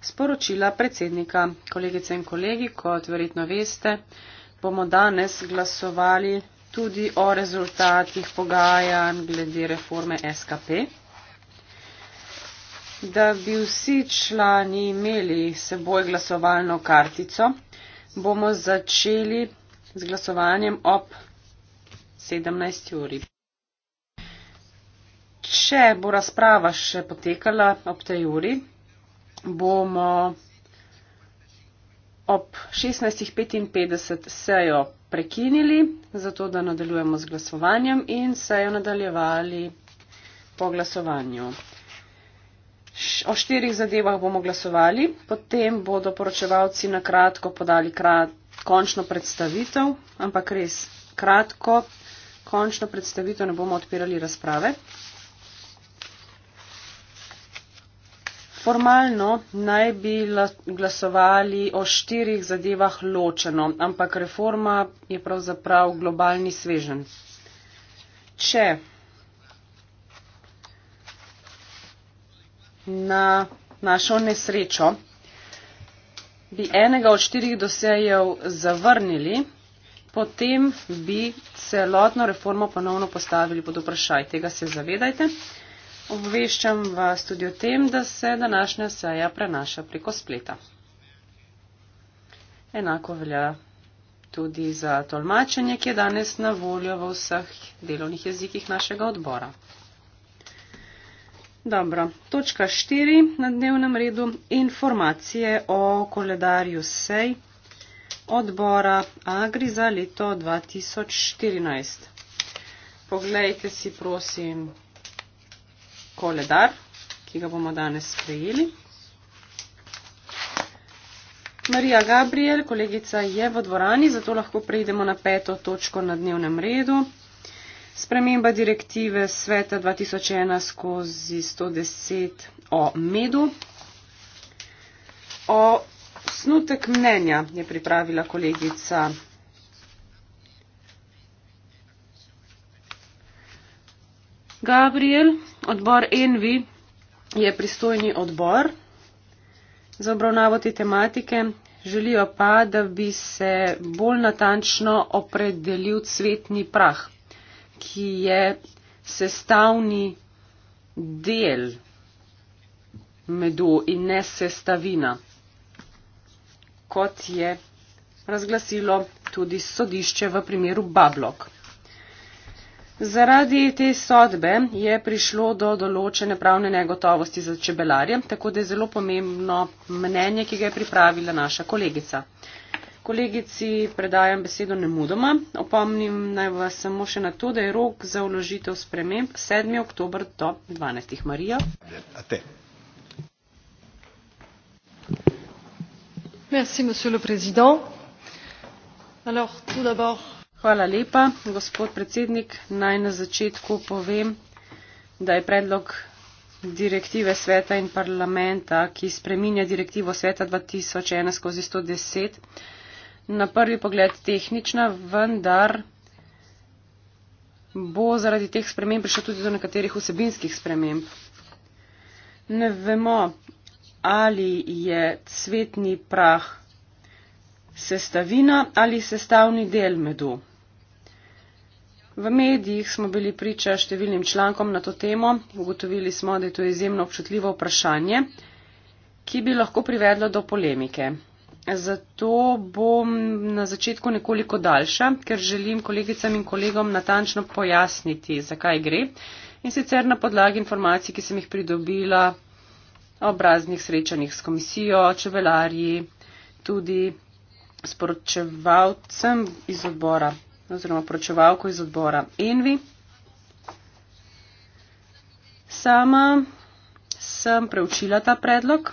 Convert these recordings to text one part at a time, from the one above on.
sporočila predsednika. Kolegice in kolegi, kot verjetno veste, bomo danes glasovali tudi o rezultatih pogajanj glede reforme SKP. Da bi vsi člani imeli seboj glasovalno kartico, bomo začeli z glasovanjem ob 17. uri. Če bo razprava še potekala ob tej uri, bomo ob 16.55 sejo prekinili, zato da nadaljujemo z glasovanjem in sejo nadaljevali po glasovanju. O štirih zadevah bomo glasovali, potem bodo poročevalci na kratko podali krat, končno predstavitev, ampak res kratko, končno predstavitev ne bomo odpirali razprave. formalno naj bi glasovali o štirih zadevah ločeno, ampak reforma je pravzaprav globalni svežen. Če na našo nesrečo bi enega od štirih dosejev zavrnili, potem bi celotno reformo ponovno postavili pod vprašaj. Tega se zavedajte. Obveščam vas tudi o tem, da se današnja seja prenaša preko spleta. Enako velja tudi za tolmačenje, ki je danes na voljo v vseh delovnih jezikih našega odbora. Dobro, točka 4 na dnevnem redu. Informacije o koledarju sej odbora Agri za leto 2014. Poglejte si, prosim, koledar, ki ga bomo danes sprejeli. Marija Gabriel, kolegica, je v dvorani, zato lahko prejdemo na peto točko na dnevnem redu. Sprememba direktive sveta 2001 skozi 110 o medu. O snutek mnenja je pripravila kolegica Gabriel. Odbor Envi je pristojni odbor za obravnavo te tematike. Želijo pa, da bi se bolj natančno opredelil cvetni prah, ki je sestavni del medu in ne sestavina, kot je razglasilo tudi sodišče v primeru Bablok. Zaradi te sodbe je prišlo do določene pravne negotovosti za čebelarje, tako da je zelo pomembno mnenje, ki ga je pripravila naša kolegica. Kolegici predajam besedo nemudoma. Opomnim naj vas samo še na to, da je rok za uložitev sprememb 7. oktober do 12. Marija. Merci, monsieur le président. Alors, tout d'abord, Hvala lepa, gospod predsednik. Naj na začetku povem, da je predlog direktive sveta in parlamenta, ki spreminja direktivo sveta 2001 skozi 110, na prvi pogled tehnična, vendar bo zaradi teh sprememb prišlo tudi do nekaterih vsebinskih sprememb. Ne vemo, ali je cvetni prah sestavina ali sestavni del medu. V medijih smo bili priča številnim člankom na to temo, ugotovili smo, da je to izjemno občutljivo vprašanje, ki bi lahko privedlo do polemike. Zato bom na začetku nekoliko daljša, ker želim kolegicam in kolegom natančno pojasniti, zakaj gre in sicer na podlagi informacij, ki sem jih pridobila ob raznih srečanjih s komisijo, čevelarji, tudi sporočevalcem iz odbora oziroma poročevalko iz odbora Envi. Sama sem preučila ta predlog.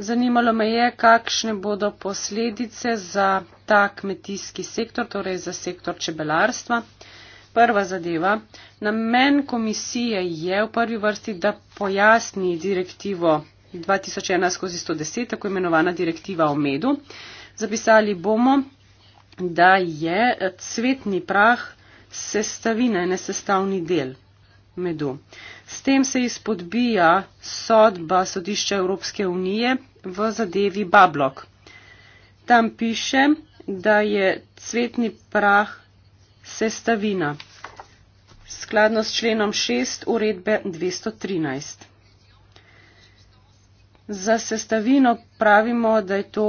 Zanimalo me je, kakšne bodo posledice za ta kmetijski sektor, torej za sektor čebelarstva. Uh, Prva zadeva, namen komisije je v prvi vrsti, da pojasni direktivo 2001-110, tako imenovana direktiva o medu. Zapisali bomo, da je cvetni prah sestavina, ne sestavni del medu. S tem se izpodbija sodba sodišča Evropske unije v zadevi Bablok. Tam piše, da je cvetni prah sestavina. Skladno s členom 6 uredbe 213. Za sestavino pravimo, da je to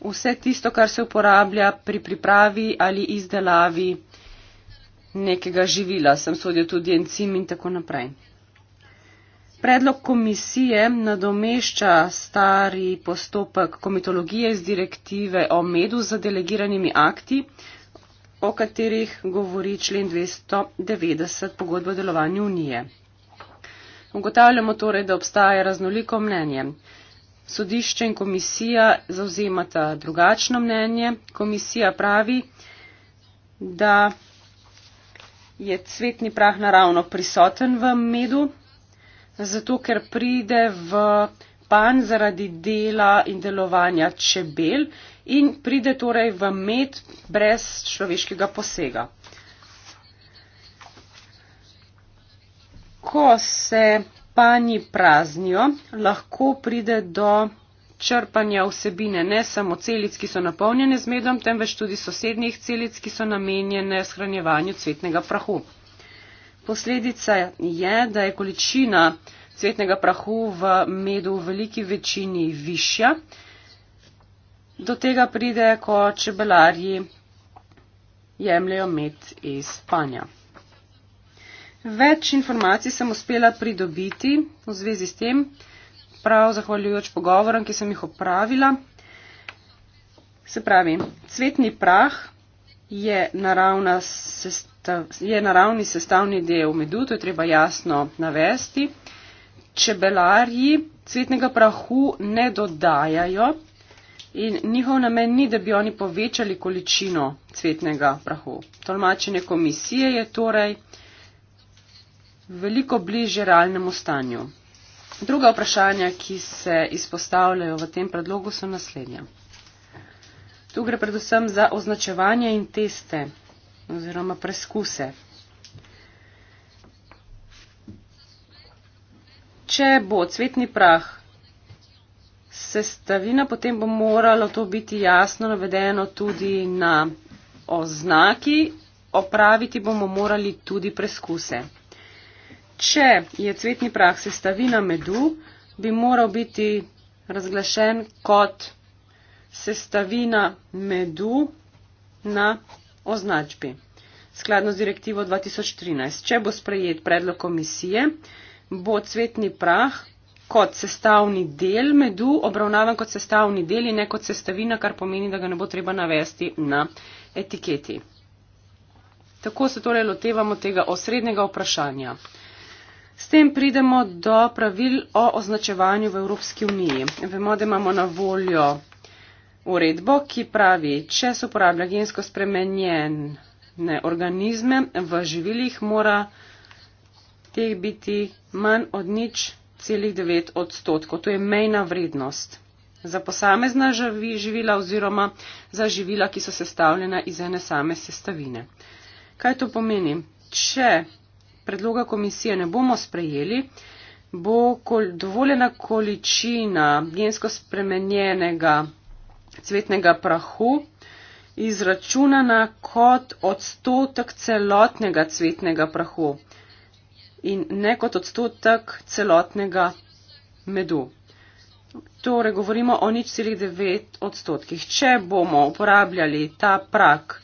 vse tisto, kar se uporablja pri pripravi ali izdelavi nekega živila. Sem sodil tudi encim in tako naprej. Predlog komisije nadomešča stari postopek komitologije iz direktive o medu za delegiranimi akti, o katerih govori člen 290 pogodbe o delovanju unije. Ugotavljamo torej, da obstaja raznoliko mnenje. Sodišče in komisija zauzemata drugačno mnenje. Komisija pravi, da je cvetni prah naravno prisoten v medu, zato ker pride v pan zaradi dela in delovanja čebel, in pride torej v med brez človeškega posega. Ko se panji praznijo, lahko pride do črpanja vsebine ne samo celic, ki so napolnjene z medom, temveč tudi sosednjih celic, ki so namenjene shranjevanju cvetnega prahu. Posledica je, da je količina cvetnega prahu v medu v veliki večini višja, Do tega pride, ko čebelarji jemljajo med iz panja. Več informacij sem uspela pridobiti v zvezi s tem, prav zahvaljujoč pogovorom, ki sem jih opravila. Se pravi, cvetni prah je, sestav, je naravni sestavni del medu, to je treba jasno navesti. Čebelarji cvetnega prahu ne dodajajo, In njihov namen ni, da bi oni povečali količino cvetnega prahu. Tolmačenje komisije je torej veliko bliže realnemu stanju. Druga vprašanja, ki se izpostavljajo v tem predlogu, so naslednja. Tu gre predvsem za označevanje in teste oziroma preskuse. Če bo cvetni prah sestavina, potem bo moralo to biti jasno navedeno tudi na oznaki, opraviti bomo morali tudi preskuse. Če je cvetni prah sestavina medu, bi moral biti razglašen kot sestavina medu na označbi, skladno z direktivo 2013. Če bo sprejet predlog komisije, bo cvetni prah kot sestavni del medu, obravnavan kot sestavni del in ne kot sestavina, kar pomeni, da ga ne bo treba navesti na etiketi. Tako se torej lotevamo tega osrednjega vprašanja. S tem pridemo do pravil o označevanju v Evropski uniji. Vemo, da imamo na voljo uredbo, ki pravi, če se uporablja gensko spremenjene organizme v živilih, mora teh biti manj od nič 2,9 odstotkov. To je mejna vrednost za posamezna živila oziroma za živila, ki so sestavljena iz ene same sestavine. Kaj to pomeni? Če predloga komisije ne bomo sprejeli, bo dovoljena količina gensko spremenjenega cvetnega prahu izračunana kot odstotek celotnega cvetnega prahu in ne kot odstotek celotnega medu. Torej govorimo o nič celih devet odstotkih. Če bomo uporabljali ta prak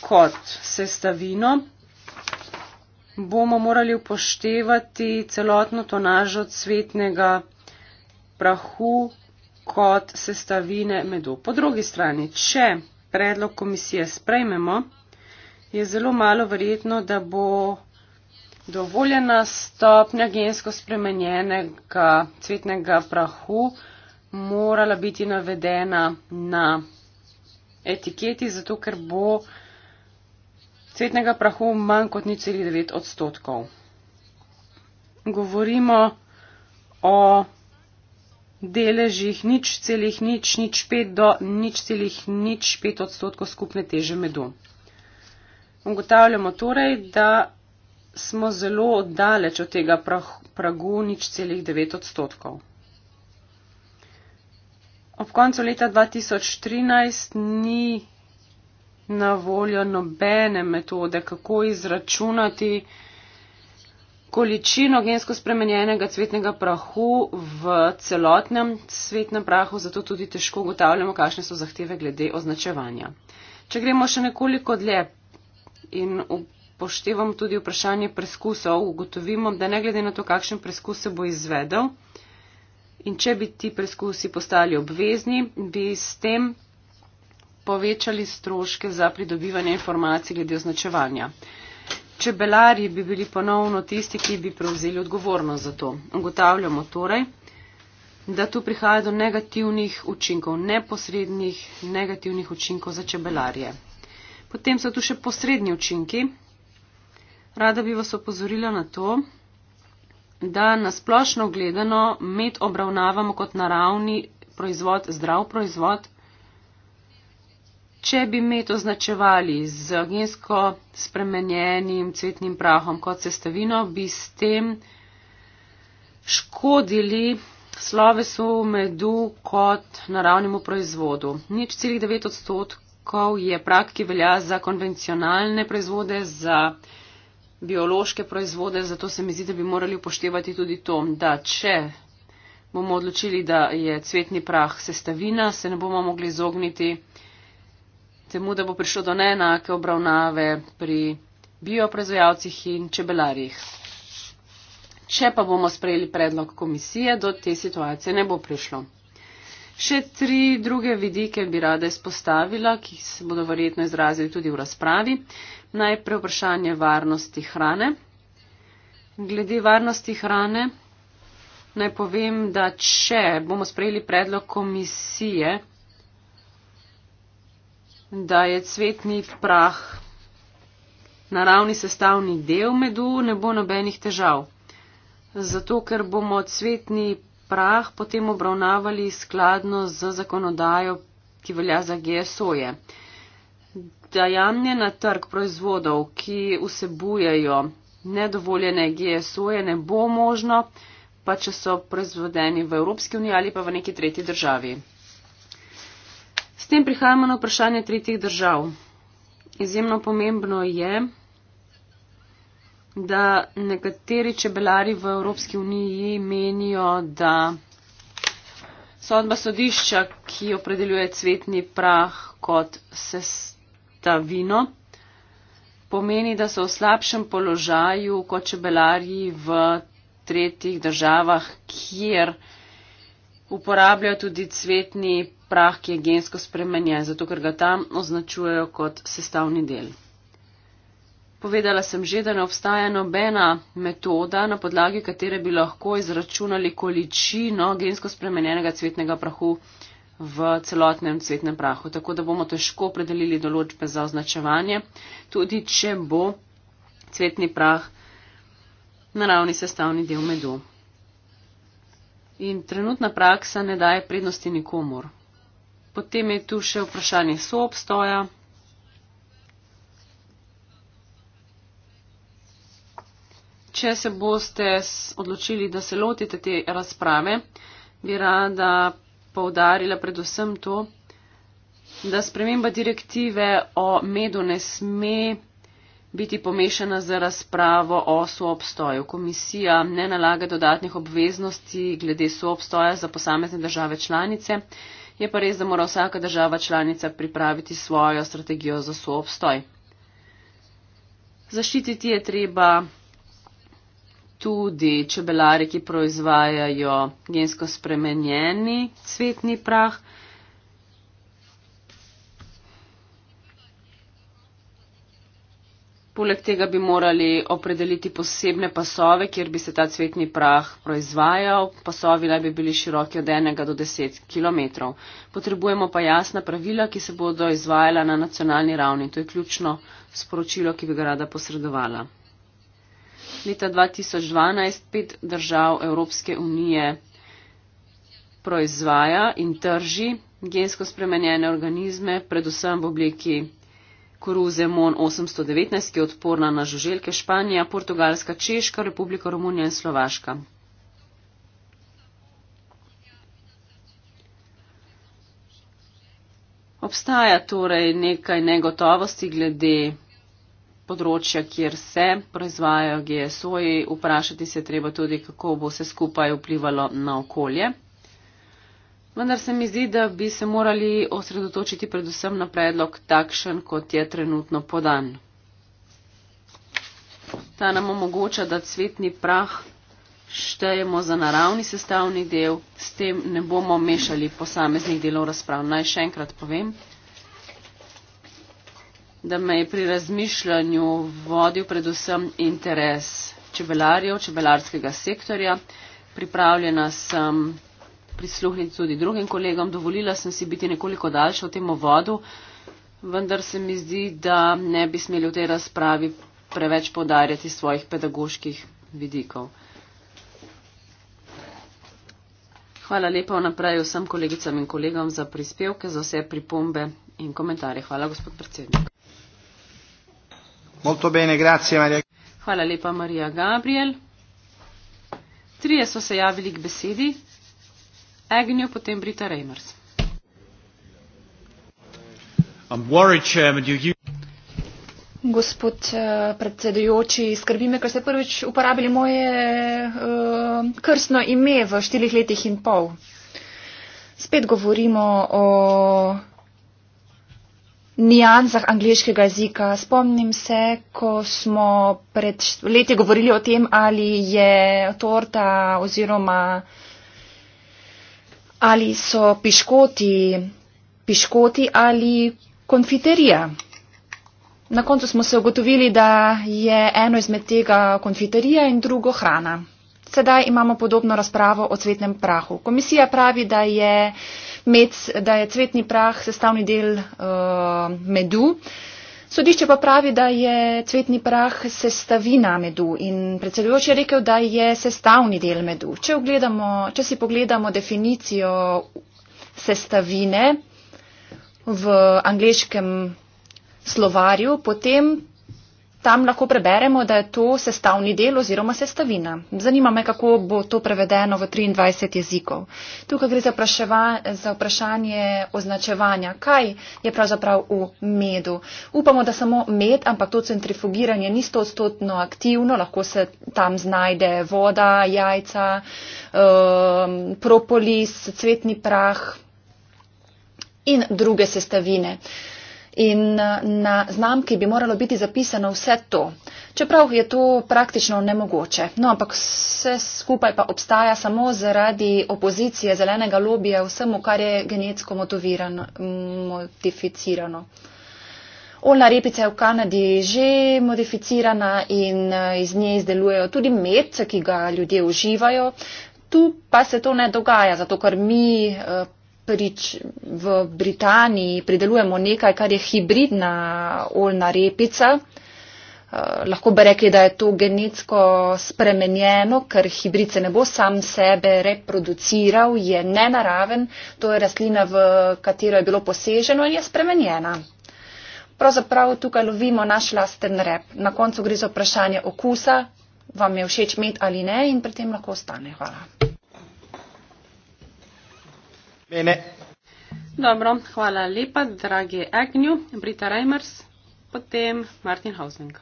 kot sestavino, bomo morali upoštevati celotno tonažo cvetnega prahu kot sestavine medu. Po drugi strani, če predlog komisije sprejmemo, je zelo malo verjetno, da bo dovoljena stopnja gensko spremenjenega cvetnega prahu morala biti navedena na etiketi, zato ker bo cvetnega prahu manj kot 0,9 odstotkov. Govorimo o deležih nič celih nič nič pet do nič celih nič pet odstotkov skupne teže medu. Ugotavljamo torej, da smo zelo daleč od tega pragu nič celih 9 odstotkov. Ob koncu leta 2013 ni na voljo nobene metode, kako izračunati količino gensko spremenjenega cvetnega prahu v celotnem svetnem prahu, zato tudi težko ugotavljamo, kakšne so zahteve glede označevanja. Če gremo še nekoliko dlje in poštevamo tudi vprašanje preskusov, ugotovimo, da ne glede na to, kakšen preskus se bo izvedel in če bi ti preskusi postali obvezni, bi s tem povečali stroške za pridobivanje informacij glede označevanja. Čebelari bi bili ponovno tisti, ki bi prevzeli odgovornost za to. Ugotavljamo torej, da tu prihaja do negativnih učinkov, neposrednih negativnih učinkov za čebelarje. Potem so tu še posredni učinki, Rada bi vas opozorila na to, da nasplošno gledano med obravnavamo kot naravni proizvod, zdrav proizvod. Če bi med označevali z gensko spremenjenim cvetnim prahom kot sestavino, bi s tem škodili slovesu medu kot naravnemu proizvodu. Nič celih 9 odstotkov je prak, ki velja za konvencionalne proizvode, za biološke proizvode, zato se mi zdi, da bi morali upoštevati tudi to, da če bomo odločili, da je cvetni prah sestavina, se ne bomo mogli izogniti temu, da bo prišlo do neenake obravnave pri bioproizvajalcih in čebelarjih. Če pa bomo sprejeli predlog komisije, do te situacije ne bo prišlo. Še tri druge vidike bi rada izpostavila, ki se bodo verjetno izrazili tudi v razpravi. Najprej vprašanje varnosti hrane. Glede varnosti hrane naj povem, da če bomo sprejeli predlog komisije, da je cvetni prah naravni sestavni del medu, ne bo nobenih težav. Zato, ker bomo cvetni prah potem obravnavali skladno z zakonodajo, ki velja za GSO-je dajanje na trg proizvodov, ki vsebujejo nedovoljene GSO-je, ne bo možno, pa če so proizvodeni v Evropski uniji ali pa v neki tretji državi. S tem prihajamo na vprašanje tretjih držav. Izjemno pomembno je, da nekateri čebelari v Evropski uniji menijo, da sodba sodišča, ki opredeljuje cvetni prah kot sestavljen, ta vino, pomeni, da so v slabšem položaju kot čebelarji v tretjih državah, kjer uporabljajo tudi cvetni prah, ki je gensko spremenjen, zato ker ga tam označujejo kot sestavni del. Povedala sem že, da ne obstaja nobena metoda, na podlagi katere bi lahko izračunali količino gensko spremenjenega cvetnega prahu v celotnem cvetnem prahu. Tako da bomo težko predelili določbe za označevanje, tudi če bo cvetni prah naravni sestavni del medu. In trenutna praksa ne daje prednosti nikomor. Potem je tu še vprašanje soobstoja. Če se boste odločili, da se lotite te razprave, bi rada poudarila predvsem to, da sprememba direktive o medu ne sme biti pomešana z razpravo o soobstoju. Komisija ne nalaga dodatnih obveznosti glede soobstoja za posamezne države članice. Je pa res, da mora vsaka država članica pripraviti svojo strategijo za soobstoj. Zaščititi je treba tudi čebelari, ki proizvajajo gensko spremenjeni cvetni prah. Poleg tega bi morali opredeliti posebne pasove, kjer bi se ta cvetni prah proizvajal. Pasovi naj bi bili široki od 1 do 10 km. Potrebujemo pa jasna pravila, ki se bodo izvajala na nacionalni ravni. To je ključno sporočilo, ki bi ga rada posredovala leta 2012 pet držav Evropske unije proizvaja in trži gensko spremenjene organizme, predvsem v obliki koruze MON 819, ki je odporna na žuželke Španija, Portugalska, Češka, Republika Romunija in Slovaška. Obstaja torej nekaj negotovosti glede področja, kjer se proizvajajo GSO-ji, vprašati se treba tudi, kako bo vse skupaj vplivalo na okolje. Vendar se mi zdi, da bi se morali osredotočiti predvsem na predlog takšen, kot je trenutno podan. Ta nam omogoča, da cvetni prah štejemo za naravni sestavni del, s tem ne bomo mešali posameznih delov razprav. Naj še enkrat povem da me je pri razmišljanju vodil predvsem interes čebelarjev, čebelarskega sektorja. Pripravljena sem prisluhniti tudi drugim kolegom, dovolila sem si biti nekoliko daljša v tem vodu, vendar se mi zdi, da ne bi smeli v tej razpravi preveč podarjati svojih pedagoških vidikov. Hvala lepa naprej vsem kolegicam in kolegom za prispevke, za vse pripombe in komentarje. Hvala, gospod predsednik. Molto bene, grazie Maria. Hvala lepa, Marija Gabriel. Trije so se javili k besedi, Agnew, potem Brita Reimers. Gospod eh, predsedujoči, skrbi me, ker ste prvič uporabili moje uh, krstno ime v štirih letih in pol. Spet govorimo o nijansah angliškega jezika. Spomnim se, ko smo pred leti govorili o tem, ali je torta oziroma ali so piškoti, piškoti ali konfiterija. Na koncu smo se ugotovili, da je eno izmed tega konfiterija in drugo hrana. Sedaj imamo podobno razpravo o cvetnem prahu. Komisija pravi, da je med, da je cvetni prah sestavni del uh, medu. Sodišče pa pravi, da je cvetni prah sestavina medu in predsedujoči je rekel, da je sestavni del medu. Če, ugledamo, če si pogledamo definicijo sestavine v angliškem slovarju, potem Tam lahko preberemo, da je to sestavni del oziroma sestavina. Zanima me, kako bo to prevedeno v 23 jezikov. Tukaj gre za, za vprašanje označevanja, kaj je pravzaprav v medu. Upamo, da samo med, ampak to centrifugiranje ni stotno aktivno, lahko se tam znajde voda, jajca, um, propolis, cvetni prah in druge sestavine. Uh, in eh, na znamki bi moralo biti zapisano vse to. Čeprav je to praktično nemogoče. No, ampak vse skupaj pa obstaja samo zaradi opozicije zelenega lobija vsemu, kar je genetsko modificirano. Olna repica je v Kanadi že modificirana in eh, iz nje izdelujejo tudi med, ki ga ljudje uživajo. Tu pa se to ne dogaja, zato ker mi eh, prvič v Britaniji pridelujemo nekaj, kar je hibridna oljna repica. Uh, lahko bi rekli, da je to genetsko spremenjeno, ker hibrid se ne bo sam sebe reproduciral, je nenaraven, to je rastlina, v katero je bilo poseženo in je spremenjena. Pravzaprav tukaj lovimo naš lasten rep. Na koncu gre za vprašanje okusa, vam je všeč med ali ne in pri tem lahko ostane. Hvala. Bene. Dobro, hvala lepa, dragi Agnew, Brita Reimers, potem Martin Hausling.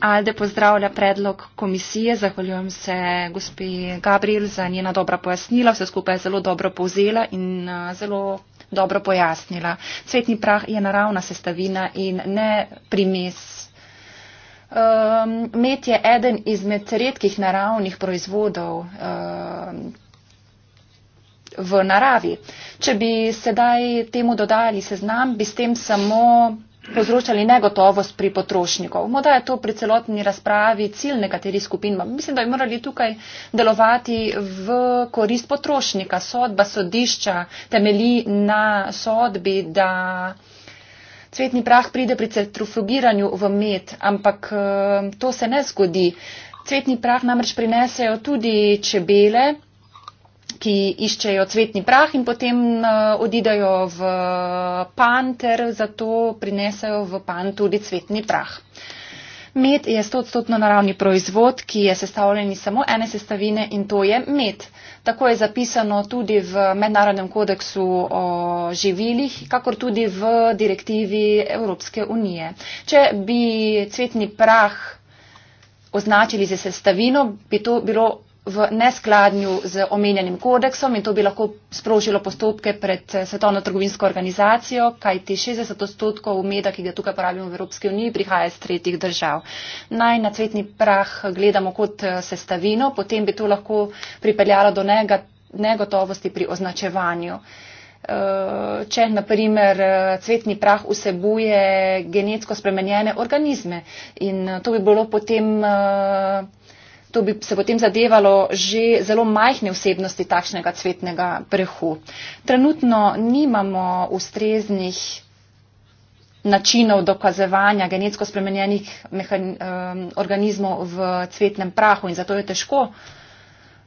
Alde pozdravlja predlog komisije, zahvaljujem se gospe Gabriel za njena dobra pojasnila, vse skupaj je zelo dobro povzela in zelo dobro pojasnila. Cvetni prah je naravna sestavina in ne primis Um, med je eden izmed redkih naravnih proizvodov um, v naravi. Če bi sedaj temu dodali seznam, bi s tem samo povzročali negotovost pri potrošnikov. Morda je to pri celotni razpravi cilj nekaterih skupin. Mislim, da bi morali tukaj delovati v korist potrošnika. Sodba sodišča temeli na sodbi, da cvetni prah pride pri centrifugiranju v med, ampak eh, to se ne zgodi. Cvetni prah namreč prinesejo tudi čebele, ki iščejo cvetni prah in potem eh, odidajo v eh, pan, ter zato prinesejo v pan tudi cvetni prah. Med je 100-odstotno naravni proizvod, ki je sestavljen iz samo ene sestavine in to je med. Tako je zapisano tudi v mednarodnem kodeksu o živilih, kakor tudi v direktivi Evropske unije. Če bi cvetni prah označili za sestavino, bi to bilo v neskladnju z omenjenim kodeksom in to bi lahko sprožilo postopke pred eh, Svetovno trgovinsko organizacijo, kajti 60 odstotkov meda, ki ga tukaj porabimo v Evropski uniji, prihaja iz tretjih držav. Naj na cvetni prah gledamo kot eh, sestavino, potem bi to lahko pripeljalo do negotovosti pri označevanju. Eh, če na primer cvetni prah vsebuje genetsko spremenjene organizme in to bi bilo potem to bi se potem zadevalo že zelo majhne vsebnosti takšnega cvetnega prehu. Trenutno nimamo ustreznih načinov dokazovanja genetsko spremenjenih mehan, um, eh, organizmov v cvetnem prahu in zato je težko uh,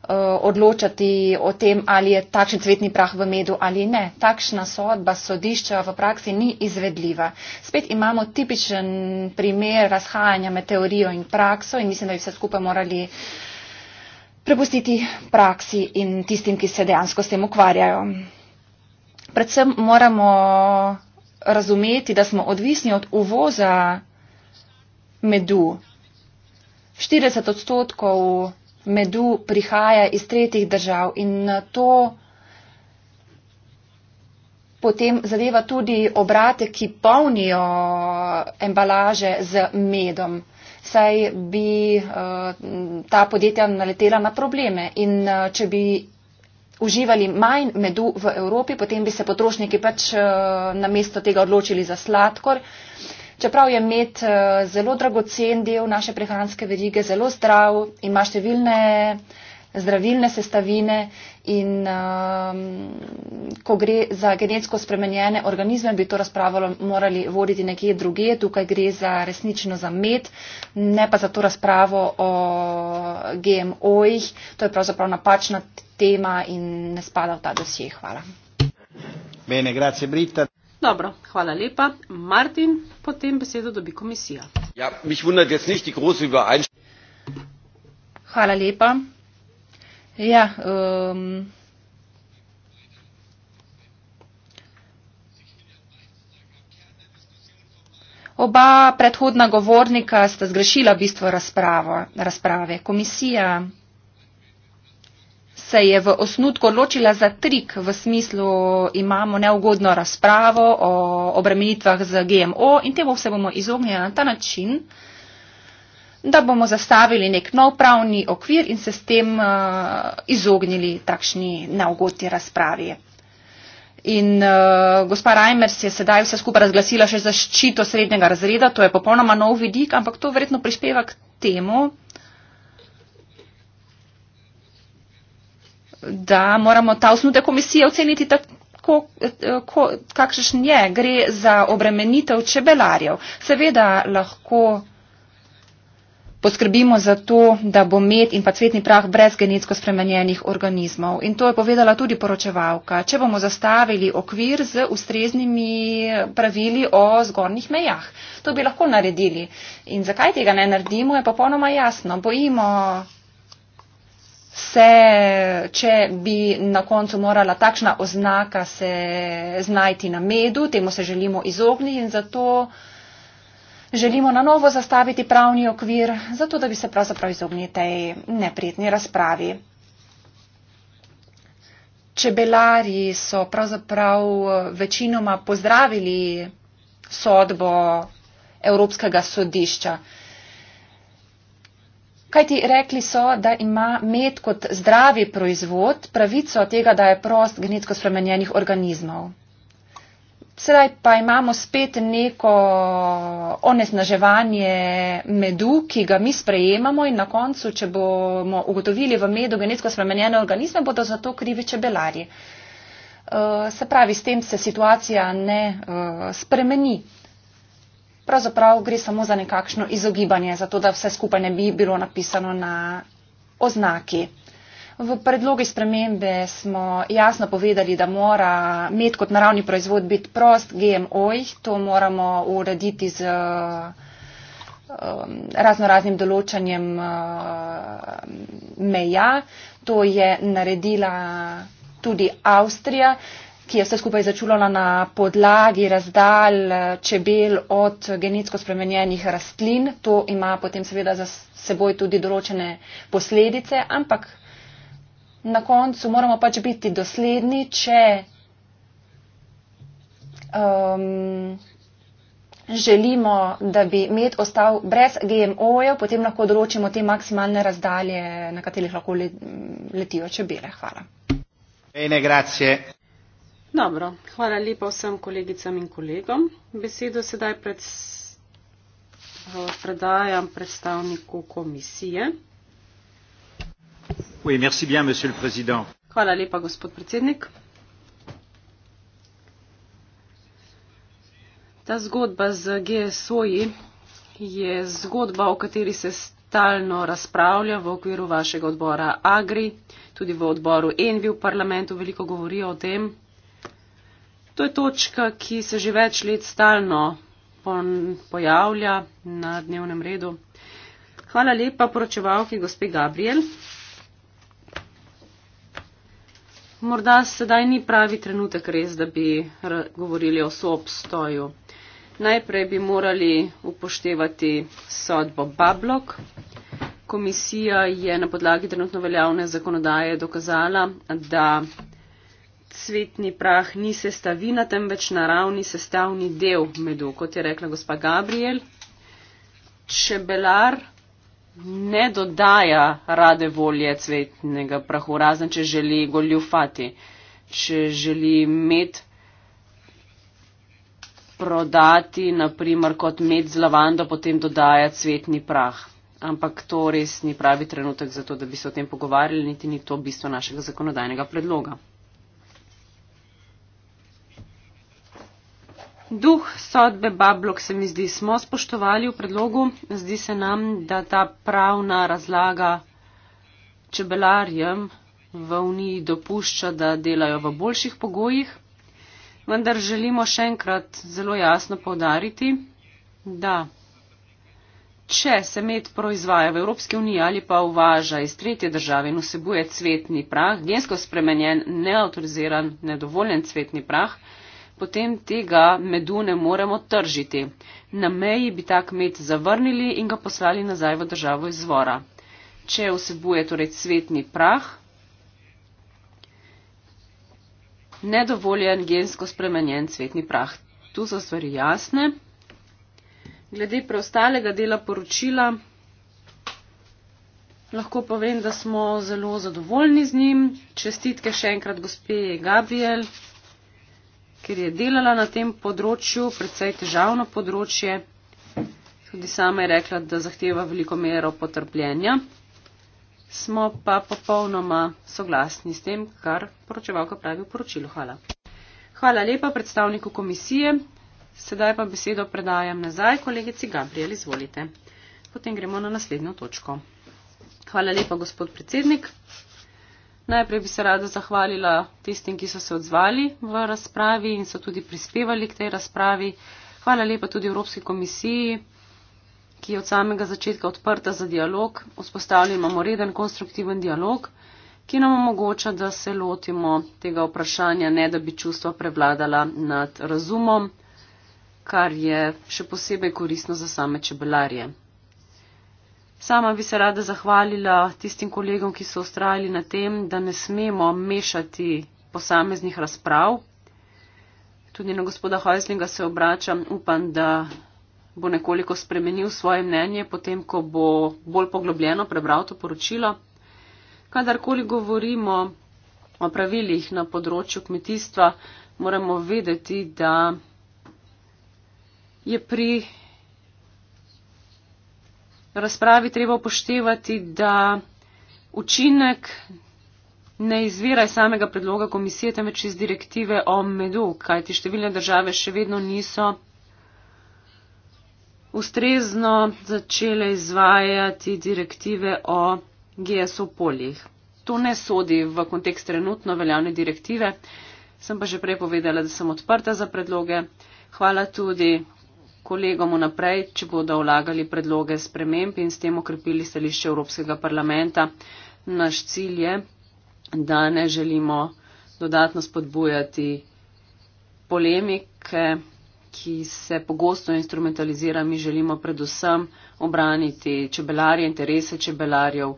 Eh, odločati o tem, ali je takšen cvetni prah v medu ali ne. Takšna sodba sodišča v praksi ni izvedljiva. Spet imamo tipičen primer razhajanja med teorijo in prakso in mislim, da bi vse skupaj morali prepustiti praksi in tistim, ki se dejansko s tem ukvarjajo. Predvsem moramo razumeti, da smo odvisni od uvoza medu. 40 odstotkov medu prihaja iz tretjih držav in to potem zadeva tudi obrate, ki polnijo eh, embalaže z medom. Saj bi uh, ta podjetja naletela na probleme in uh, če bi uživali manj medu v Evropi, potem bi se potrošniki pač uh, namesto tega odločili za sladkor. Uh, Čeprav je med eh, zelo dragocen del naše prehranske verige, zelo zdrav, ima številne zdravilne sestavine in um, ko gre za genetsko spremenjene organizme, bi to razpravo morali voditi nekje druge. Tukaj gre za resnično za med, ne pa za to razpravo o GMO-jih. To je pravzaprav napačna tema in ne spada v ta dosje. Hvala. Bene, grazie, Dobro, hvala lepa. Martin, potem besedo dobi komisija. Ja, mich wundert jetzt nicht die große Übereinstimmung. Hvala lepa. Ja, um, oba predhodna govornika sta zgrešila bistvo razprave. Komisija se je v osnutku odločila za trik v smislu, imamo neugodno razpravo o obremenitvah z GMO in temu se bomo izognili na ta način, da bomo zastavili nek nov pravni okvir in se s tem uh, izognili takšni neugodni razpravi. In uh, gospa Reimers je sedaj vse skupaj razglasila še zaščito srednjega razreda, to je popolnoma nov vidik, ampak to verjetno prispeva k temu, da moramo ta osnutek komisije oceniti tako, eh, ko, kakšen je. Gre za obremenitev čebelarjev. Seveda lahko poskrbimo za to, da bo med in pa cvetni prah brez genetsko spremenjenih organizmov. In to je povedala tudi poročevalka. Če bomo zastavili okvir z ustreznimi pravili o zgornjih mejah, to bi lahko naredili. In zakaj tega ne naredimo, je popolnoma jasno. Bojimo se, če bi na koncu morala takšna oznaka se znajti na medu, temu se želimo izogniti in zato želimo na novo zastaviti pravni okvir, zato da bi se pravzaprav izognili tej neprijetni razpravi. Čebelari so pravzaprav eh, večinoma pozdravili sodbo Evropskega sodišča. Kajti rekli so, da ima med kot zdravi proizvod pravico tega, da je prost genetsko spremenjenih organizmov. Sedaj pa imamo spet neko onesnaževanje medu, ki ga mi sprejemamo in na koncu, če bomo ugotovili v medu genetsko spremenjene organizme, bodo za to krivi čebelarji. Uh, se pravi, s tem se situacija ne uh, spremeni pravzaprav gre samo za nekakšno izogibanje, zato da vse skupaj ne bi bilo napisano na oznaki. V predlogi spremembe smo jasno povedali, da mora med kot naravni proizvod biti prost GMO-j, to moramo urediti z um, raznoraznim določanjem uh, meja. To je naredila tudi Avstrija. Uh, ki je vse skupaj začulala na podlagi razdalj eh, čebel od genetsko spremenjenih rastlin. To ima potem seveda za seboj tudi določene posledice, ampak na koncu moramo pač biti dosledni, če um, želimo, da bi med ostal brez GMO-jev, potem lahko določimo te maksimalne razdalje, na katerih lahko letijo čebele. Hvala. Bene, grazie. Dobro, hvala lepa vsem kolegicam in kolegom. Besedo sedaj pred, predajam predstavniku komisije. Oui, merci bien, monsieur le président. Hvala lepa, gospod predsednik. Ta zgodba z GSO-ji je zgodba, o kateri se stalno razpravlja v okviru vašega odbora Agri, tudi v odboru Envi v parlamentu veliko govori o tem. To je točka, ki se že več let stalno pojavlja na dnevnem redu. Hvala lepa poročevalki gospe Gabriel. Morda sedaj ni pravi trenutek res, da bi govorili o soobstoju. Najprej bi morali upoštevati sodbo Bablok. Komisija je na podlagi trenutno veljavne zakonodaje dokazala, da cvetni prah ni sestavina, temveč naravni sestavni del medu, kot je rekla gospa Gabriel. Čebelar ne dodaja rade volje cvetnega prahu, razen če želi goljufati, če želi med prodati, naprimer kot med z lavando, potem dodaja cvetni prah. Ampak to res ni pravi trenutek za to, da bi se o tem pogovarjali, niti ni to bistvo našega zakonodajnega predloga. duh sodbe Bablok se mi zdi, smo spoštovali v predlogu, zdi se nam, da ta pravna razlaga čebelarjem v Uniji dopušča, da delajo v boljših pogojih, vendar želimo še enkrat zelo jasno povdariti, da če se med proizvaja v Evropski uniji ali pa uvaža iz tretje države in vsebuje cvetni prah, gensko spremenjen, neautoriziran, nedovoljen cvetni prah, potem tega medu ne moremo tržiti. Na meji bi tak med zavrnili in ga poslali nazaj v državo izvora. Če vsebuje torej cvetni prah, nedovoljen gensko spremenjen cvetni prah. Tu so stvari jasne. Glede preostalega dela poročila, lahko povem, da smo zelo zadovoljni z njim. Čestitke še enkrat gospe Gabriel ker je delala na tem področju, predvsej težavno področje. Tudi sama je rekla, da zahteva veliko mero potrpljenja. Smo pa popolnoma soglasni s tem, kar poročevalka pravi v poročilu. Hvala. Hvala lepa predstavniku komisije. Sedaj pa besedo predajam nazaj kolegici Gabriel. Izvolite. Potem gremo na naslednjo točko. Hvala lepa, gospod predsednik. Najprej bi se rada zahvalila tistim, ki so se odzvali v razpravi in so tudi prispevali k tej razpravi. Hvala lepa tudi Evropski komisiji, ki je od samega začetka odprta za dialog. Vzpostavljen imamo reden konstruktiven dialog, ki nam omogoča, da se lotimo tega vprašanja, ne da bi čustva prevladala nad razumom, kar je še posebej koristno za same čebelarje. Sama bi se rada zahvalila tistim kolegom, ki so ustrajali na tem, da ne smemo mešati posameznih razprav. Tudi na gospoda Hojslinga se obračam, upam, da bo nekoliko spremenil svoje mnenje, potem ko bo bolj poglobljeno prebral to poročilo. Kadarkoli govorimo o pravilih na področju kmetijstva, moramo vedeti, da je pri razpravi treba upoštevati, da učinek ne izvira iz samega predloga komisije, temveč iz direktive o medu, kajti številne države še vedno niso ustrezno začele izvajati direktive o GSO poljih. To ne sodi v kontekst trenutno veljavne direktive, sem pa že prej povedala, da sem odprta za predloge. Hvala tudi kolegom vnaprej, če bodo vlagali predloge sprememb in s tem okrepili stališče Evropskega parlamenta. Naš cilj je, da ne želimo dodatno spodbujati polemike, ki se pogosto instrumentalizira. Mi želimo predvsem obraniti čebelarje, interese čebelarjev.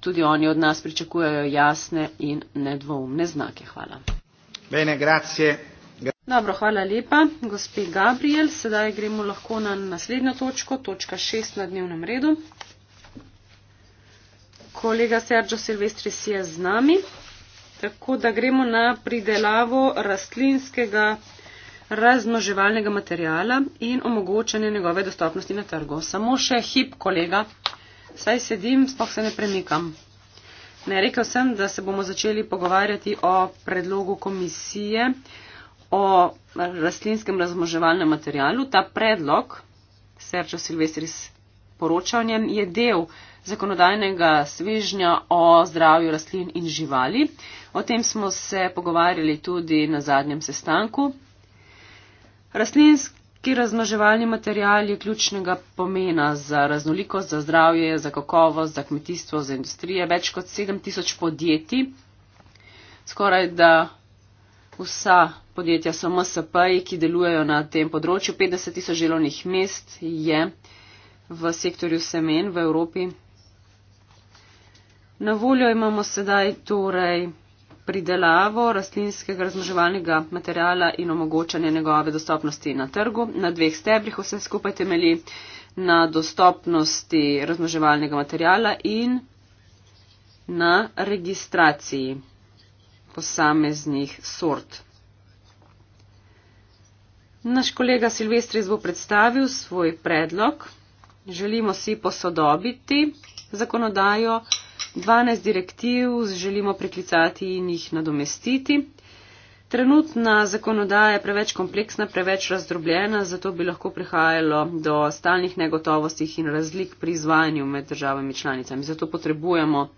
Tudi oni od nas pričakujejo jasne in nedvoumne znake. Hvala. Bene, grazie. Dobro, hvala lepa, gospe Gabriel. Sedaj gremo lahko na naslednjo točko, točka 6 na dnevnem redu. Kolega Sergio Silvestri si je z nami, tako da gremo na pridelavo rastlinskega razmnoževalnega materijala in omogočanje njegove dostopnosti na trgu. Samo še hip, kolega, saj sedim, spoh se ne premikam. Ne, rekel sem, da se bomo začeli pogovarjati o predlogu komisije o rastlinskem razmoževalnem materialu. Ta predlog, Sergio Silvestris poročanjem, je del zakonodajnega svežnja o zdravju rastlin in živali. O tem smo se pogovarjali tudi na zadnjem sestanku. Rastlinski razmoževalni material je ključnega pomena za raznolikost, za zdravje, za kakovost, za kmetijstvo, za industrije. Več kot 7000 podjetij, skoraj da vsa podjetja so MSP-ji, ki delujejo na tem področju. 50 tisoč delovnih mest je v sektorju semen v Evropi. Na voljo imamo sedaj torej pridelavo rastlinskega razmoževalnega materijala in omogočanje njegove dostopnosti na trgu. Na dveh stebrih vse skupaj temeli na dostopnosti razmoževalnega materijala in na registraciji posameznih sort. Naš kolega Silvestris bo predstavil svoj predlog. Želimo si posodobiti zakonodajo, 12 direktiv želimo preklicati in jih nadomestiti. Trenutna zakonodaja je preveč kompleksna, preveč razdrobljena, zato bi lahko prihajalo do stalnih negotovostih in razlik pri izvajanju med državami članicami. Zato potrebujemo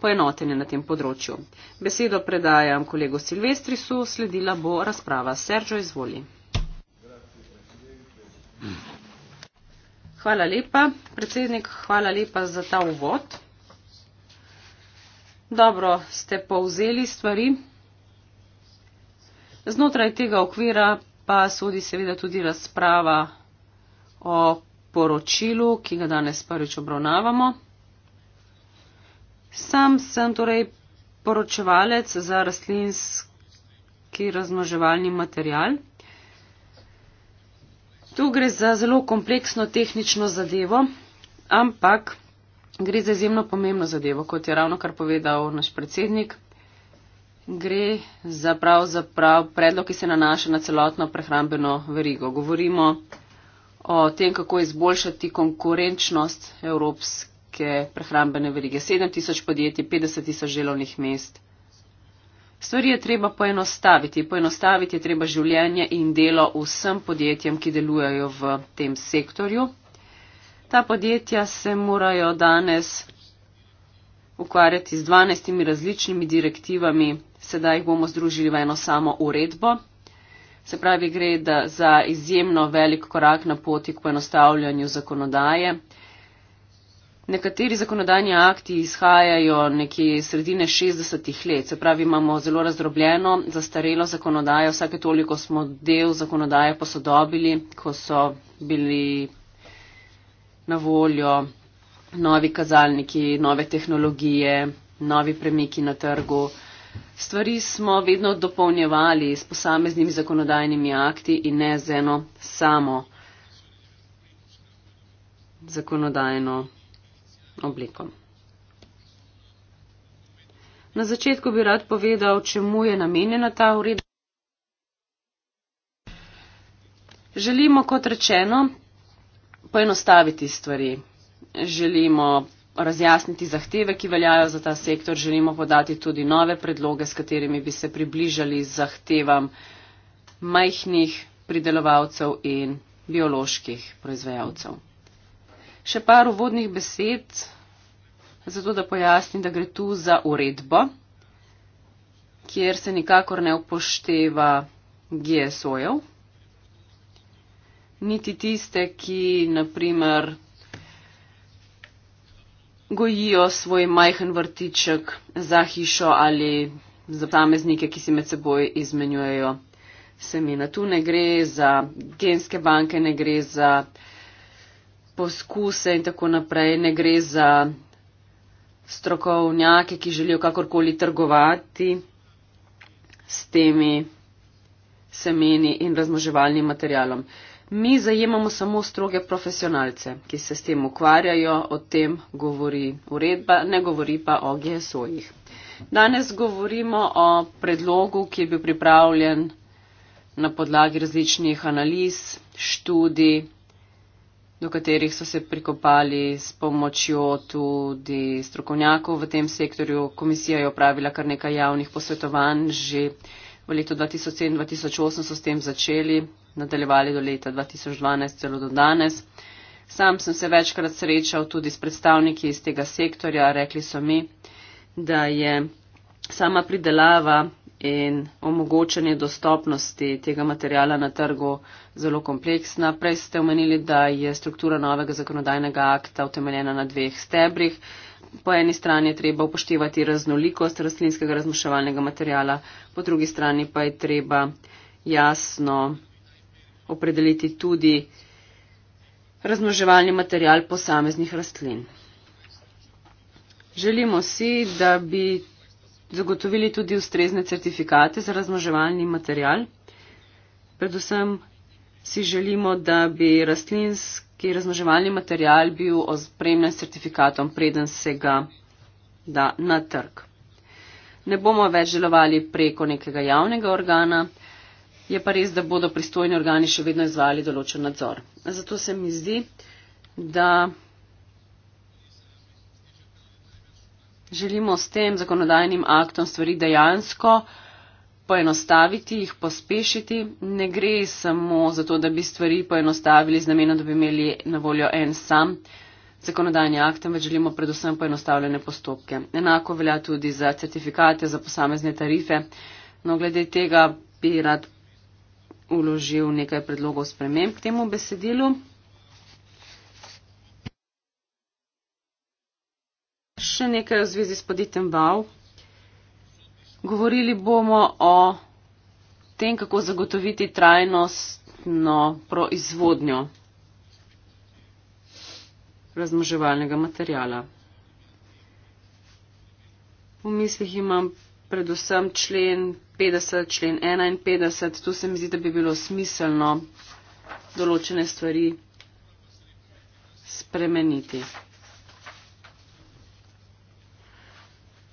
poenotenje na tem področju. Besedo predajam kolegu Silvestrisu, sledila bo razprava. Sergio, izvoli. Hvala lepa, predsednik, hvala lepa za ta uvod. Dobro ste povzeli stvari. Znotraj tega okvira pa sodi seveda tudi razprava o poročilu, ki ga danes prvič obravnavamo. Sam sem torej poročevalec za rastlinski razmnoževalni material. Tu gre za zelo kompleksno tehnično zadevo, ampak gre za izjemno pomembno zadevo, kot je ravno kar povedal naš predsednik. Gre za prav za prav predlog, ki se nanaša na celotno prehrambeno verigo. Govorimo o tem, kako izboljšati konkurenčnost evropske velike prehrambene verige, 7 tisoč podjetij, 50 tisoč delovnih mest. Stvari je treba poenostaviti. Poenostaviti je treba življenje in delo vsem podjetjem, ki delujejo v tem sektorju. Ta podjetja se morajo danes ukvarjati z 12 različnimi direktivami, sedaj jih bomo združili v eno samo uredbo. Se pravi, gre za izjemno velik korak na poti k poenostavljanju zakonodaje. Nekateri zakonodajni akti izhajajo nekje sredine 60-ih let, se pravi imamo zelo razdrobljeno, zastarelo zakonodajo, vsake toliko smo del zakonodaje posodobili, ko so bili na voljo novi kazalniki, nove tehnologije, novi premiki na trgu. Stvari smo vedno dopolnjevali s posameznimi zakonodajnimi akti in ne z eno samo zakonodajno oblikom. Na začetku bi rad povedal, čemu je namenjena ta uredba. Želimo, kot rečeno, poenostaviti stvari. Želimo razjasniti zahteve, ki veljajo za ta sektor, želimo podati tudi nove predloge, s katerimi bi se približali zahtevam majhnih pridelovalcev in bioloških proizvajalcev. Še par uvodnih besed, zato da pojasnim, da gre tu za uredbo, kjer se nikakor ne upošteva GSO-jev, niti tiste, ki naprimer gojijo svoj majhen vrtiček za hišo ali za pameznike, ki si med seboj izmenjujejo semena. Tu ne gre za genske banke, ne gre za poskuse in tako naprej. Ne gre za strokovnjake, ki želijo kakorkoli trgovati s temi semeni in razmoževalnim materialom. Mi zajemamo samo stroge profesionalce, ki se s tem ukvarjajo, o tem govori uredba, ne govori pa o GSO-jih. Danes govorimo o predlogu, ki je bil pripravljen na podlagi različnih analiz, študij, do katerih so se prikopali s pomočjo tudi strokovnjakov v tem sektorju. Komisija je opravila kar nekaj javnih posvetovanj, že v letu 2007-2008 so s tem začeli, nadaljevali do leta 2012 celo do danes. Sam sem se večkrat srečal tudi s predstavniki iz tega sektorja, rekli so mi, da je sama pridelava in omogočanje dostopnosti tega materijala na trgu zelo kompleksna. Prej ste omenili, da je struktura novega zakonodajnega akta utemeljena na dveh stebrih. Po eni strani je treba upoštevati raznolikost rastlinskega razmoševalnega materijala, po drugi strani pa je treba jasno opredeliti tudi razmoževalni materijal posameznih rastlin. Želimo si, da bi zagotovili tudi ustrezne certifikate za razmoževalni material. Predvsem si želimo, da bi rastlinski razmoževalni material bil ospremljen s certifikatom, preden se ga da na trg. Ne bomo več delovali preko nekega javnega organa, je pa res, da bodo pristojni organi še vedno izvali določen nadzor. Zato se mi zdi, da želimo s tem zakonodajnim aktom stvari dejansko poenostaviti, jih pospešiti. Ne gre samo za to, da bi stvari poenostavili z namenom, da bi imeli na voljo en sam zakonodajni akt, temveč želimo predvsem poenostavljene postopke. Enako velja tudi za certifikate, za posamezne tarife. No, glede tega bi rad uložil nekaj predlogov sprememb k temu besedilu. še nekaj v zvezi s podjetjem Vau. Govorili bomo o tem, kako zagotoviti trajnostno proizvodnjo razmoževalnega materijala. V mislih imam predvsem člen 50, člen 51. Tu se mi zdi, da bi bilo smiselno določene stvari spremeniti.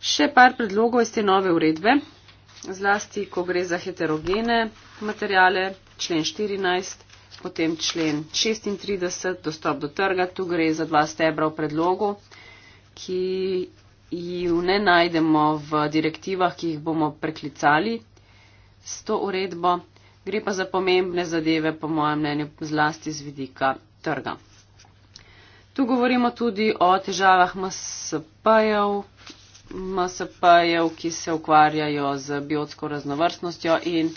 Še par predlogov iz te nove uredbe, zlasti, ko gre za heterogene materijale, člen 14, potem člen 36, dostop do trga, tu gre za dva stebra v predlogu, ki ju ne najdemo v direktivah, ki jih bomo preklicali s to uredbo, gre pa za pomembne zadeve, po mojem mnenju, zlasti z vidika trga. Tu govorimo tudi o težavah MSP-jev MSP-jev, ki se ukvarjajo z biotsko raznovrstnostjo in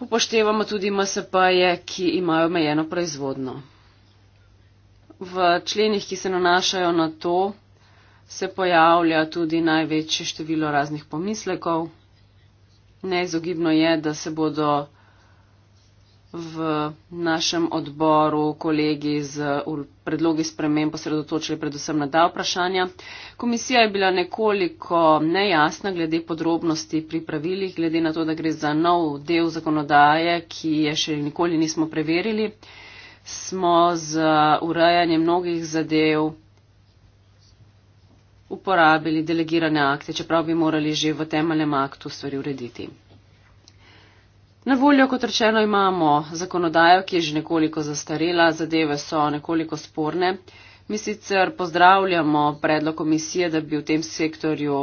upoštevamo tudi MSP-je, ki imajo omejeno proizvodno. V členih, ki se nanašajo na to, se pojavlja tudi največje število raznih pomislekov. Neizogibno je, da se bodo v našem odboru kolegi z predlogi spremen posredotočili predvsem na ta vprašanja. Komisija je bila nekoliko nejasna glede podrobnosti pri pravilih, glede na to, da gre za nov del zakonodaje, ki je še nikoli nismo preverili. Smo z urejanjem mnogih zadev uporabili delegirane akte, čeprav bi morali že v temeljem aktu stvari urediti. Na voljo, kot rečeno, imamo zakonodajo, ki je že nekoliko zastarela, zadeve so nekoliko sporne. Mi sicer pozdravljamo predlog komisije, da bi v tem sektorju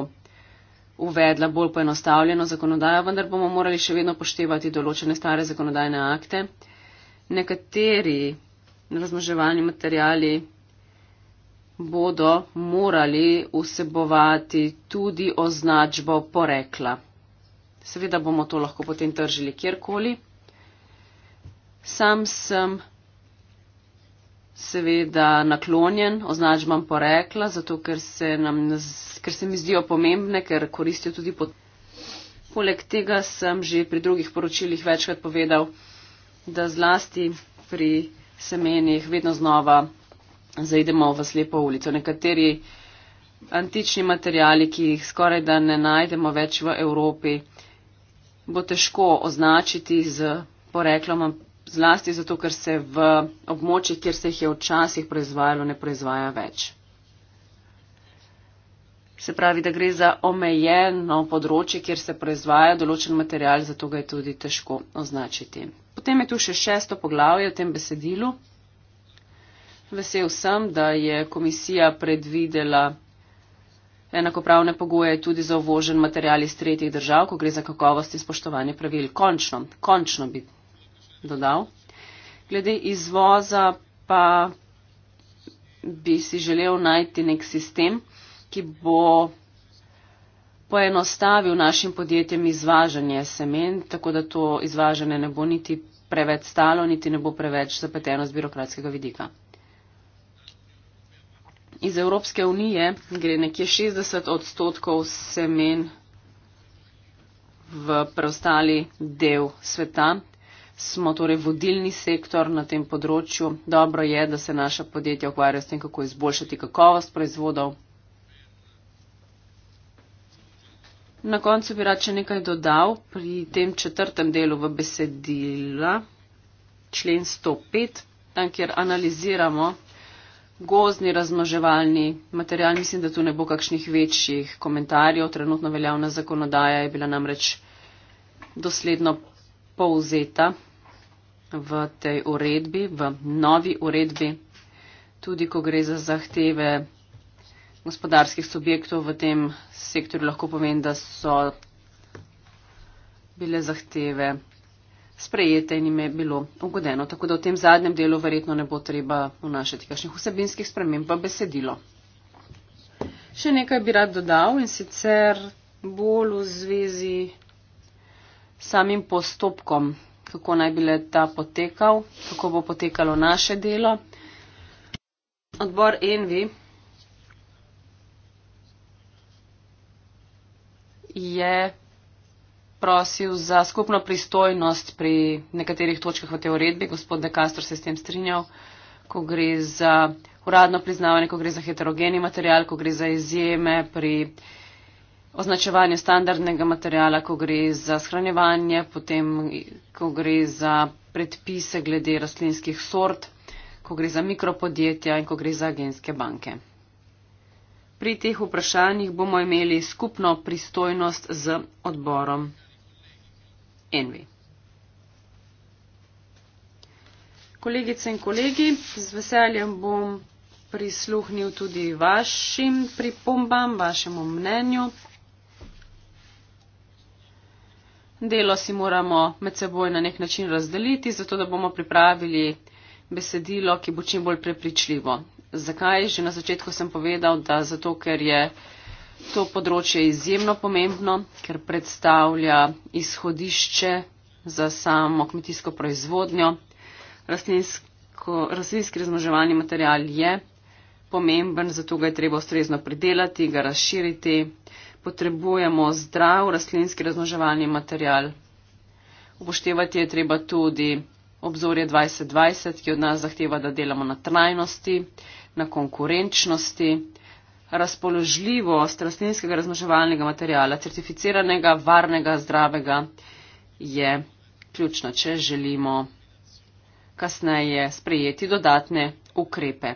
uvedla bolj poenostavljeno zakonodajo, vendar bomo morali še vedno poštevati določene stare zakonodajne akte. Nekateri razmoževalni materijali bodo morali vsebovati tudi označbo porekla. Seveda bomo to lahko potem tržili kjerkoli. Sam sem seveda naklonjen označbam porekla, zato ker se, nam, ker se mi zdijo pomembne, ker koristijo tudi pot. Poleg tega sem že pri drugih poročilih večkrat povedal, da zlasti pri semenih vedno znova zaidemo v slepo ulico. Nekateri antični materijali, ki jih skoraj da ne najdemo več v Evropi, bo težko označiti z poreklom, zlasti zato, ker se v območjih, kjer se jih je včasih proizvajalo, ne proizvaja več. Se pravi, da gre za omejeno področje, kjer se proizvaja določen material, zato ga je tudi težko označiti. Potem je tu še šesto poglavje v tem besedilu. Vesel sem, da je komisija predvidela enakopravne pogoje tudi za uvožen material iz tretjih držav, ko gre za kakovost in spoštovanje pravil. Končno, končno bi dodal. Glede izvoza pa bi si želel najti nek sistem, ki bo poenostavil našim podjetjem izvažanje semen, tako da to izvažanje ne bo niti preveč stalo, niti ne bo preveč zapleteno z birokratskega vidika iz Evropske unije gre nekje 60 odstotkov semen v preostali del sveta. Smo torej vodilni sektor na tem področju. Dobro je, da se naša podjetja ukvarjajo s tem, kako izboljšati kakovost proizvodov. Na koncu bi rad še nekaj dodal pri tem četrtem delu v besedila, člen 105, tam, kjer analiziramo gozni razmnoževalni material. Mislim, da tu ne bo kakšnih večjih komentarjev. Trenutno veljavna zakonodaja je bila namreč dosledno povzeta v tej uredbi, v novi uredbi, tudi ko gre za zahteve gospodarskih subjektov v tem sektorju, lahko povem, da so bile zahteve sprejete in jim je bilo ugodeno. Tako da v tem zadnjem delu verjetno ne bo treba vnašati kakšnih vsebinskih sprememb v besedilo. Še nekaj bi rad dodal in sicer bolj v zvezi samim postopkom, kako naj bi le ta potekal, kako bo potekalo naše delo. Odbor Envi je prosil za skupno pristojnost pri nekaterih točkah v tej uredbi. Gospod De Castro se je s tem strinjal, ko gre za uradno priznavanje, ko gre za heterogeni material, ko gre za izjeme pri označevanju standardnega materijala, ko gre za shranjevanje, potem ko gre za predpise glede rastlinskih sort, ko gre za mikropodjetja in ko gre za agenske banke. Pri teh vprašanjih bomo imeli skupno pristojnost z odborom envy. Kolegice in kolegi, z veseljem bom prisluhnil tudi vašim pripombam, vašemu mnenju. Delo si moramo med seboj na nek način razdeliti, zato da bomo pripravili besedilo, ki bo čim bolj prepričljivo. Zakaj? Že na začetku sem povedal, da zato, ker je. To področje je izjemno pomembno, ker predstavlja izhodišče za samo kmetijsko proizvodnjo. Rastlinski razmoževalni material je pomemben, zato ga je treba ustrezno pridelati, ga razširiti. Potrebujemo zdrav rastlinski razmoževalni material. Upoštevati je treba tudi obzorje 2020, ki od nas zahteva, da delamo na trajnosti, na konkurenčnosti razpoložljivost rastlinskega razmoževalnega materijala, certificiranega, varnega, zdravega, je ključna, če želimo kasneje sprejeti dodatne ukrepe.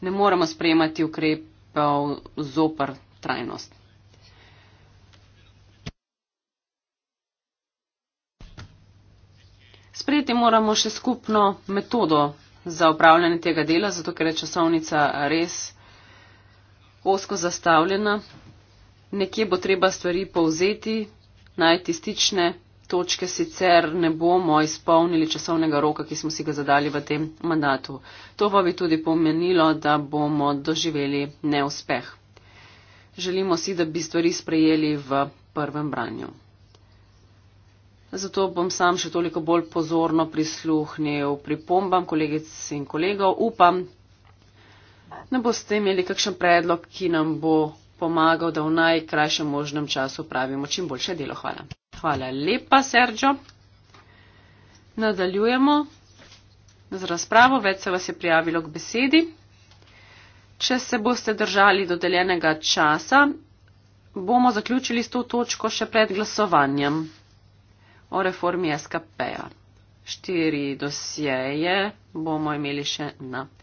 Ne moremo sprejemati ukrepov zopr trajnost. Sprejeti moramo še skupno metodo za upravljanje tega dela, zato ker je časovnica res osko zastavljena, nekje bo treba stvari povzeti, najti stične točke, sicer ne bomo izpolnili časovnega roka, ki smo si ga zadali v tem mandatu. To pa bi tudi pomenilo, da bomo doživeli neuspeh. Želimo si, da bi stvari sprejeli v prvem branju. Zato bom sam še toliko bolj pozorno prisluhnil pripombam kolegic in kolegov. Upam, Ne boste imeli kakšen predlog, ki nam bo pomagal, da v najkrajšem možnem času pravimo čim boljše delo. Hvala. Hvala lepa, Sergio. Nadaljujemo z razpravo. Več se vas je prijavilo k besedi. Če se boste držali dodeljenega časa, bomo zaključili s to točko še pred glasovanjem o reformi SKP-ja. Štiri dosjeje bomo imeli še naprej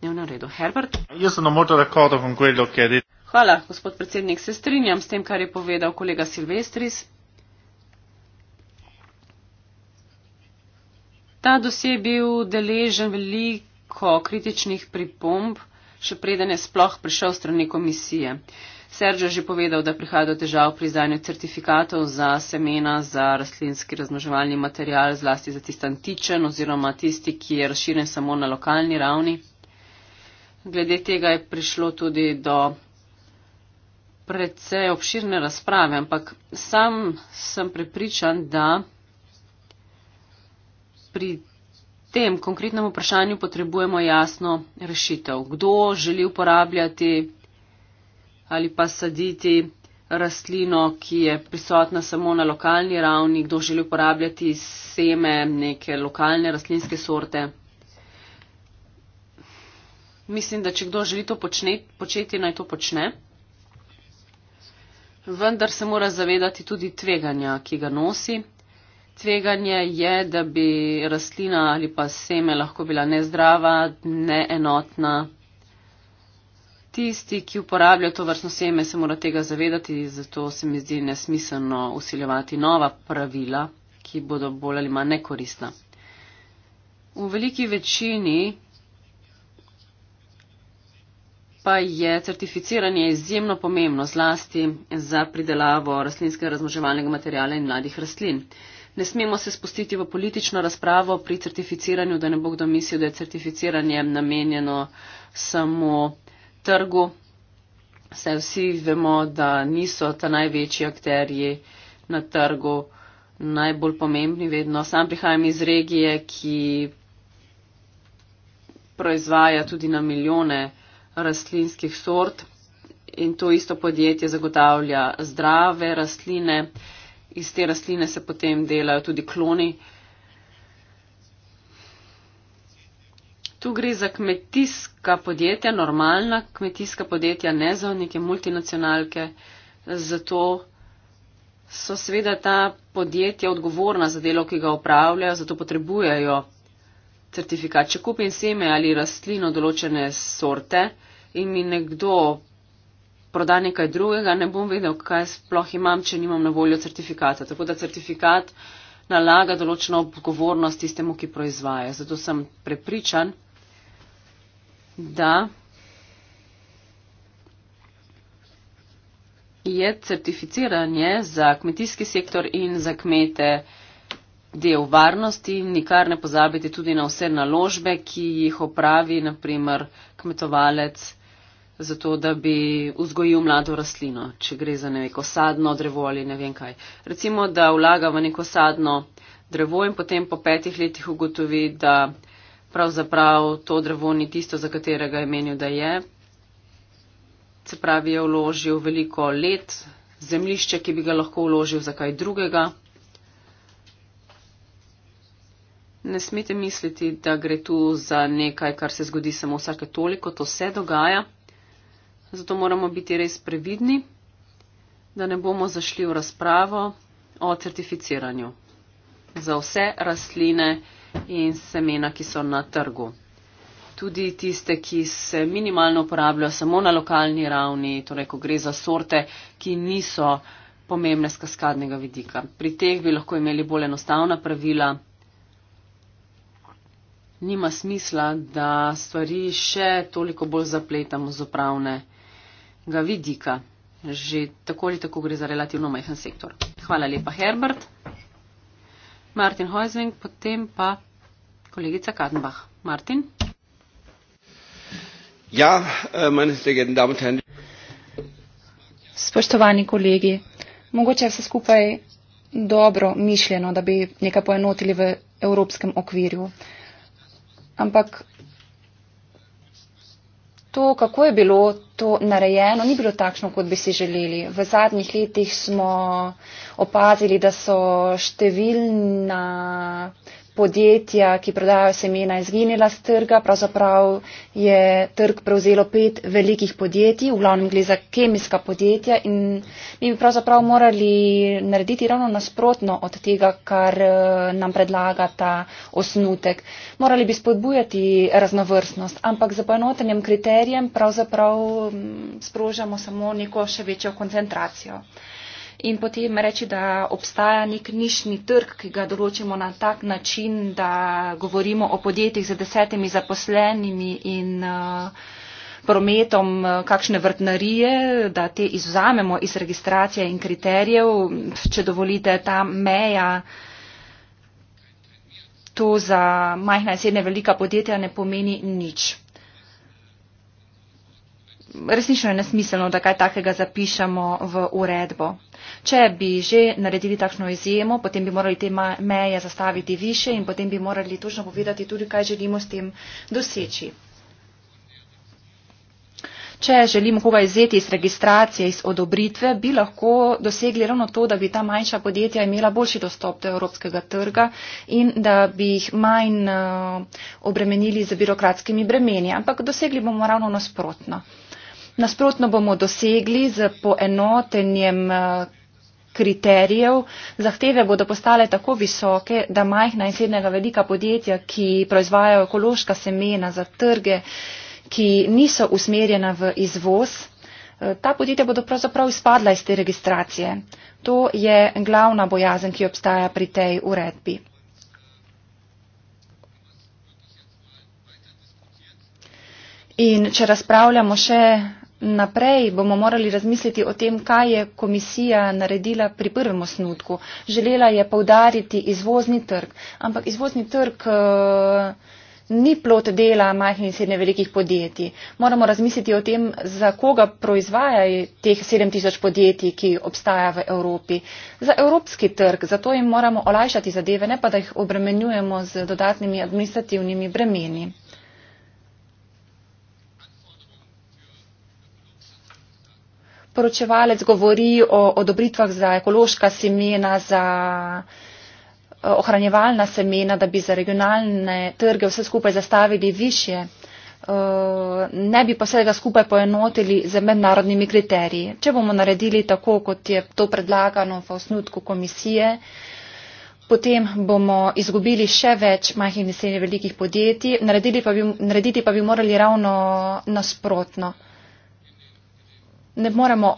dnevnem redu. Herbert? Jaz sem omotal rekordov in gledal, kaj je dit. Hvala, gospod predsednik. Se strinjam s tem, kar je povedal kolega Silvestris. Ta dosje je bil deležen veliko kritičnih pripomb, še preden je sploh prišel strani komisije. Sergio je že povedal, da prihaja do težav pri izdanju certifikatov za semena, za rastlinski razmnoževalni material, zlasti za tisti antičen oziroma tisti, ki je razširjen samo na lokalni ravni glede tega je prišlo tudi do predvsej obširne razprave, ampak sam sem prepričan, da pri tem konkretnem vprašanju potrebujemo jasno rešitev. Kdo želi uporabljati ali pa saditi rastlino, ki je prisotna samo na lokalni ravni, kdo želi uporabljati seme neke lokalne rastlinske sorte. Mislim, da če kdo želi to početi, naj to počne. Vendar se mora zavedati tudi tveganja, ki ga nosi. Tveganje je, da bi rastlina ali pa seme lahko bila nezdrava, neenotna. Tisti, ki uporablja to vrstno seme, se mora tega zavedati, zato se mi zdi nesmiselno usiljevati nova pravila, ki bodo bolj ali manj nekoristna. V veliki večini pa je certificiranje izjemno pomembno zlasti za pridelavo rastlinskega razmoževalnega materijala in mladih rastlin. Ne smemo se spustiti v politično razpravo pri certificiranju, da ne bo kdo mislil, da je certificiranje namenjeno samo trgu. Saj vsi vemo, da niso ta največji akterji na trgu najbolj pomembni vedno. Sam prihajam iz regije, ki proizvaja tudi na milijone rastlinskih sort in to isto podjetje zagotavlja zdrave rastline. Iz te rastline se potem delajo tudi kloni. Tu gre za kmetijska podjetja, normalna kmetijska podjetja, ne za neke multinacionalke. Zato so seveda ta podjetja odgovorna za delo, ki ga upravljajo, zato potrebujejo certifikat. Če kupim seme ali rastlino določene sorte in mi nekdo proda nekaj drugega, ne bom vedel, kaj sploh imam, če nimam na voljo certifikata. Tako da certifikat nalaga določeno odgovornost tistemu, ki proizvaja. Zato sem prepričan, da je certificiranje za kmetijski sektor in za kmete del varnosti, nikar ne pozabiti tudi na vse naložbe, ki jih opravi, naprimer, kmetovalec, zato da bi vzgojil mlado rastlino, če gre za neko sadno drevo ali ne vem kaj. Recimo, da vlaga v neko sadno drevo in potem po petih letih ugotovi, da pravzaprav to drevo ni tisto, za katerega je menil, da je. Se pravi, je vložil veliko let, zemlišče, ki bi ga lahko vložil za kaj drugega. ne smete misliti, da gre tu za nekaj, kar se zgodi samo vsake toliko, to se dogaja. Zato moramo biti res previdni, da ne bomo zašli v razpravo o certificiranju za vse rastline in semena, ki so na trgu. Tudi tiste, ki se minimalno uporabljajo samo na lokalni ravni, torej ko gre za sorte, ki niso pomembne z kaskadnega vidika. Pri teh bi lahko imeli bolj enostavna pravila, nima smisla, da stvari še toliko bolj zapletamo z upravnega vidika. Že tako ali tako gre za relativno majhen sektor. Hvala lepa, Herbert. Martin Hojzing, potem pa kolegica Kadenbach. Martin. Ja, eh, meine sehr geehrten Damen und Herren. Spoštovani kolegi, mogoče je vse skupaj dobro mišljeno, da bi nekaj poenotili v evropskem okvirju ampak to, kako je bilo to narejeno, ni bilo takšno, kot bi si želeli. V zadnjih letih smo opazili, da so številna podjetja, ki prodajajo semena, izginila z trga. Pravzaprav je trg prevzelo pet velikih podjetij, v glavnem gre za kemijska podjetja in mi bi pravzaprav morali narediti ravno nasprotno od tega, kar eh, nam predlaga ta osnutek. Morali bi spodbujati raznovrstnost, ampak z poenotenjem kriterijem pravzaprav mm, sprožamo samo neko še večjo koncentracijo in potem reči, da obstaja nek nišni trg, ki ga določimo na tak način, da govorimo o podjetjih z desetimi zaposlenimi in eh, prometom eh, kakšne vrtnarije, da te izuzamemo iz registracije in kriterijev, če dovolite ta meja. To za majhna in srednja velika podjetja ne pomeni nič resnično je nesmiselno, da kaj takega zapišemo v uredbo. Če bi že naredili takšno izjemo, potem bi morali te meje zastaviti više in potem bi morali točno povedati tudi, kaj želimo s tem doseči. Če želimo koga izzeti iz registracije, iz odobritve, bi lahko dosegli ravno to, da bi ta manjša podjetja imela boljši dostop do evropskega trga in da bi jih manj eh, obremenili z birokratskimi bremeni. Ampak dosegli bomo ravno nasprotno. Nasprotno bomo dosegli z poenotenjem eh, kriterijev. Zahteve bodo postale tako visoke, da majhna in srednjega velika podjetja, ki proizvajajo ekološka semena za trge, ki niso usmerjena v izvoz, eh, ta podjetja bodo pravzaprav izpadla iz te registracije. To je glavna bojazen, ki obstaja pri tej uredbi. In če razpravljamo še Naprej bomo morali razmisliti o tem, kaj je komisija naredila pri prvem osnutku. Želela je povdariti izvozni trg, ampak izvozni trg uh, ni plot dela majhnih in srednje velikih podjetij. Moramo razmisliti o tem, za koga proizvajajo teh 7000 podjetij, ki obstaja v Evropi. Za evropski trg, zato jim moramo olajšati zadeve, ne pa da jih obremenjujemo z dodatnimi administrativnimi bremeni. poročevalec govori o odobritvah za ekološka semena, za eh, ohranjevalna semena, da bi za regionalne trge vse skupaj zastavili više, eh, ne bi pa vsega skupaj poenotili z mednarodnimi kriteriji. Če bomo naredili tako, kot je to predlagano v osnutku komisije, potem bomo izgubili še več majhnih in srednjih velikih podjetij, pa bi, narediti pa bi morali ravno nasprotno ne moremo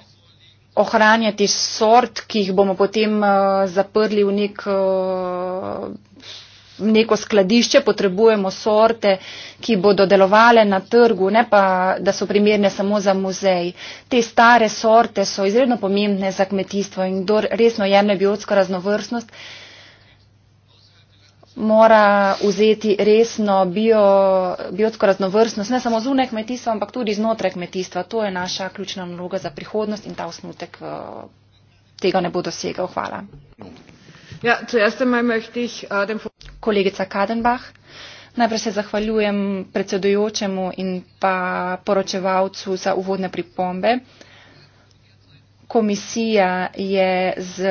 ohranjati sort, ki jih bomo potem uh, zaprli v nek, uh, neko skladišče, potrebujemo sorte, ki bodo delovale na trgu, ne pa, da so primerne samo za muzej. Te stare sorte so izredno pomembne za kmetijstvo in kdo resno jemne biotsko raznovrstnost, uh, mora vzeti resno bio, biotsko raznovrstnost, ne samo zunaj kmetijstva, ampak tudi znotraj kmetijstva. To je naša ključna naloga za prihodnost in ta osnutek eh, tega ne bo dosegal. Hvala. Ja, ich, uh, Kolegica Kadenbach, najprej se zahvaljujem predsedujočemu in pa poročevalcu za uvodne pripombe. Uh, komisija je z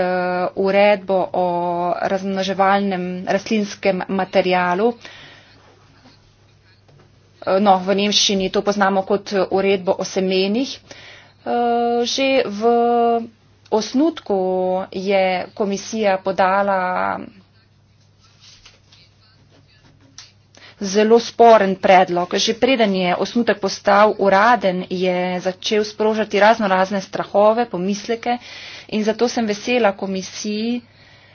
uredbo o razmnoževalnem rastlinskem materialu, no, v Nemščini to poznamo kot uredbo o semenih, eh, že v osnutku je komisija podala zelo sporen predlog. Že preden je osnutek postal uraden, je začel sprožati razno razne strahove, pomisleke in zato sem vesela komisiji,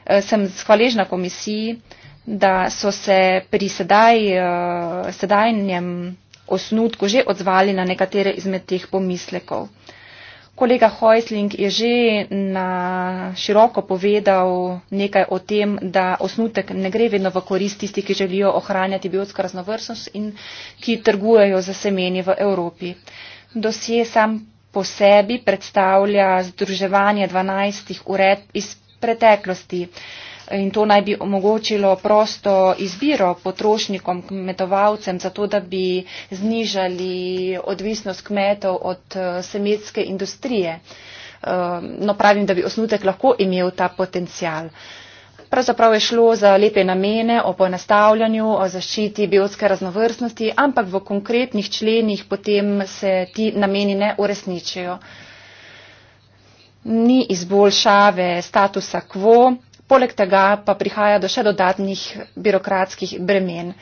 eh, sem hvaležna komisiji, da so se pri sedaj, eh, sedajnjem osnutku že odzvali na nekatere izmed teh pomislekov. Kolega Heusling je že na široko povedal nekaj o tem, da osnutek ne gre vedno v korist tisti, ki želijo ohranjati biotsko raznovrstnost in ki trgujejo za semeni v Evropi. Dosje sam po sebi predstavlja združevanje 12 ured iz preteklosti. Uh, in to naj bi omogočilo prosto izbiro potrošnikom, kmetovalcem, zato da bi znižali odvisnost kmetov od eh, semetske industrije. Eh, no, pravim, da bi osnutek lahko imel ta potencial. Pravzaprav je šlo za lepe namene o ponastavljanju, o zaščiti biotske raznovrstnosti, ampak v konkretnih členih potem se ti nameni ne uresničijo. Ni izboljšave statusa quo, Poleg tega pa prihaja do še dodatnih birokratskih bremen.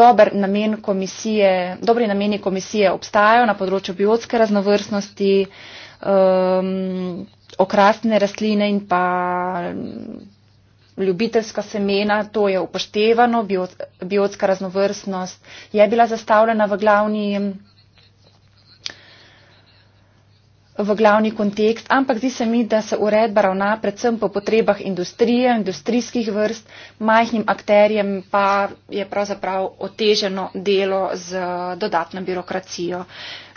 Dober namen komisije, dobri nameni komisije obstajajo na področju biotske raznovrstnosti, um, okrasne rastline in pa um, ljubiteljska semena, to je upoštevano, biotska raznovrstnost je bila zastavljena v glavnem. v glavni kontekst, ampak zdi se mi, da se uredba ravna predvsem po potrebah industrije, industrijskih vrst, majhnim akterjem pa je pravzaprav oteženo delo z dodatno birokracijo.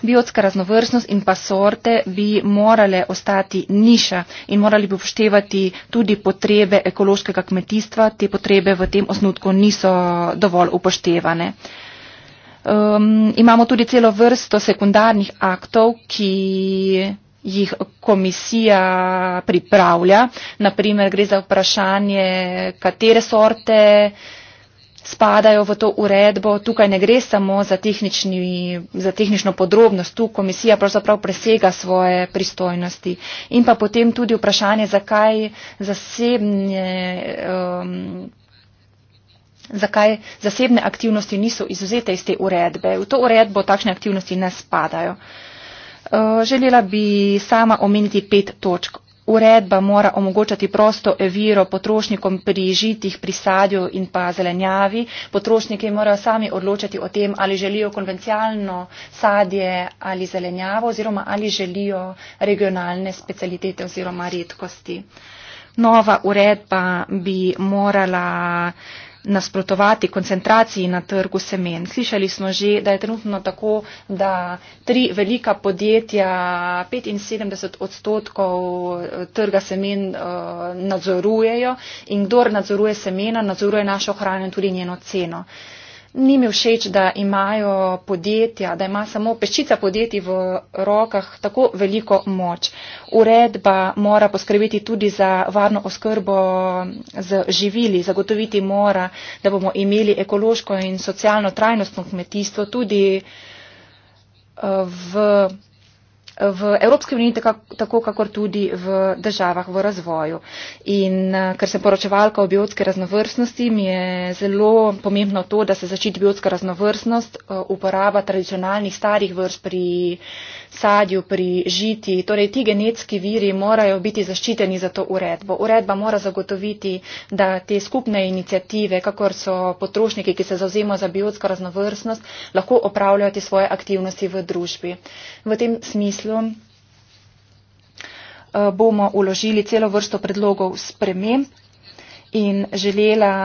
Biotska raznovrstnost in pa sorte bi morale ostati niša in morali bi upoštevati tudi potrebe ekološkega kmetijstva. Te potrebe v tem osnutku niso dovolj upoštevane. Uh, Um, imamo tudi celo vrsto sekundarnih aktov, ki jih komisija pripravlja. Naprimer gre za vprašanje, katere sorte spadajo v to uredbo. Tukaj ne gre samo za, za tehnično podrobnost, tu komisija pravzaprav presega svoje pristojnosti. In pa potem tudi vprašanje, zakaj zasebne. Um, zakaj zasebne aktivnosti niso izuzete iz te uredbe. V to uredbo takšne aktivnosti ne spadajo. Eh, želela bi sama omeniti pet točk. Uredba mora omogočati prosto eviro potrošnikom pri žitih, pri sadju in pa zelenjavi. Potrošniki morajo sami odločiti o tem, ali želijo konvencionalno sadje ali zelenjavo oziroma ali želijo regionalne specialitete oziroma redkosti. Nova uredba bi morala uh, nasprotovati koncentraciji na trgu semen. Slišali smo že, da je trenutno tako, da tri velika podjetja 75 odstotkov eh, trga semen eh, nadzorujejo in kdor nadzoruje semena, nadzoruje našo hrano in tudi njeno ceno ni mi všeč, da imajo podjetja, da ima samo peščica podjetij v rokah tako veliko moč. Uredba mora poskrbeti tudi za varno oskrbo z živili, zagotoviti mora, da bomo imeli ekološko in socialno trajnostno kmetijstvo tudi eh, v v Evropski uniji, tako kakor tudi v državah v razvoju. In eh, ker sem poročevalka o biotske raznovrstnosti, mi je zelo pomembno to, da se začiti biotska raznovrstnost, eh, uporaba tradicionalnih starih vrst pri sadju, pri žiti. Torej, ti genetski viri morajo biti zaščiteni za to uredbo. Uredba mora zagotoviti, da te skupne inicijative, kakor so potrošniki, ki se zauzemajo za biotsko raznovrstnost, lahko opravljajo te svoje aktivnosti v družbi. V tem smislu eh, bomo uložili celo vrsto predlogov sprememb in želela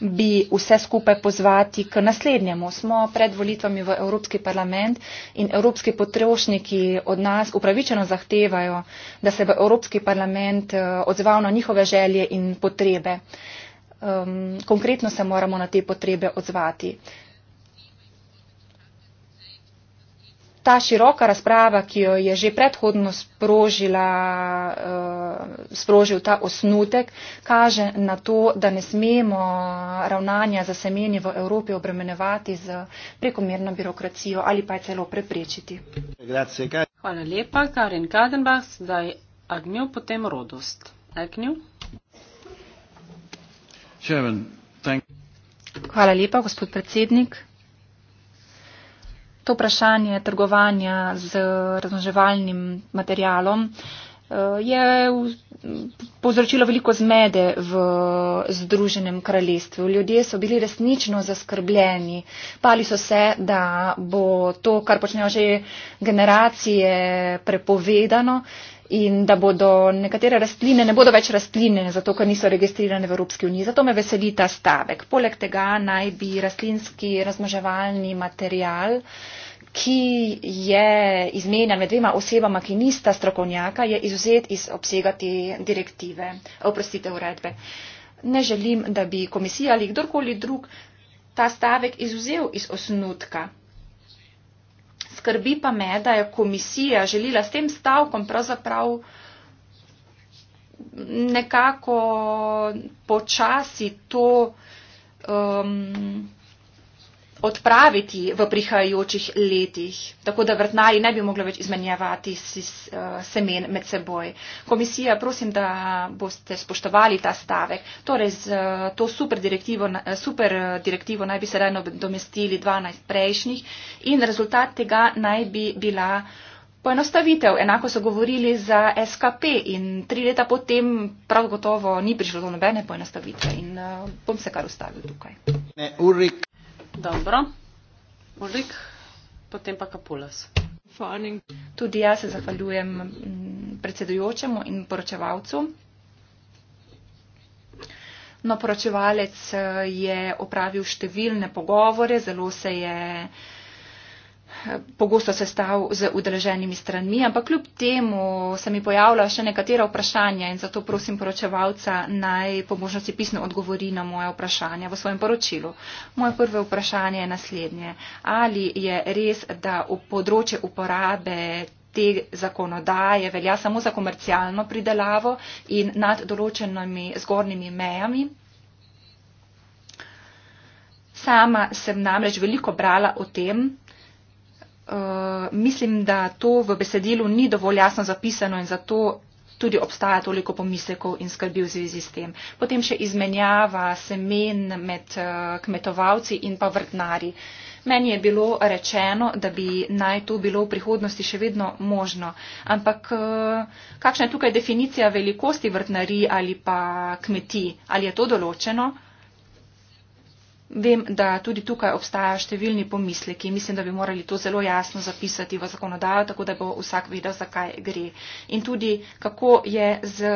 bi vse skupaj pozvati k naslednjemu. Smo pred volitvami v Evropski parlament in evropski potrošniki od nas upravičeno zahtevajo, da se bo Evropski parlament eh, odzval na njihove želje in potrebe. Um, konkretno se moramo na te potrebe odzvati. ta široka razprava, ki jo je že predhodno sprožila, uh, sprožil ta osnutek, kaže na to, da ne smemo ravnanja za semeni v Evropi obremenevati z prekomerno birokracijo ali pa je celo preprečiti. Hvala lepa, Karin Kadenbach, zdaj Agnjo, potem Rodost. Agnjo. Hvala lepa, gospod predsednik to vprašanje trgovanja z razmoževalnim materialom eh, je povzročilo veliko zmede v Združenem kraljestvu. Ljudje so bili resnično zaskrbljeni. Pali so se, da bo to, kar počnejo že generacije, prepovedano in da bodo nekatere rastline ne bodo več rastline, zato ker niso registrirane v Evropski uniji. Zato me veseli ta stavek. Poleg tega naj bi rastlinski razmoževalni material ki je izmenjan med dvema osebama, ki nista strokovnjaka, je izuzet iz obsega te direktive, oprostite uredbe. Ne želim, da bi komisija ali kdorkoli drug ta stavek izuzel iz osnutka skrbi pa me, da je komisija želela s tem stavkom pravzaprav nekako počasi to um, odpraviti v prihajajočih letih, tako da vrtnari ne bi mogli več izmenjevati eh, semen med seboj. Komisija, prosim, da boste spoštovali ta stavek. Torej, z eh, to super direktivo, eh, super direktivo naj bi se redno domestili 12 prejšnjih in rezultat tega naj bi bila. Poenostavitev, enako so govorili za SKP in tri leta potem prav gotovo ni prišlo do nobene poenostavitve in uh, bom se kar ustavil tukaj. Ne, Dobro. Morik, potem pa Kapulas. Fanning. Tudi jaz se zahvaljujem predsedujočemu in poročevalcu. No, poročevalec eh, je opravil številne pogovore, zelo se je uh, pogosto sestav z udeleženimi stranmi, ampak kljub temu se mi pojavlja še nekatera vprašanja in zato prosim poročevalca naj po možnosti pisno odgovori na moje vprašanje v svojem poročilu. Moje prve vprašanje je naslednje. Ali je res, da v področje uporabe te zakonodaje velja samo za komercialno pridelavo in nad določenimi zgornjimi mejami? Sama sem namreč veliko brala o tem, Eh, mislim, da to v besedilu ni dovolj jasno zapisano in zato tudi obstaja toliko pomislekov in skrbi v zvezi s tem. Potem še izmenjava semen med uh, kmetovalci in pa vrtnari. Meni je bilo rečeno, da bi naj to bilo v prihodnosti še vedno možno, ampak eh, kakšna je tukaj definicija velikosti vrtnari ali pa kmetij? Ali je to določeno? Uh, vem, da tudi tukaj obstajajo številni pomisleki. Mislim, da bi morali to zelo jasno zapisati v zakonodajo, tako da bo vsak vedel, zakaj gre. In tudi, kako je z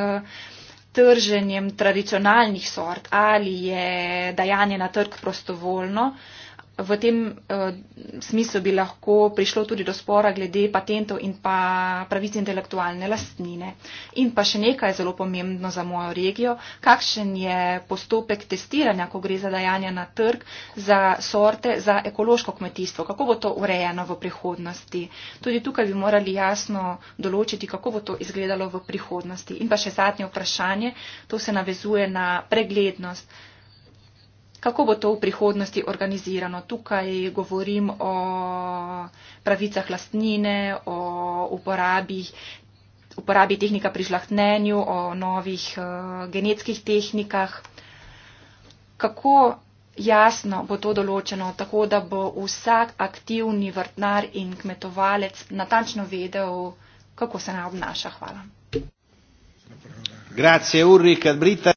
trženjem tradicionalnih sort, ali je dajanje na trg prostovoljno. Uh, v tem eh, smislu bi lahko prišlo tudi do spora glede patentov in pa pravic intelektualne lastnine. In pa še nekaj je zelo pomembno za mojo regijo, kakšen je postopek testiranja, ko gre za dajanja na trg za sorte za ekološko kmetijstvo, kako bo to urejeno v prihodnosti. Tudi tukaj bi morali jasno določiti, kako bo to izgledalo v prihodnosti. In pa še zadnje vprašanje, to se navezuje na preglednost kako bo to v prihodnosti organizirano. Tukaj govorim o pravicah lastnine, o uporabi, uporabi tehnika pri žlahtnenju, o novih uh, genetskih tehnikah. Kako jasno bo to določeno, tako da bo vsak aktivni vrtnar in kmetovalec natančno vedel, kako se naj obnaša. Hvala. Grazie, Urika, Brita.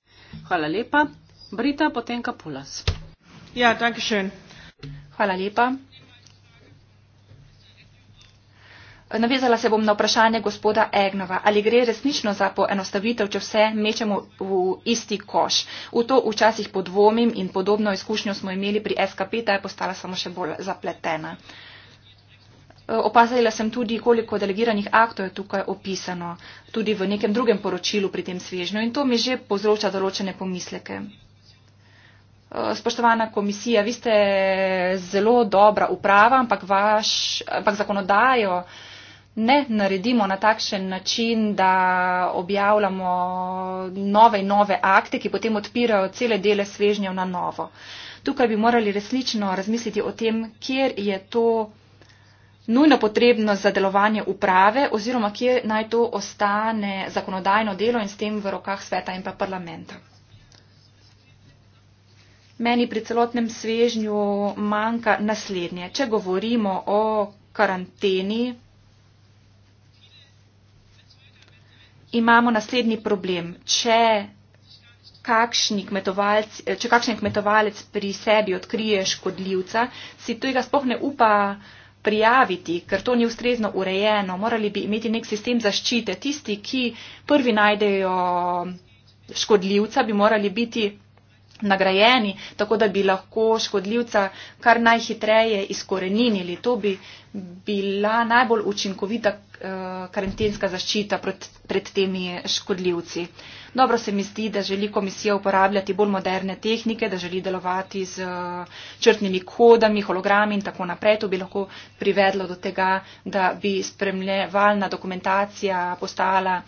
Hvala lepa. Brita, potem Kapulas. Ja, danke schön. Hvala lepa. Navezala se bom na vprašanje gospoda Egnova. Ali gre resnično za poenostavitev, če vse mečemo v isti koš? V to včasih podvomim in podobno izkušnjo smo imeli pri SKP, ta je postala samo še bolj zapletena. Opazila sem tudi, koliko delegiranih aktov je tukaj opisano, tudi v nekem drugem poročilu pri tem svežnju in to mi že povzroča določene pomisleke. Eh, spoštovana komisija, vi ste zelo dobra uprava, ampak, vaš, ampak zakonodajo ne naredimo na takšen način, da objavljamo nove in nove akte, ki potem odpirajo cele dele svežnjev na novo. Tukaj bi morali resnično razmisliti o tem, kjer je to nujno potrebno za delovanje uprave oziroma kje naj to ostane zakonodajno delo in s tem v rokah sveta in pa parlamenta meni pri celotnem svežnju manjka naslednje. Če govorimo o karanteni, imamo naslednji problem. Če kakšni, če kakšni kmetovalec pri sebi odkrije škodljivca, si tega sploh ne upa prijaviti, ker to ni ustrezno urejeno. Morali bi imeti nek sistem zaščite. Tisti, ki prvi najdejo škodljivca, bi morali biti nagrajeni, tako da bi lahko škodljivca kar najhitreje izkorenili. To bi bila najbolj učinkovita eh, karantenska zaščita pred temi škodljivci. Dobro se mi zdi, da želi komisija uporabljati bolj moderne tehnike, da želi delovati z eh, črtnimi kodami, hologrami in tako naprej. To bi lahko privedlo do tega, da bi spremljevalna dokumentacija postala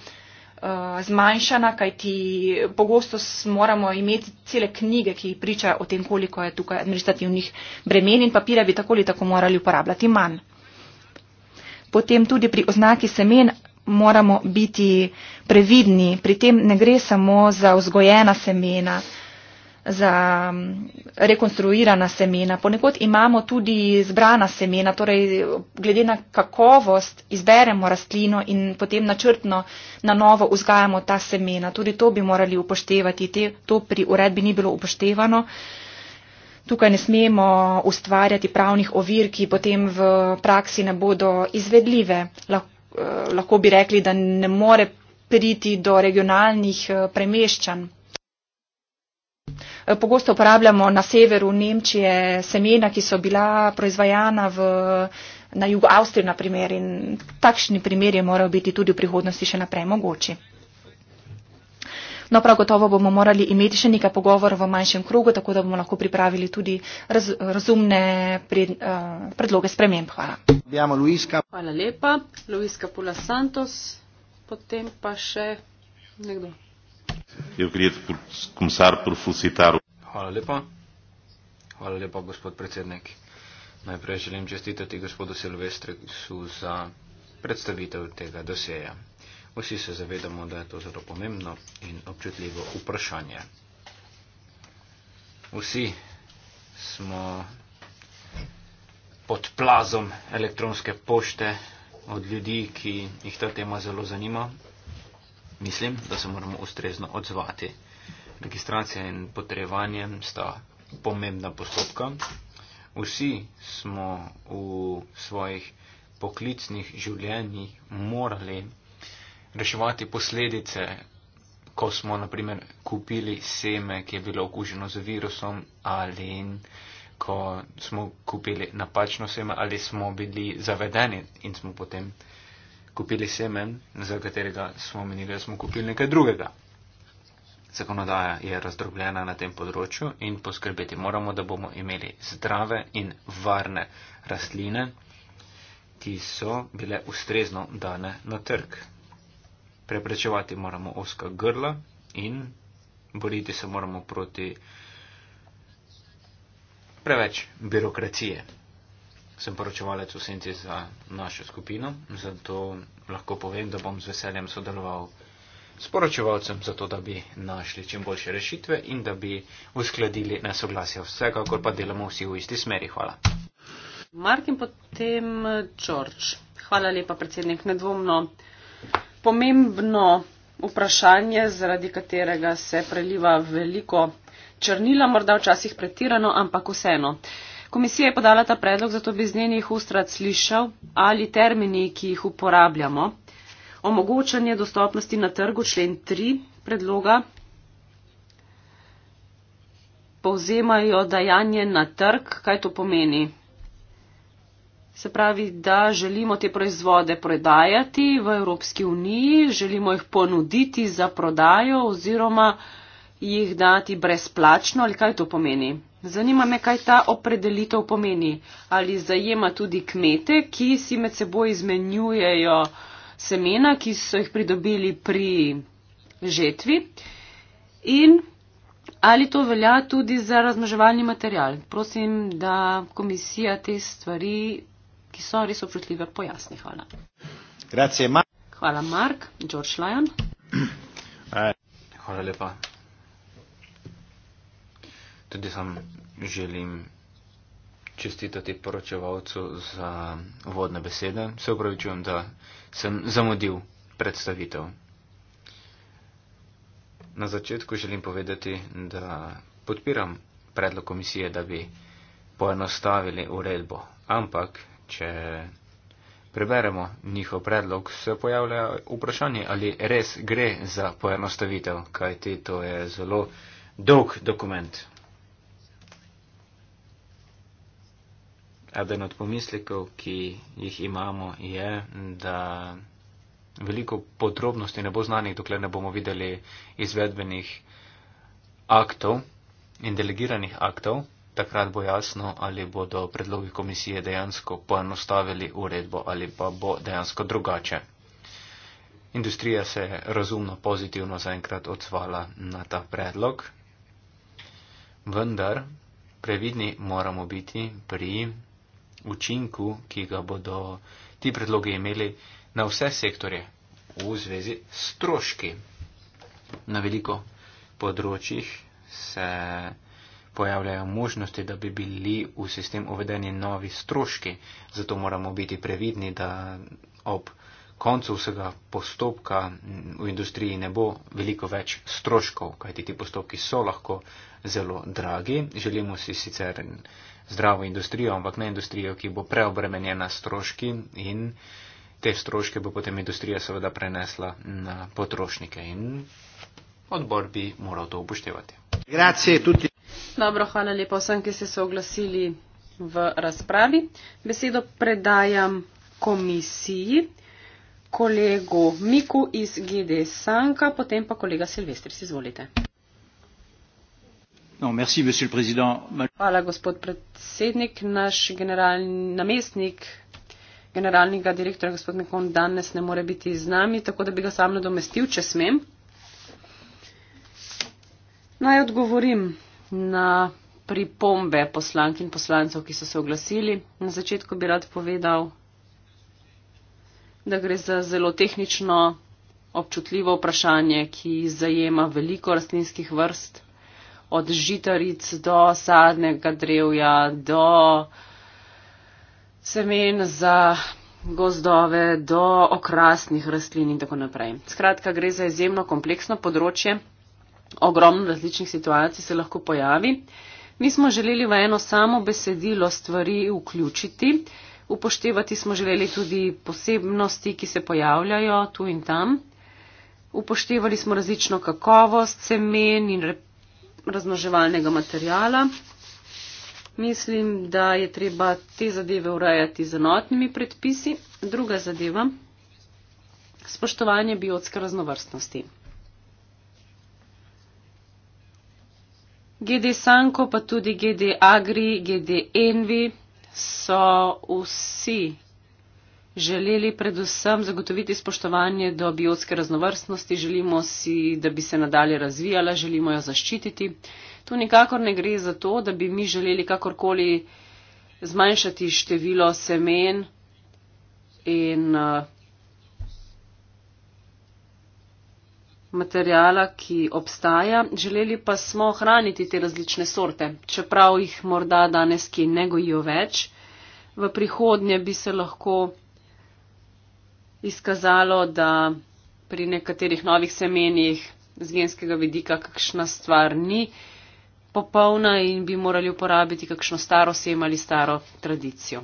Eh, zmanjšana, kajti pogosto moramo imeti cele knjige, ki pričajo o tem, koliko je tukaj administrativnih bremen in papirja bi tako ali tako morali uporabljati manj. Potem tudi pri oznaki semen moramo biti previdni. Pri tem ne gre samo za vzgojena semena, za rekonstruirana semena. Ponekod imamo tudi zbrana semena, torej glede na kakovost izberemo rastlino in potem načrtno na novo vzgajamo ta semena. Tudi to bi morali upoštevati. Te, to pri uredbi ni bilo upoštevano. Tukaj ne smemo ustvarjati pravnih ovir, ki potem v praksi ne bodo izvedljive. Lahko, eh, lahko bi rekli, da ne more priti do regionalnih eh, premeščanj. Eh, pogosto uporabljamo na severu Nemčije semena, ki so bila proizvajana v, na jugu Avstrije, na primer, in takšni primeri morajo biti tudi v prihodnosti še naprej mogoči. No, prav gotovo bomo morali imeti še nekaj pogovorov v manjšem krogu, tako da bomo lahko pripravili tudi raz, razumne pred, uh, predloge sprememb. Hvala. Hvala lepa. Luiska Pula Santos, potem pa še nekdo. Eu queria começar por felicitar o. Hvala lepa. Hvala lepa, gospod predsednik. Najprej želim čestitati gospodu Silvestru za predstavitev tega doseja. Vsi se zavedamo, da je to zelo pomembno in občutljivo vprašanje. Vsi smo pod plazom elektronske pošte od ljudi, ki jih ta tema zelo zanima mislim, da se moramo ustrezno odzvati. Registracija in potrejevanje sta pomembna postopka. Vsi smo v svojih poklicnih življenjih morali reševati posledice, ko smo naprimer kupili seme, ki je bilo okuženo z virusom ali ko smo kupili napačno seme ali smo bili zavedeni in smo potem kupili semen, za katerega smo menili, da smo kupili nekaj drugega. Zakonodaja je razdrobljena na tem področju in poskrbeti moramo, da bomo imeli zdrave in varne rastline, ki so bile ustrezno dane na trg. Preprečevati moramo oska grla in boriti se moramo proti preveč birokracije sem poročevalec v senci za našo skupino, zato lahko povem, da bom z veseljem sodeloval s poročevalcem, zato da bi našli čim boljše rešitve in da bi uskladili nesoglasje vsega, kakor pa delamo vsi v isti smeri. Hvala. Mark in potem George. Hvala lepa, predsednik. Nedvomno pomembno vprašanje, zaradi katerega se preliva veliko črnila, morda včasih pretirano, ampak vseeno. Uh, Komisija je podala ta predlog, zato bi z njenih ustrad slišal, ali termini, ki jih uporabljamo, omogočanje dostopnosti na trgu, člen 3 predloga, povzemajo dajanje na trg, kaj to pomeni. Se pravi, da želimo te proizvode prodajati v Evropski uniji, želimo jih ponuditi za prodajo oziroma jih dati brezplačno ali kaj to pomeni. Zanima me, kaj ta opredelitev pomeni. Ali zajema tudi kmete, ki si med seboj izmenjujejo semena, ki so jih pridobili pri žetvi. In ali to velja tudi za razmaževalni material. Prosim, da komisija te stvari, ki so res občutljive, pojasni. Hvala. Grazie, Mark. Hvala, Mark. George Lyon. Hvala lepa. Tudi sam želim čestitati poročevalcu za vodne besede. Se upravičujem, da sem zamudil predstavitev. Na začetku želim povedati, da podpiram predlog komisije, da bi poenostavili uredbo. Ampak, če preberemo njihov predlog, se pojavlja vprašanje, ali res gre za poenostavitev, kajti to je zelo dolg dokument. Eden od pomislekov, ki jih imamo, je, da veliko podrobnosti ne bo znanih, dokler ne bomo videli izvedbenih aktov in delegiranih aktov, takrat bo jasno, ali bodo predlogi komisije dejansko poenostavili uredbo ali pa bo dejansko drugače. Industrija se je razumno pozitivno zaenkrat odzvala na ta predlog, vendar previdni moramo biti pri učinku, ki ga bodo ti predlogi imeli na vse sektorje v zvezi s stroški. Na veliko področjih se pojavljajo možnosti, da bi bili v sistem uvedeni novi stroški, zato moramo biti previdni, da ob koncu vsega postopka v industriji ne bo veliko več stroškov, kajti ti postopki so lahko zelo dragi. Želimo si sicer zdravo industrijo, ampak ne industrijo, ki bo preobremenjena stroški in te stroške bo potem industrija seveda prenesla na potrošnike in odbor bi moral to upoštevati. Grazie tutti. Dobro, hvala lepa vsem, ki ste se oglasili v razpravi. Besedo predajam komisiji, kolegu Miku iz GD Sanka, potem pa kolega Silvestris, izvolite. Hvala, gospod predsednik. Naš namestnik generalnega direktorja, gospod Mekon, danes ne more biti z nami, tako da bi ga sam nadomestil, če smem. Naj odgovorim na pripombe poslank in poslancev, ki so se oglasili. Na začetku bi rad povedal, da gre za zelo tehnično občutljivo vprašanje, ki zajema veliko rastlinskih vrst od žitaric do sadnega drevja, do semen za gozdove, do okrasnih rastlin in tako naprej. Skratka, gre za izjemno kompleksno področje, ogromno različnih situacij se lahko pojavi. Mi smo želeli v eno samo besedilo stvari vključiti, upoštevati smo želeli tudi posebnosti, ki se pojavljajo tu in tam. Upoštevali smo različno kakovost semen in reprezentacijo razmnoževalnega materijala. Mislim, da je treba te zadeve urejati z enotnimi predpisi. Druga zadeva, spoštovanje biotske raznovrstnosti. GD Sanko, pa tudi GD Agri, GD Envi so vsi želeli predvsem zagotoviti spoštovanje do biotske raznovrstnosti, želimo si, da bi se nadalje razvijala, želimo jo zaščititi. Tu nikakor ne gre za to, da bi mi želeli kakorkoli zmanjšati število semen in uh, materijala, ki obstaja. Želeli pa smo ohraniti te različne sorte, čeprav jih morda danes ki ne gojijo več. V prihodnje bi se lahko izkazalo, da pri nekaterih novih semenjih z genskega vidika kakšna stvar ni popolna in bi morali uporabiti kakšno staro sem ali staro tradicijo.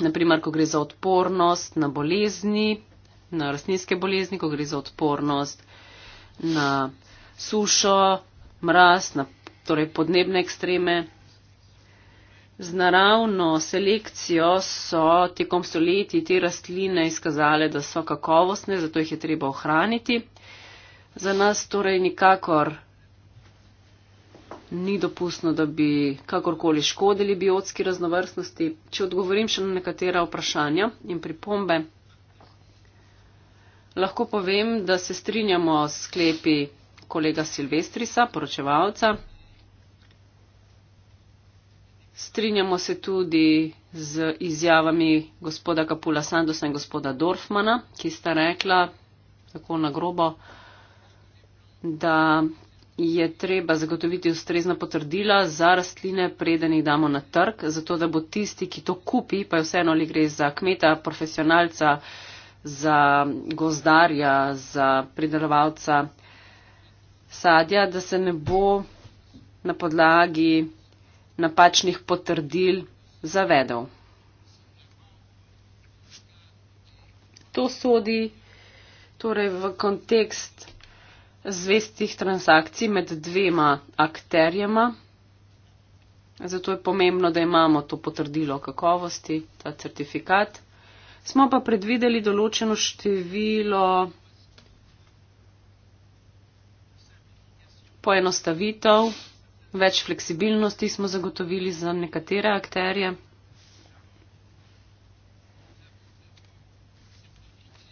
Naprimer, ko gre za odpornost na bolezni, na rastlinske bolezni, ko gre za odpornost na sušo, mraz, na torej podnebne ekstreme Z naravno selekcijo so tekom stoletij te rastline izkazale, da so kakovostne, zato jih je treba ohraniti. Za nas torej nikakor ni dopustno, da bi kakorkoli škodili biotski raznovrstnosti. Če odgovorim še na nekatera vprašanja in pripombe, lahko povem, da se strinjamo s sklepi kolega Silvestrisa, poročevalca. Strinjamo se tudi z izjavami gospoda Kapula Sandosa in gospoda Dorfmana, ki sta rekla tako na grobo, da je treba zagotoviti ustrezna potrdila za rastline, preden jih damo na trg, zato da bo tisti, ki to kupi, pa je vseeno ali gre za kmeta, profesionalca, za gozdarja, za pridelovalca sadja, da se ne bo na podlagi napačnih potrdil zavedel. To sodi torej v kontekst zvestih transakcij med dvema akterjema. Zato je pomembno, da imamo to potrdilo kakovosti, ta certifikat. Smo pa predvideli določeno število poenostavitev več fleksibilnosti smo zagotovili za nekatere akterje.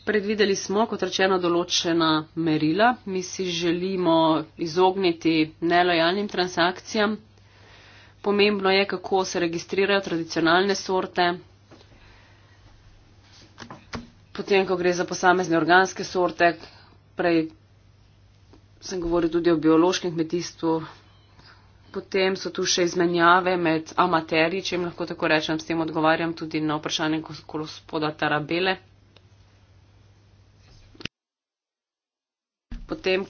Predvideli smo, kot rečeno, določena merila. Mi si želimo izogniti nelojalnim transakcijam. Pomembno je, kako se registrirajo tradicionalne sorte. Potem, ko gre za posamezne organske sorte, prej sem govoril tudi o biološkem kmetijstvu, Potem so tu še izmenjave med amateri, če jim lahko tako rečem, s tem odgovarjam tudi na vprašanje gospoda Tarabele. Potem,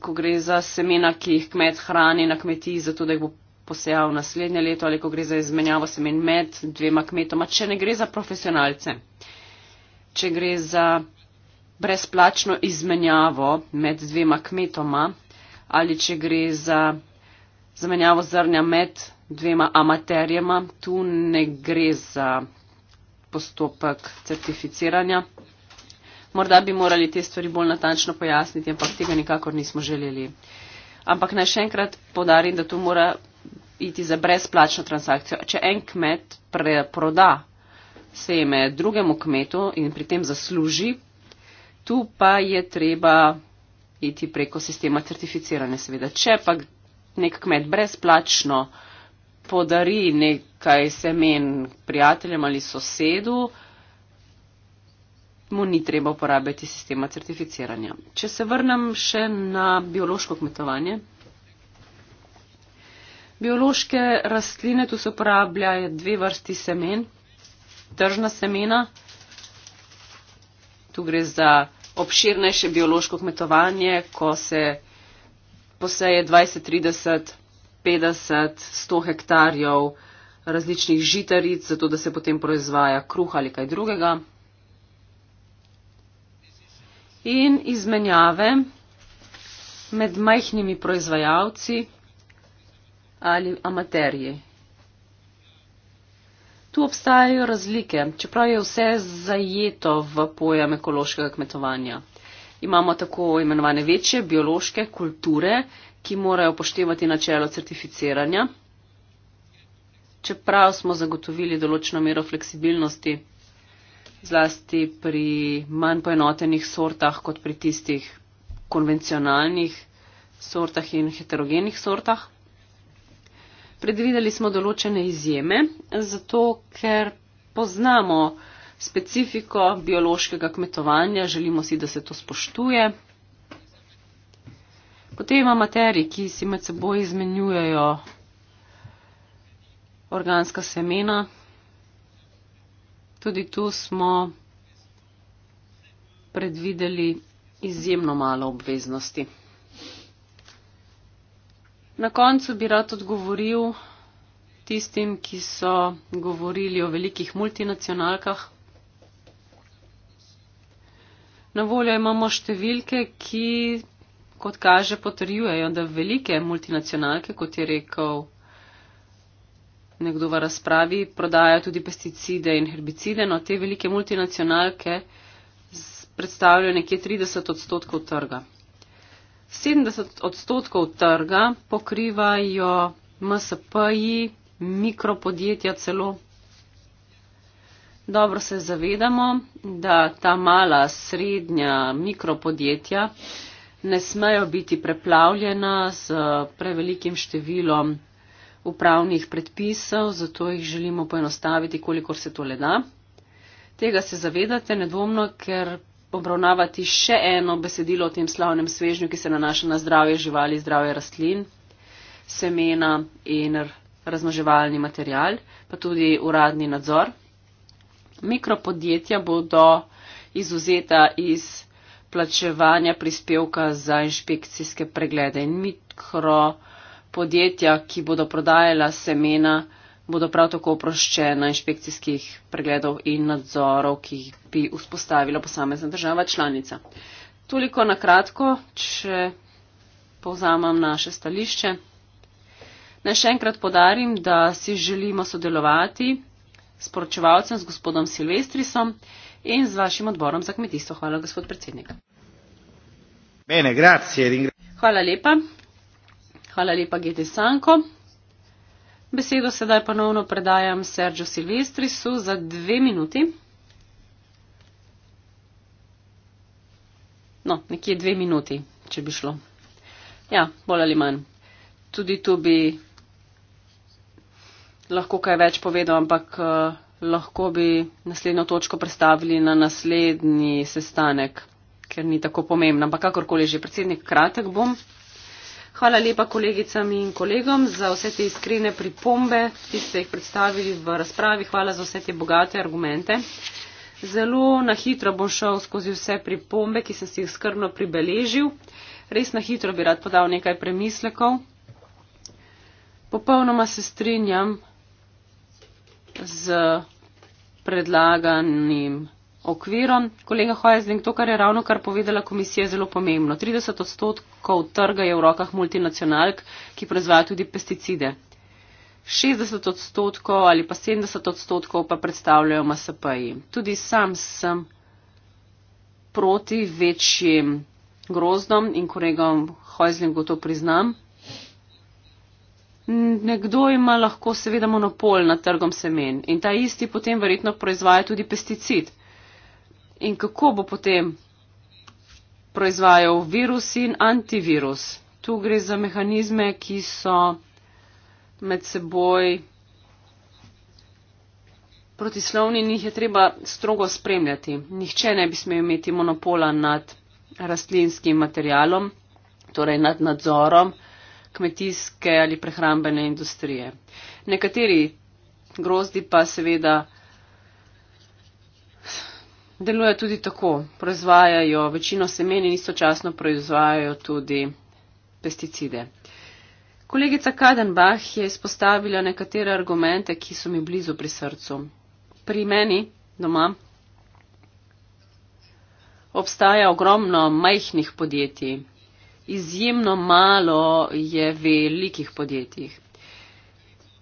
ko gre za semena, ki jih kmet hrani na kmetiji, zato da jih bo posejal naslednje leto, ali ko gre za izmenjavo semen med dvema kmetoma, če ne gre za profesionalce, če gre za brezplačno izmenjavo med dvema kmetoma ali če gre za zamenjavo zrnja med dvema amaterjema. Tu ne gre za postopek certificiranja. Morda bi morali te stvari bolj natančno pojasniti, ampak tega nikakor nismo želeli. Ampak naj še enkrat podarim, da tu mora iti za brezplačno transakcijo. Če en kmet preproda seme drugemu kmetu in pri tem zasluži, tu pa je treba iti preko sistema certificiranja. Seveda, če pa nek kmet brezplačno podari nekaj semen prijateljem ali sosedu, mu ni treba uporabiti sistema certificiranja. Če se vrnem še na biološko kmetovanje. Biološke rastline tu se uporabljajo dve vrsti semen, tržna semena. Tu gre za obširnejše biološko kmetovanje, ko se poseje 20, 30, 50, 100 hektarjev različnih žitaric, zato da se potem proizvaja kruh ali kaj drugega. In izmenjave med majhnimi proizvajalci ali amaterji. Tu obstajajo razlike, čeprav je vse zajeto v pojem ekološkega kmetovanja. Imamo tako imenovane večje biološke kulture, ki morajo poštevati načelo certificiranja. Čeprav smo zagotovili določeno mero fleksibilnosti, zlasti pri manj poenotenih sortah kot pri tistih konvencionalnih sortah in heterogenih sortah. Predvideli smo določene izjeme, zato ker poznamo specifiko biološkega kmetovanja, želimo si, da se to spoštuje. Potem imamo materi, ki si med seboj izmenjujejo organska semena. Tudi tu smo predvideli izjemno malo obveznosti. Na koncu bi rad odgovoril tistim, ki so govorili o velikih multinacionalkah. Na voljo imamo številke, ki, kot kaže, potrjujejo, da velike multinacionalke, kot je rekel nekdo v razpravi, prodajajo tudi pesticide in herbicide. No, te velike multinacionalke predstavljajo nekje 30 odstotkov trga. 70 odstotkov trga pokrivajo MSP-ji, mikropodjetja celo Dobro se zavedamo, da ta mala, srednja mikropodjetja ne smejo biti preplavljena z prevelikim številom upravnih predpisov, zato jih želimo poenostaviti, kolikor se to le da. Tega se zavedate nedvomno, ker obravnavati še eno besedilo o tem slavnem svežnju, ki se nanaša na zdravje živali, zdravje rastlin, semena in razmaževalni material, pa tudi uradni nadzor mikropodjetja bodo izuzeta iz plačevanja prispevka za inšpekcijske preglede in mikropodjetja, ki bodo prodajala semena, bodo prav tako oproščena inšpekcijskih pregledov in nadzorov, ki jih bi vzpostavila posamezna država članica. Toliko na kratko, če povzamam naše stališče. Naj še enkrat podarim, da si želimo sodelovati s poročevalcem, s gospodom Silvestrisom in z vašim odborom za kmetijstvo. Hvala, gospod predsednik. Bene, grazie, ringra... Hvala lepa. Hvala lepa, Gete Sanko. Besedo sedaj ponovno predajam Sergio Silvestrisu za dve minuti. No, nekje dve minuti, če bi šlo. Ja, bolj ali manj. Tudi tu bi lahko kaj več povedal, ampak eh, lahko bi naslednjo točko predstavili na naslednji sestanek, ker ni tako pomembno. Ampak kakorkoli že, predsednik, kratek bom. Hvala lepa kolegicam in kolegom za vse te iskrene pripombe, ki ste jih predstavili v razpravi. Hvala za vse te bogate argumente. Zelo na hitro bom šel skozi vse pripombe, ki sem si jih skrbno pribeležil. Res na hitro bi rad podal nekaj premislekov. Popolnoma se strinjam z predlaganim okvirom. Kolega Hojezdnik, to, kar je ravno kar povedala komisija, je zelo pomembno. 30 odstotkov trga je v rokah multinacionalk, ki proizvajajo tudi pesticide. 60 odstotkov ali pa 70 odstotkov pa predstavljajo MSP-ji. Tudi sam sem proti večjim grozdom in kolegom Hojzlingu to priznam. Nekdo ima lahko seveda monopol nad trgom semen in ta isti potem verjetno proizvaja tudi pesticid. In kako bo potem proizvajal virus in antivirus? Tu gre za mehanizme, ki so med seboj protislovni in jih je treba strogo spremljati. Nihče ne bi smel imeti monopola nad rastlinskim materialom, torej nad nadzorom kmetijske ali prehrambene industrije. Nekateri grozdi pa seveda delujejo tudi tako, proizvajajo večino semen in istočasno proizvajajo tudi pesticide. Kolegica Kadenbach je izpostavila nekatere argumente, ki so mi blizu pri srcu. Pri meni doma obstaja ogromno majhnih podjetij, izjemno malo je velikih podjetjih.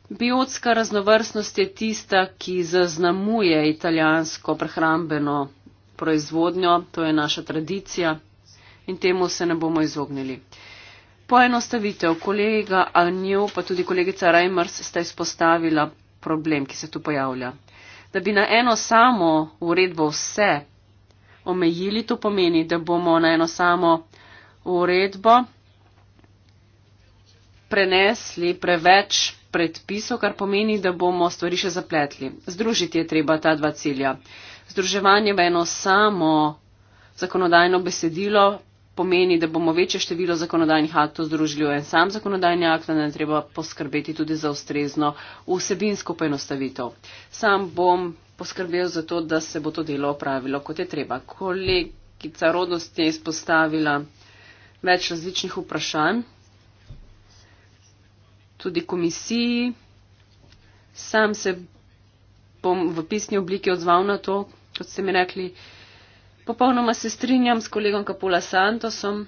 Biotska raznovrstnost je tista, ki zaznamuje italijansko prehrambeno proizvodnjo, to je naša tradicija in temu se ne bomo izognili. Poenostavitev kolega Anjo pa tudi kolegica Reimers sta izpostavila problem, ki se tu pojavlja. Da bi na eno samo uredbo vse omejili, to pomeni, da bomo na eno samo uredbo prenesli preveč predpisov, kar pomeni, da bomo stvari še zapletli. Združiti je treba ta dva cilja. Združevanje v eno samo zakonodajno besedilo pomeni, da bomo večje število zakonodajnih aktov združili v en sam zakonodajni akt, da ne treba poskrbeti tudi za ustrezno vsebinsko poenostavitev. Sam bom poskrbel za to, da se bo to delo opravilo, kot je treba. Kolegica Rodost je izpostavila več različnih vprašanj. Tudi komisiji. Sam se bom v pisni obliki odzval na to, kot ste mi rekli. Popolnoma se strinjam s kolegom Kapula Santosom.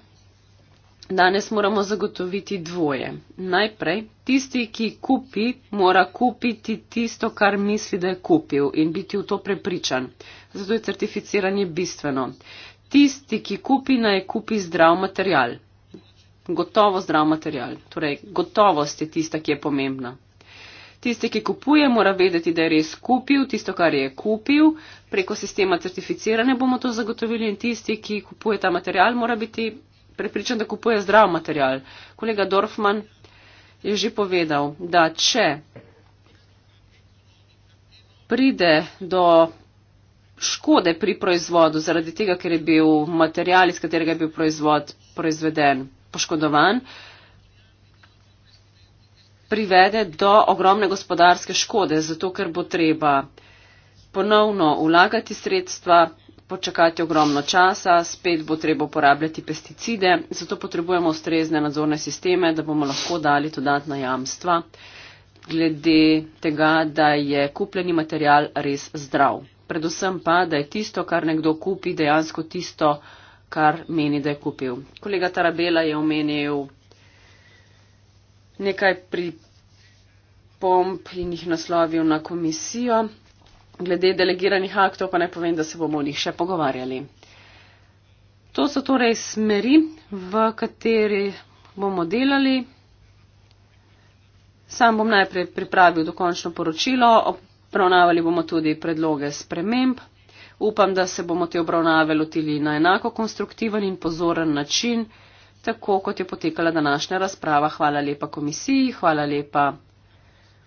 Danes moramo zagotoviti dvoje. Najprej, tisti, ki kupi, mora kupiti tisto, kar misli, da je kupil in biti v to prepričan. Zato je certificiranje bistveno tisti, ki kupi, naj kupi zdrav material. Gotovo zdrav material. Torej, gotovost je tista, ki je pomembna. Tisti, ki kupuje, mora vedeti, da je res kupil tisto, kar je kupil. Preko sistema certificiranja bomo to zagotovili in tisti, ki kupuje ta material, mora biti prepričan, da kupuje zdrav material. Kolega Dorfman je že povedal, da če pride do škode pri proizvodu, zaradi tega, ker je bil material, iz katerega je bil proizvod proizveden, poškodovan, privede do ogromne gospodarske škode, zato ker bo treba ponovno vlagati sredstva, počakati ogromno časa, spet bo treba uporabljati pesticide, zato potrebujemo ustrezne nadzorne sisteme, da bomo lahko dali dodatna jamstva glede tega, da je kupljeni material res zdrav predvsem pa, da je tisto, kar nekdo kupi, dejansko tisto, kar meni, da je kupil. Kolega Tarabela je omenil nekaj pripomp in jih naslovil na komisijo. Glede delegiranih aktov pa ne povem, da se bomo o njih še pogovarjali. To so torej smeri, v kateri bomo delali. Sam bom najprej pripravil dokončno poročilo, Obravnavali bomo tudi predloge sprememb. Upam, da se bomo te obravnave lotili na enako konstruktiven in pozoren način, tako kot je potekala današnja razprava. Hvala lepa komisiji, hvala lepa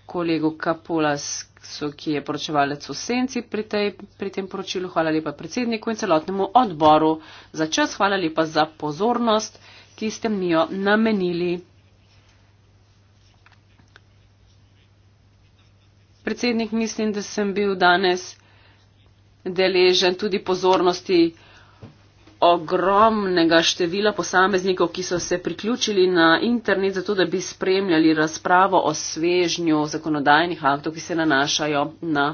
kolegu Kapolasu, ki je poročevalec v senci pri, tej, pri tem poročilu, hvala lepa predsedniku in celotnemu odboru za čas, hvala lepa za pozornost, ki ste mi jo namenili. predsednik, mislim, da sem bil danes deležen tudi pozornosti ogromnega števila posameznikov, ki so se priključili na internet, zato da bi spremljali razpravo o svežnju zakonodajnih aktov, ki se nanašajo na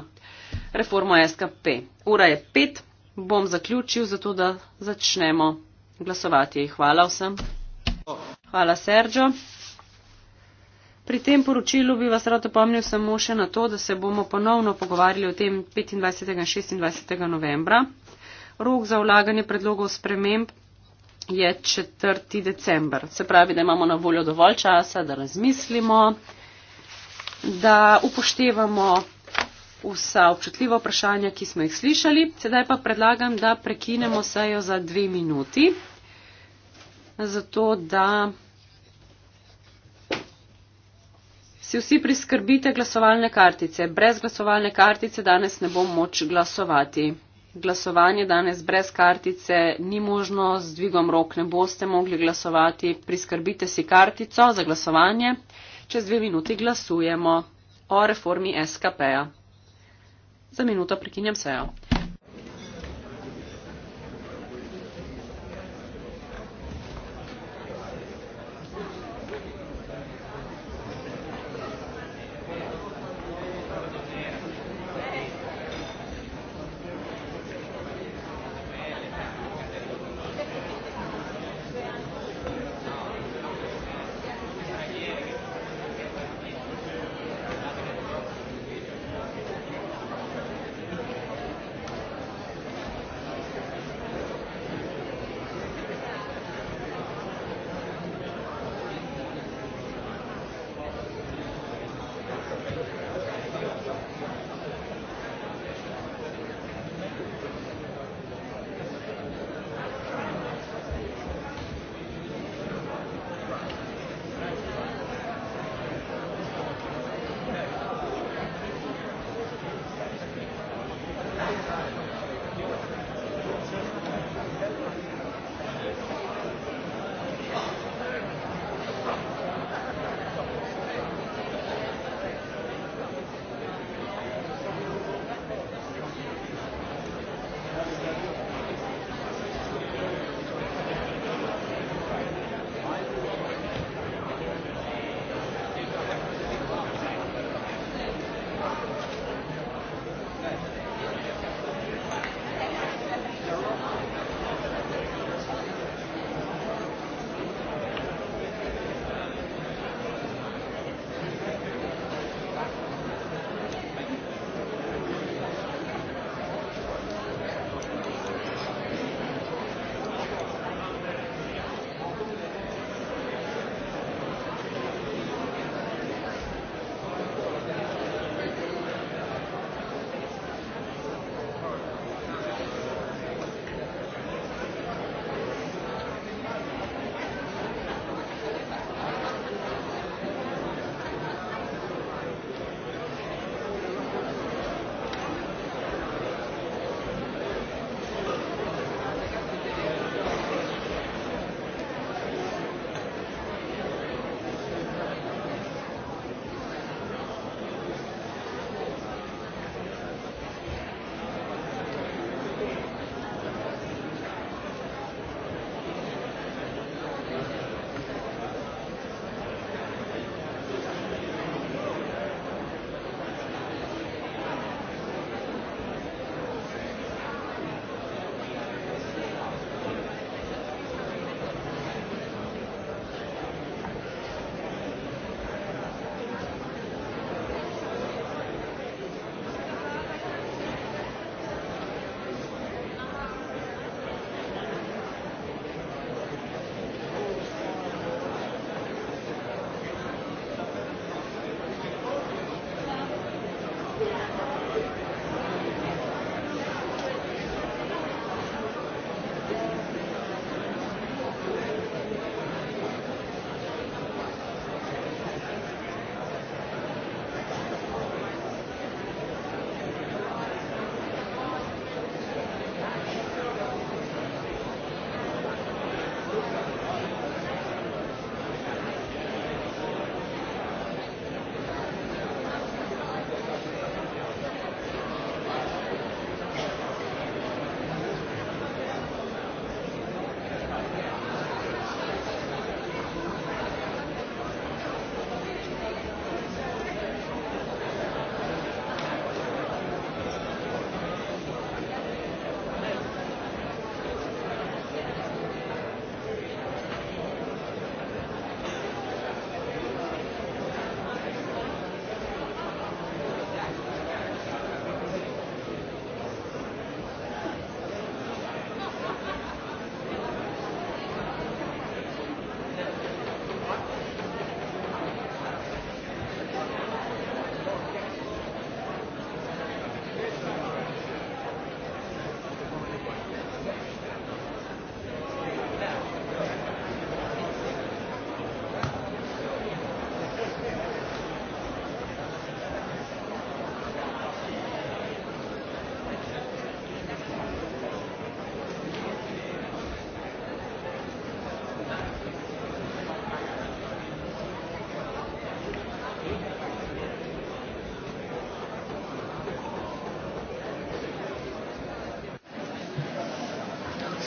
reformo SKP. Ura je pet, bom zaključil, zato da začnemo glasovati. Hvala vsem. Hvala, Sergio. Pri tem poročilu bi vas rad opomnil samo še na to, da se bomo ponovno pogovarjali o tem 25. in 26. novembra. Rok za vlaganje predlogov sprememb je 4. december. Se pravi, da imamo na voljo dovolj časa, da razmislimo, da upoštevamo vsa občutljiva vprašanja, ki smo jih slišali. Sedaj pa predlagam, da prekinemo sejo za dve minuti. Zato, da si vsi priskrbite glasovalne kartice. Brez glasovalne kartice danes ne bom moč glasovati. Glasovanje danes brez kartice ni možno, z dvigom rok ne boste mogli glasovati. Priskrbite si kartico za glasovanje. Čez dve minuti glasujemo o reformi SKP-a. Za minuto prekinjam sejo.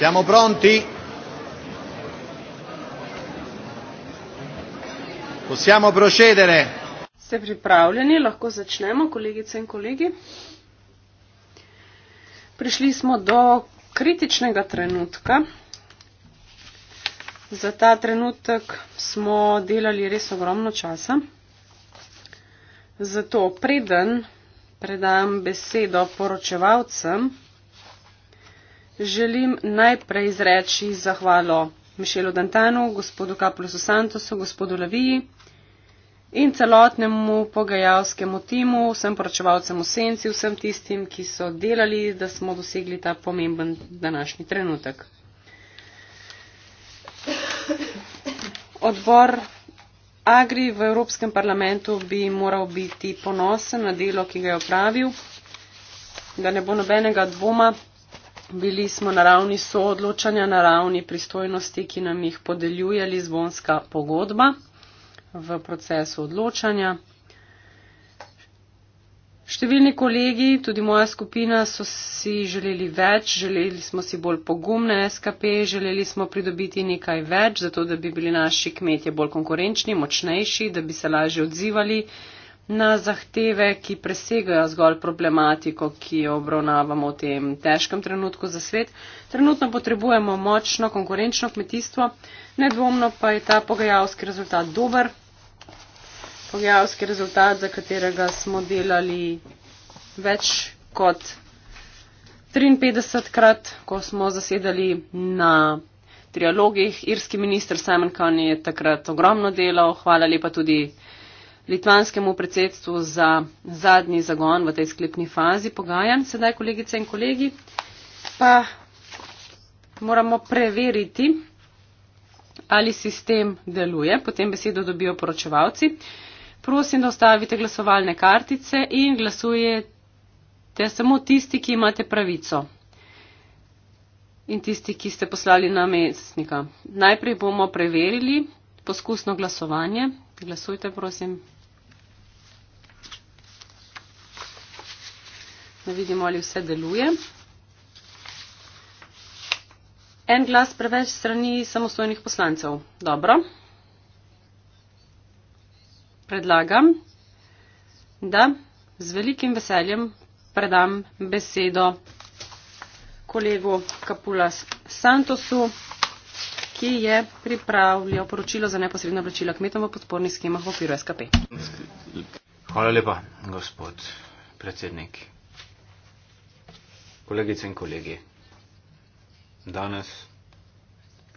Siamo pronti? Possiamo procedere? Siete pripravljeni? Lahko začnemo, kolegice in kolegi. Prišli smo do kritičnega trenutka. Za ta trenutek smo delali res ogromno časa. Zato preden predam besedo poročevalcem, želim najprej izreči zahvalo Mišelu Dantanu, gospodu Kapulusu Santosu, gospodu Laviji in celotnemu pogajalskemu timu, vsem poročevalcem v senci, vsem tistim, ki so delali, da smo dosegli ta pomemben današnji trenutek. Odbor Agri v Evropskem parlamentu bi moral biti ponosen na delo, ki ga je opravil, da ne bo nobenega dvoma, bili smo na ravni soodločanja, na ravni pristojnosti, ki nam jih podeljuje Lizbonska pogodba v procesu odločanja. Številni kolegi, tudi moja skupina, so si želeli več, želeli smo si bolj pogumne SKP, želeli smo pridobiti nekaj več, zato da bi bili naši kmetje bolj konkurenčni, močnejši, da bi se lažje odzivali, na zahteve, ki presegajo zgolj problematiko, ki jo obravnavamo v tem težkem trenutku za svet. Trenutno potrebujemo močno konkurenčno kmetijstvo, nedvomno pa je ta pogajalski rezultat dober. Pogajalski rezultat, za katerega smo delali več kot 53 krat, ko smo zasedali na trialogih. Irski minister Simon Kani je takrat ogromno delal. Hvala lepa tudi litvanskemu predsedstvu za zadnji zagon v tej sklepni fazi pogajanj. Sedaj, kolegice in kolegi, pa moramo preveriti, ali sistem deluje. Potem besedo dobijo poročevalci. Prosim, da ostavite glasovalne kartice in glasujete samo tisti, ki imate pravico in tisti, ki ste poslali na mestnika. Najprej bomo preverili poskusno glasovanje. Glasujte, prosim. da vidimo, ali vse deluje. En glas preveč strani samostojnih poslancev. Dobro. Predlagam, da z velikim veseljem predam besedo kolegu Kapula Santosu, ki je pripravljal poročilo za neposredno vračilo kmetom v podpornih schemah v okviru SKP. Hvala lepa, gospod predsednik. Kolegice in kolegi, danes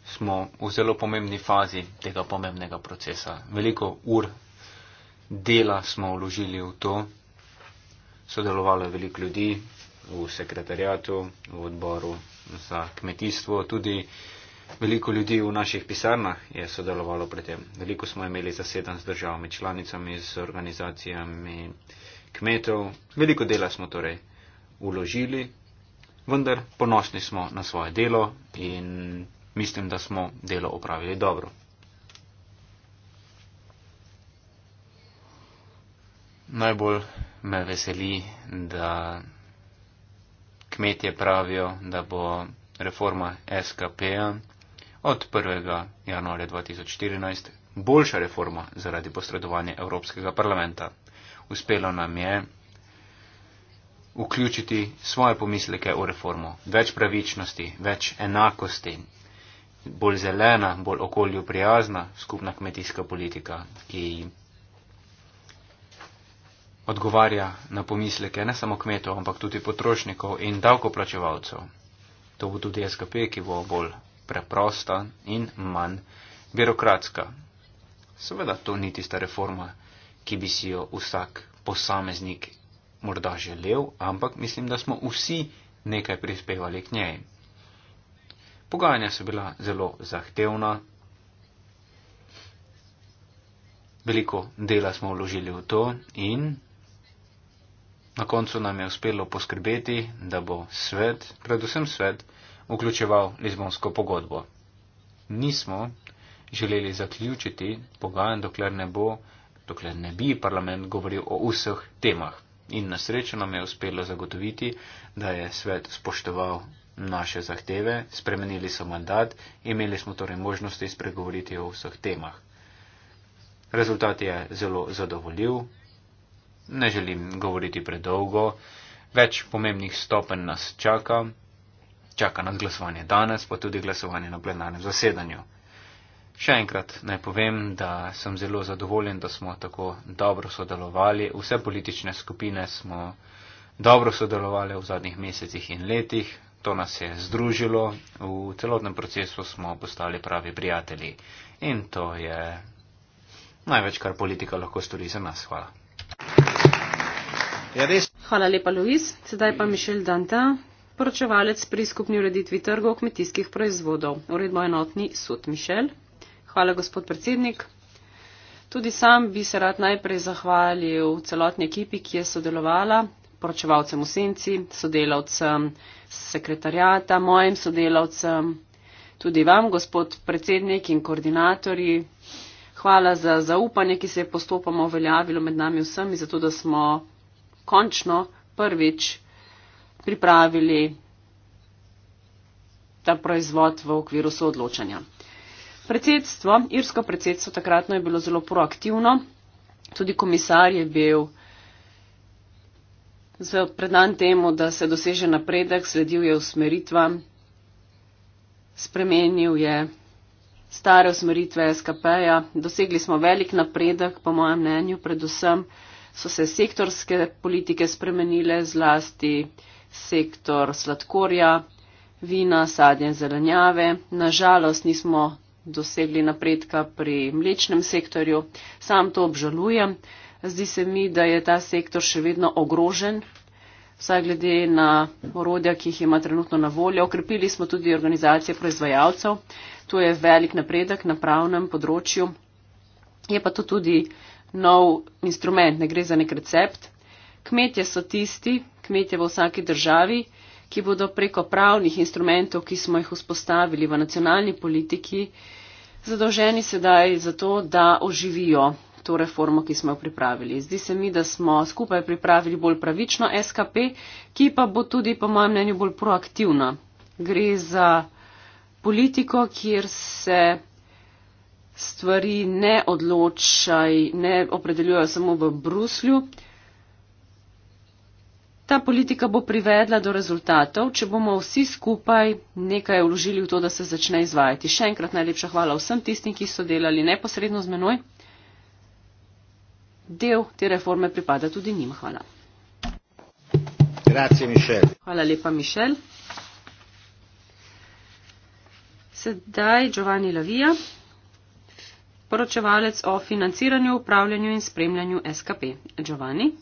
smo v zelo pomembni fazi tega pomembnega procesa. Veliko ur dela smo vložili v to, sodelovalo je veliko ljudi v sekretarjatu, v odboru za kmetijstvo, tudi veliko ljudi v naših pisarnah je sodelovalo pri tem. Veliko smo imeli zaseden z državami, članicami, z organizacijami kmetov. Veliko dela smo torej vložili vendar ponosni smo na svoje delo in mislim, da smo delo opravili dobro. Najbolj me veseli, da kmetje pravijo, da bo reforma SKP-ja od 1. januarja 2014 boljša reforma zaradi posredovanja Evropskega parlamenta. Uspelo nam je, vključiti svoje pomisleke o reformo. Več pravičnosti, več enakosti, bolj zelena, bolj okolju prijazna skupna kmetijska politika, ki odgovarja na pomisleke ne samo kmetov, ampak tudi potrošnikov in davkoplačevalcev. To bo tudi SKP, ki bo bolj preprosta in manj birokratska. Seveda to ni tista reforma, ki bi si jo vsak posameznik morda želel, ampak mislim, da smo vsi nekaj prispevali k njej. Pogajanja so bila zelo zahtevna, veliko dela smo vložili v to in na koncu nam je uspelo poskrbeti, da bo svet, predvsem svet, vključeval Lizbonsko pogodbo. Nismo želeli zaključiti pogajanj, dokler ne bo, dokler ne bi parlament govoril o vseh temah in na srečo nam je uspelo zagotoviti, da je svet spoštoval naše zahteve, spremenili so mandat, imeli smo torej možnosti spregovoriti o vseh temah. Rezultat je zelo zadovoljiv, ne želim govoriti predolgo, več pomembnih stopenj nas čaka, čaka nas glasovanje danes, pa tudi glasovanje na plenarnem zasedanju. Še enkrat naj povem, da sem zelo zadovoljen, da smo tako dobro sodelovali. Vse politične skupine smo dobro sodelovali v zadnjih mesecih in letih. To nas je združilo. V celotnem procesu smo postali pravi prijatelji. In to je največ, kar politika lahko stori za nas. Hvala. Ja, Hvala lepa, Luis. Sedaj pa Mišel Danta, poročevalec pri skupni ureditvi trgov kmetijskih proizvodov. Uredbo enotni sud Mišel. Hvala, gospod predsednik. Tudi sam bi se rad najprej zahvalil celotni ekipi, ki je sodelovala, poročevalcem v senci, sodelavcem sekretarjata, mojim sodelavcem, tudi vam, gospod predsednik in koordinatorji. Hvala za zaupanje, ki se je postopoma uveljavilo med nami vsemi, zato da smo končno prvič pripravili ta proizvod v okviru soodločanja. Predsedstvo, irsko predsedstvo takratno je bilo zelo proaktivno, tudi komisar je bil prednan temu, da se doseže napredek, sledil je usmeritvam, spremenil je stare usmeritve SKP-ja, dosegli smo velik napredek, po mojem mnenju, predvsem so se sektorske politike spremenile, zlasti sektor sladkorja, vina, sadje in zelenjave. Nažalost nismo dosegli napredka pri mlečnem sektorju. Sam to obžalujem. Zdi se mi, da je ta sektor še vedno ogrožen, vsaj glede na orodja, ki jih ima trenutno na voljo. Okrepili smo tudi organizacije proizvajalcev. To je velik napredek na pravnem področju. Je pa to tudi nov instrument, ne gre za nek recept. Kmetje so tisti, kmetje v vsaki državi, ki bodo preko pravnih instrumentov, ki smo jih vzpostavili v nacionalni politiki, zadolženi sedaj za to, da oživijo to reformo, ki smo jo pripravili. Zdi se mi, da smo skupaj pripravili bolj pravično SKP, ki pa bo tudi, po mojem mnenju, bolj proaktivna. Gre za politiko, kjer se stvari ne odločaj, ne opredeljujejo samo v Bruslju, Ta politika bo privedla do rezultatov, če bomo vsi skupaj nekaj vložili v to, da se začne izvajati. Še enkrat najlepša hvala vsem tistim, ki so delali neposredno z menoj. Del te reforme pripada tudi njim. Hvala. Grazie, Mišel. Hvala lepa, Mišel. Sedaj Giovanni Lavija, poročevalec o financiranju, upravljanju in spremljanju SKP. Giovanni.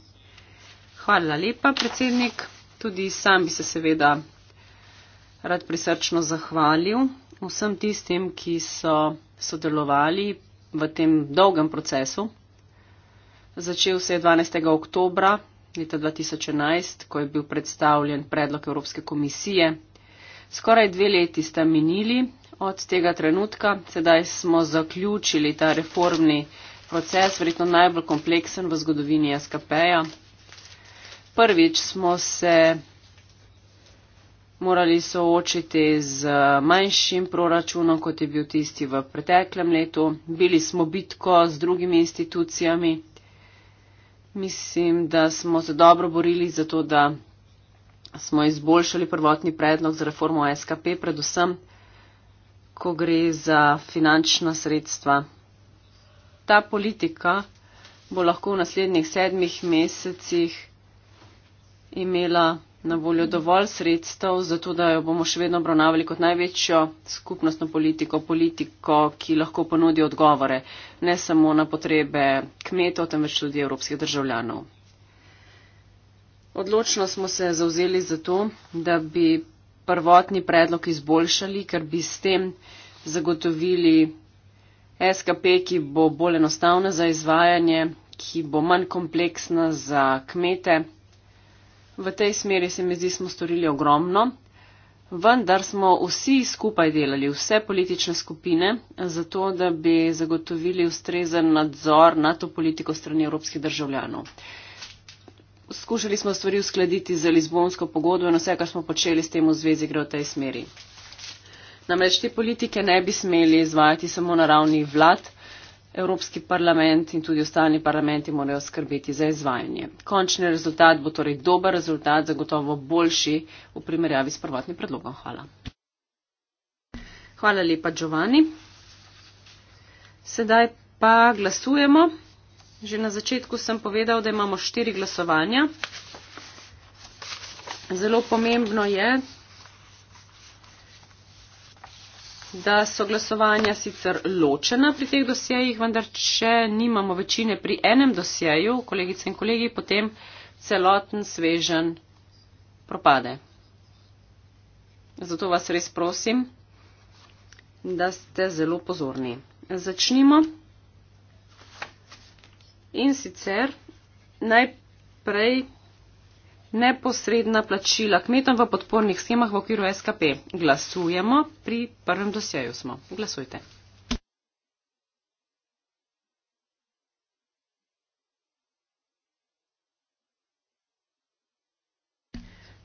Hvala lepa, predsednik. Tudi sam bi se seveda rad prisrčno zahvalil vsem tistim, ki so sodelovali v tem dolgem procesu. Začel se je 12. oktobra leta 2011, ko je bil predstavljen predlog Evropske komisije. Skoraj dve leti sta minili od tega trenutka, sedaj smo zaključili ta reformni proces, verjetno najbolj kompleksen v zgodovini SKP-ja. Prvič smo se morali soočiti z manjšim proračunom, kot je bil tisti v preteklem letu. Bili smo bitko z drugimi institucijami. Mislim, da smo se dobro borili za to, da smo izboljšali prvotni predlog za reformo SKP, predvsem, ko gre za finančna sredstva. Ta politika bo lahko v naslednjih sedmih mesecih imela na voljo dovolj sredstev, zato da jo bomo še vedno obravnavali kot največjo skupnostno politiko, politiko, ki lahko ponudi odgovore ne samo na potrebe kmetov, temveč tudi evropskih državljanov. Odločno smo se zauzeli za to, da bi prvotni predlog izboljšali, ker bi s tem zagotovili SKP, ki bo bolj enostavna za izvajanje, ki bo manj kompleksna za kmete v tej smeri se mi zdi, smo storili ogromno, vendar smo vsi skupaj delali, vse politične skupine, zato da bi zagotovili ustrezen nadzor na to politiko strani evropskih državljanov. Skušali smo stvari uskladiti z Lizbonsko pogodbo in vse, kar smo počeli s tem v zvezi, gre v tej smeri. Namreč te politike ne bi smeli izvajati samo na ravni vlad, Evropski parlament in tudi ostali parlamenti morajo skrbeti za izvajanje. Končni rezultat bo torej dober rezultat, zagotovo boljši v primerjavi s prvotnim predlogom. Hvala. Hvala lepa, Giovanni. Sedaj pa glasujemo. Že na začetku sem povedal, da imamo štiri glasovanja. Zelo pomembno je, da so glasovanja sicer ločena pri teh dosjejih, vendar če nimamo večine pri enem dosjeju, kolegice in kolegi, potem celoten svežen propade. Zato vas res prosim, da ste zelo pozorni. Začnimo. In sicer najprej neposredna plačila kmetom v podpornih schemah v okviru SKP. Glasujemo, pri prvem dosjeju smo. Glasujte.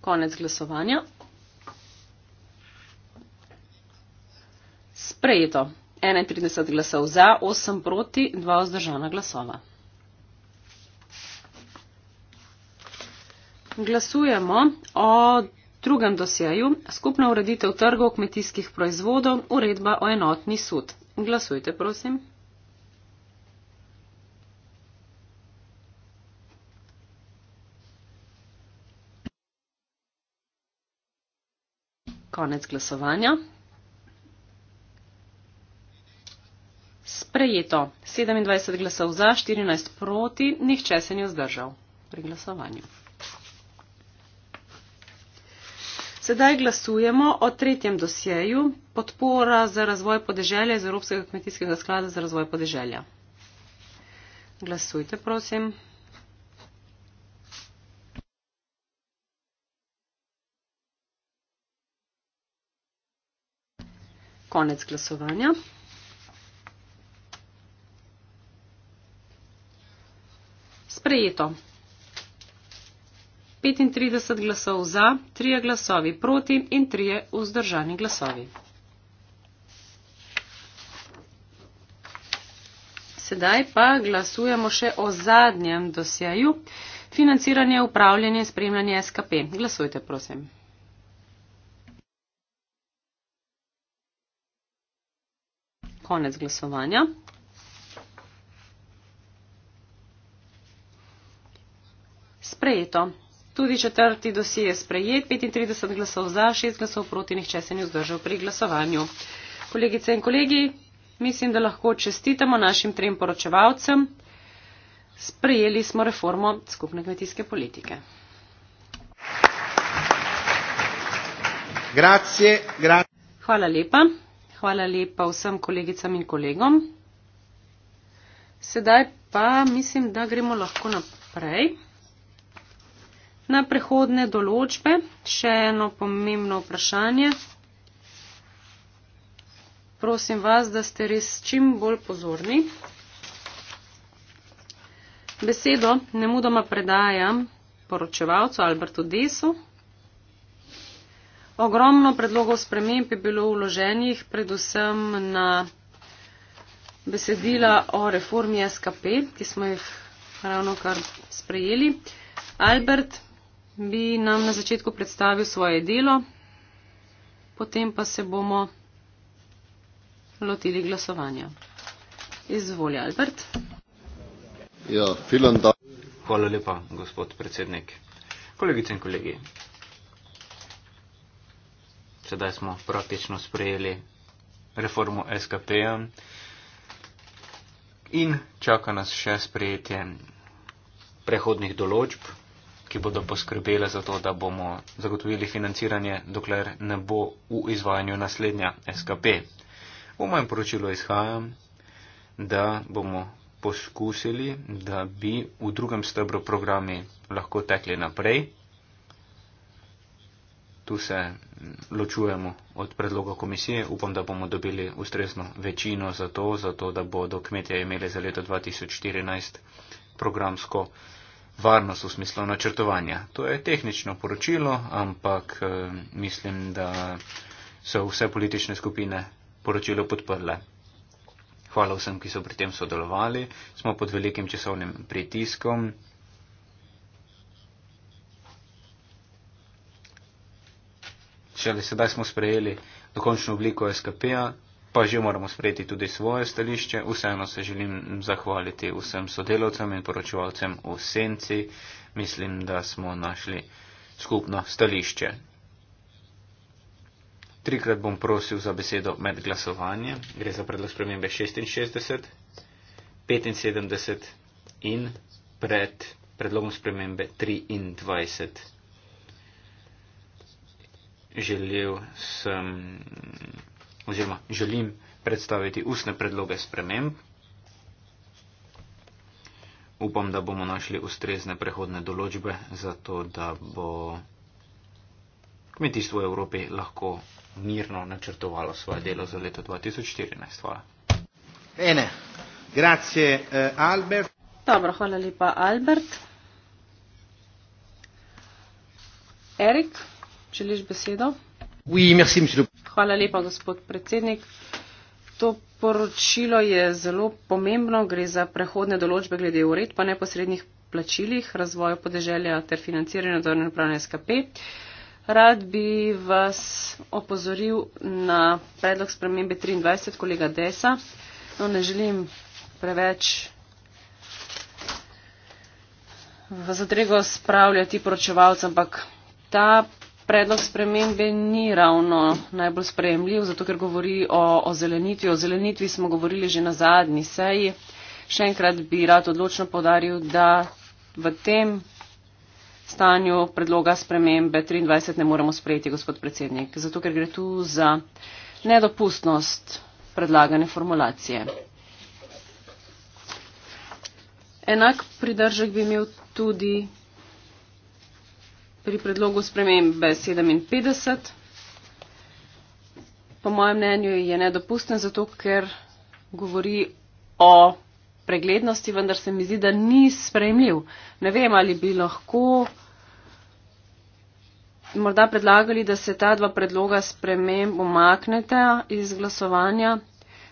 Konec glasovanja. Sprejeto. 31 glasov za, 8 proti, 2 vzdržana glasova. glasujemo o drugem dosjeju, skupna ureditev trgov kmetijskih proizvodov, uredba o enotni sud. Glasujte, prosim. Konec glasovanja. Sprejeto. 27 glasov za, 14 proti, nihče se ni vzdržal pri glasovanju. Sedaj glasujemo o tretjem dosjeju podpora za razvoj podeželja iz Evropskega kmetijskega sklada za razvoj podeželja. Glasujte, prosim. Konec glasovanja. Sprejeto. 35 glasov za, 3 glasovi proti in 3 vzdržani glasovi. Sedaj pa glasujemo še o zadnjem dosjeju, financiranje, upravljanje in spremljanje SKP. Glasujte, prosim. Konec glasovanja. Sprejeto. Tudi četrti dosije je sprejet, 35 glasov za, 6 glasov proti, nihče se ni vzdržal pri glasovanju. Kolegice in kolegi, mislim, da lahko čestitamo našim trem poročevalcem. Sprejeli smo reformo skupne kmetijske politike. Grazie, gra Hvala lepa. Hvala lepa vsem kolegicam in kolegom. Sedaj pa mislim, da gremo lahko naprej. Na prehodne določbe še eno pomembno vprašanje. Prosim vas, da ste res čim bolj pozorni. Besedo nemudoma predajam poročevalcu Albertu Desu. Ogromno predlogov sprememb je bilo vloženih predvsem na besedila o reformi SKP, ki smo jih ravno kar sprejeli. Albert, bi nam na začetku predstavil svoje delo, potem pa se bomo lotili glasovanja. Izvoli, Albert. Ja, da... Hvala lepa, gospod predsednik. Kolegice in kolegi, sedaj smo praktično sprejeli reformo SKP -ja in čaka nas še sprejetje prehodnih določb ki bodo poskrbele za to, da bomo zagotovili financiranje, dokler ne bo v izvajanju naslednja SKP. V mojem poročilu izhajam, da bomo poskusili, da bi v drugem stebru programi lahko tekli naprej. Tu se ločujemo od predloga komisije. Upam, da bomo dobili ustrezno večino za to, zato da bodo kmetje imeli za leto 2014 programsko varnost v smislu načrtovanja. To je tehnično poročilo, ampak eh, mislim, da so vse politične skupine poročilo podprle. Hvala vsem, ki so pri tem sodelovali. Smo pod velikim časovnim pritiskom. Šele sedaj smo sprejeli dokončno obliko SKP-a, pa že moramo sprejeti tudi svoje stališče. Vseeno se želim zahvaliti vsem sodelovcem in poročevalcem v senci. Mislim, da smo našli skupno stališče. Trikrat bom prosil za besedo med glasovanjem. Gre za predlog spremembe 66, 75 in pred predlogom spremembe 23. Želel sem oziroma želim predstaviti ustne predloge sprememb. Upam, da bomo našli ustrezne prehodne določbe, zato da bo kmetijstvo v Evropi lahko mirno načrtovalo svoje delo za leto 2014. Hvala. Bene, grazie eh, Albert. Dobro, hvala lepa Albert. Erik, želiš besedo? Oui, merci, monsieur. Hvala lepa, gospod predsednik. To poročilo je zelo pomembno. Gre za prehodne določbe glede ured pa neposrednih plačilih, razvoju podeželja ter financiranja nadzorne upravne SKP. Rad bi vas opozoril na predlog spremembe 23 kolega Desa. No, ne želim preveč v zadrego spravljati poročevalcem, ampak ta predlog spremembe ni ravno najbolj sprejemljiv, zato ker govori o, o zelenitvi. O zelenitvi smo govorili že na zadnji seji. Še enkrat bi rad odločno podaril, da v tem stanju predloga spremembe 23 ne moremo sprejeti, gospod predsednik, zato ker gre tu za nedopustnost predlagane formulacije. Enak pridržek bi imel tudi pri predlogu spremembe 57. Po mojem mnenju je nedopusten zato, ker govori o preglednosti, vendar se mi zdi, da ni spremljiv. Ne vem, ali bi lahko morda predlagali, da se ta dva predloga sprememb omaknete iz glasovanja,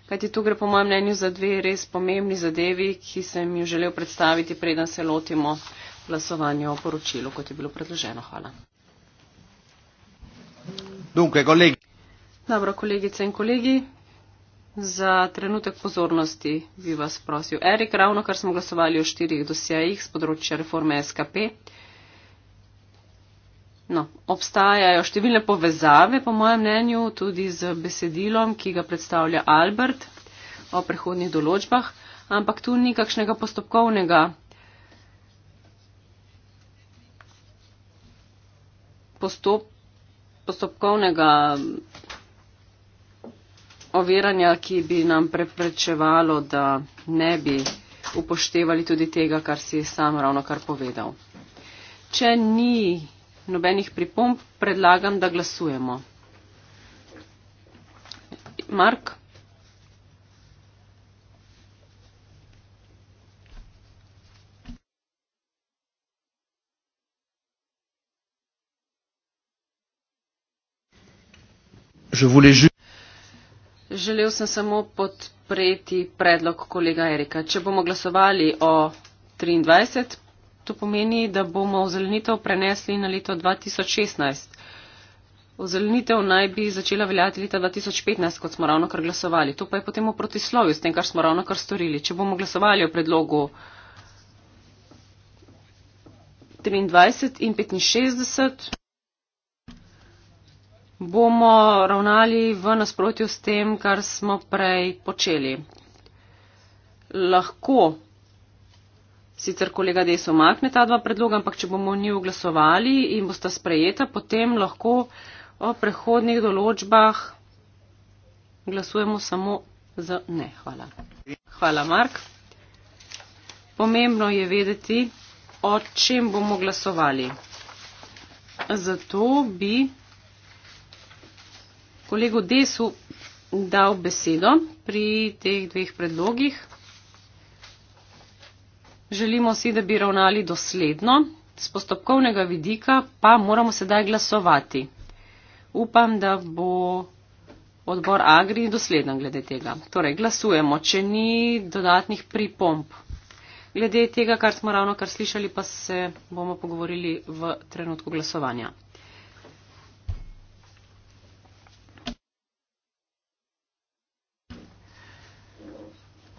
kajti tu gre po mojem mnenju za dve res pomembni zadevi, ki sem jih želel predstaviti, preden se lotimo glasovanju o poročilu, kot je bilo predloženo. Hvala. Dunque, kolegi. Dobro, kolegice in kolegi, za trenutek pozornosti bi vas prosil. Erik, ravno kar smo glasovali o štirih dosjejih z področja reforme SKP. No, obstajajo številne povezave, po mojem mnenju, tudi z besedilom, ki ga predstavlja Albert o prehodnih določbah, ampak tu ni kakšnega postopkovnega postop, postopkovnega oviranja, ki bi nam preprečevalo, da ne bi upoštevali tudi tega, kar si sam ravno kar povedal. Če ni nobenih pripomb, predlagam, da glasujemo. Mark? Želel sem samo podpreti predlog kolega Erika. Če bomo glasovali o 23, to pomeni, da bomo ozelenitev prenesli na leto 2016. Ozelenitev naj bi začela veljati leta 2015, kot smo ravno kar glasovali. To pa je potem v protislovju s tem, kar smo ravno kar storili. Če bomo glasovali o predlogu 23 in 65 bomo ravnali v nasprotju s tem, kar smo prej počeli. Lahko sicer kolega Des omakne ta dva predloga, ampak če bomo njih oglasovali in bosta sprejeta, potem lahko o prehodnih določbah glasujemo samo za ne. Hvala. Hvala, Mark. Pomembno je vedeti, o čem bomo glasovali. Zato bi kolegu Desu dal besedo pri teh dveh predlogih. Želimo si, da bi ravnali dosledno, z postopkovnega vidika pa moramo sedaj glasovati. Upam, da bo odbor Agri dosledan glede tega. Torej, glasujemo, če ni dodatnih pripomp. Glede tega, kar smo ravno kar slišali, pa se bomo pogovorili v trenutku glasovanja.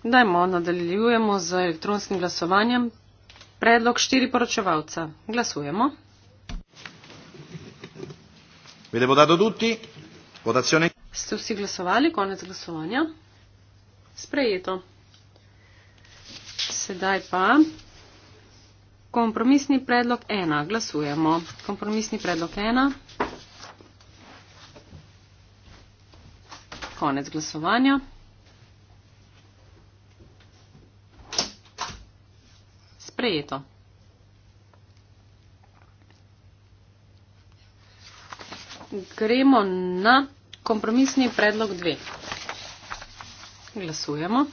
Dajmo, nadaljujemo z elektronskim glasovanjem. Predlog štiri poročevalca. Glasujemo. Vedemo, da doduti. Votazione. Ste vsi glasovali? Konec glasovanja. Sprejeto. Sedaj pa kompromisni predlog 1. Glasujemo. Kompromisni predlog 1. Konec glasovanja. sprejeto. Gremo na kompromisni predlog 2. Glasujemo.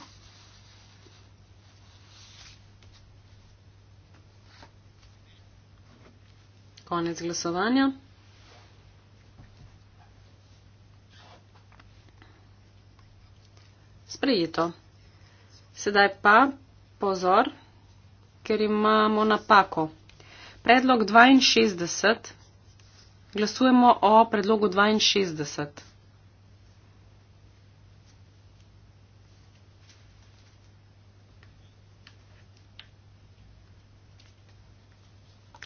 Konec glasovanja. Sprejeto. Sedaj pa pozor ker imamo napako. Predlog 62. Glasujemo o predlogu 62.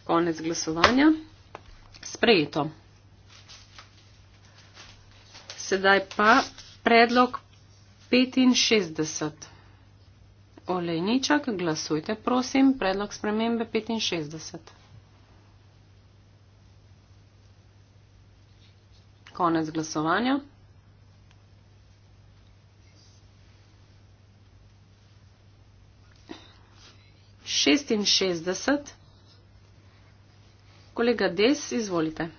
Konec glasovanja. Sprejeto. Sedaj pa predlog 65. Olejničak, glasujte prosim, predlog spremembe 65. Konec glasovanja. Šestinšestdeset. Kolega Des, izvolite.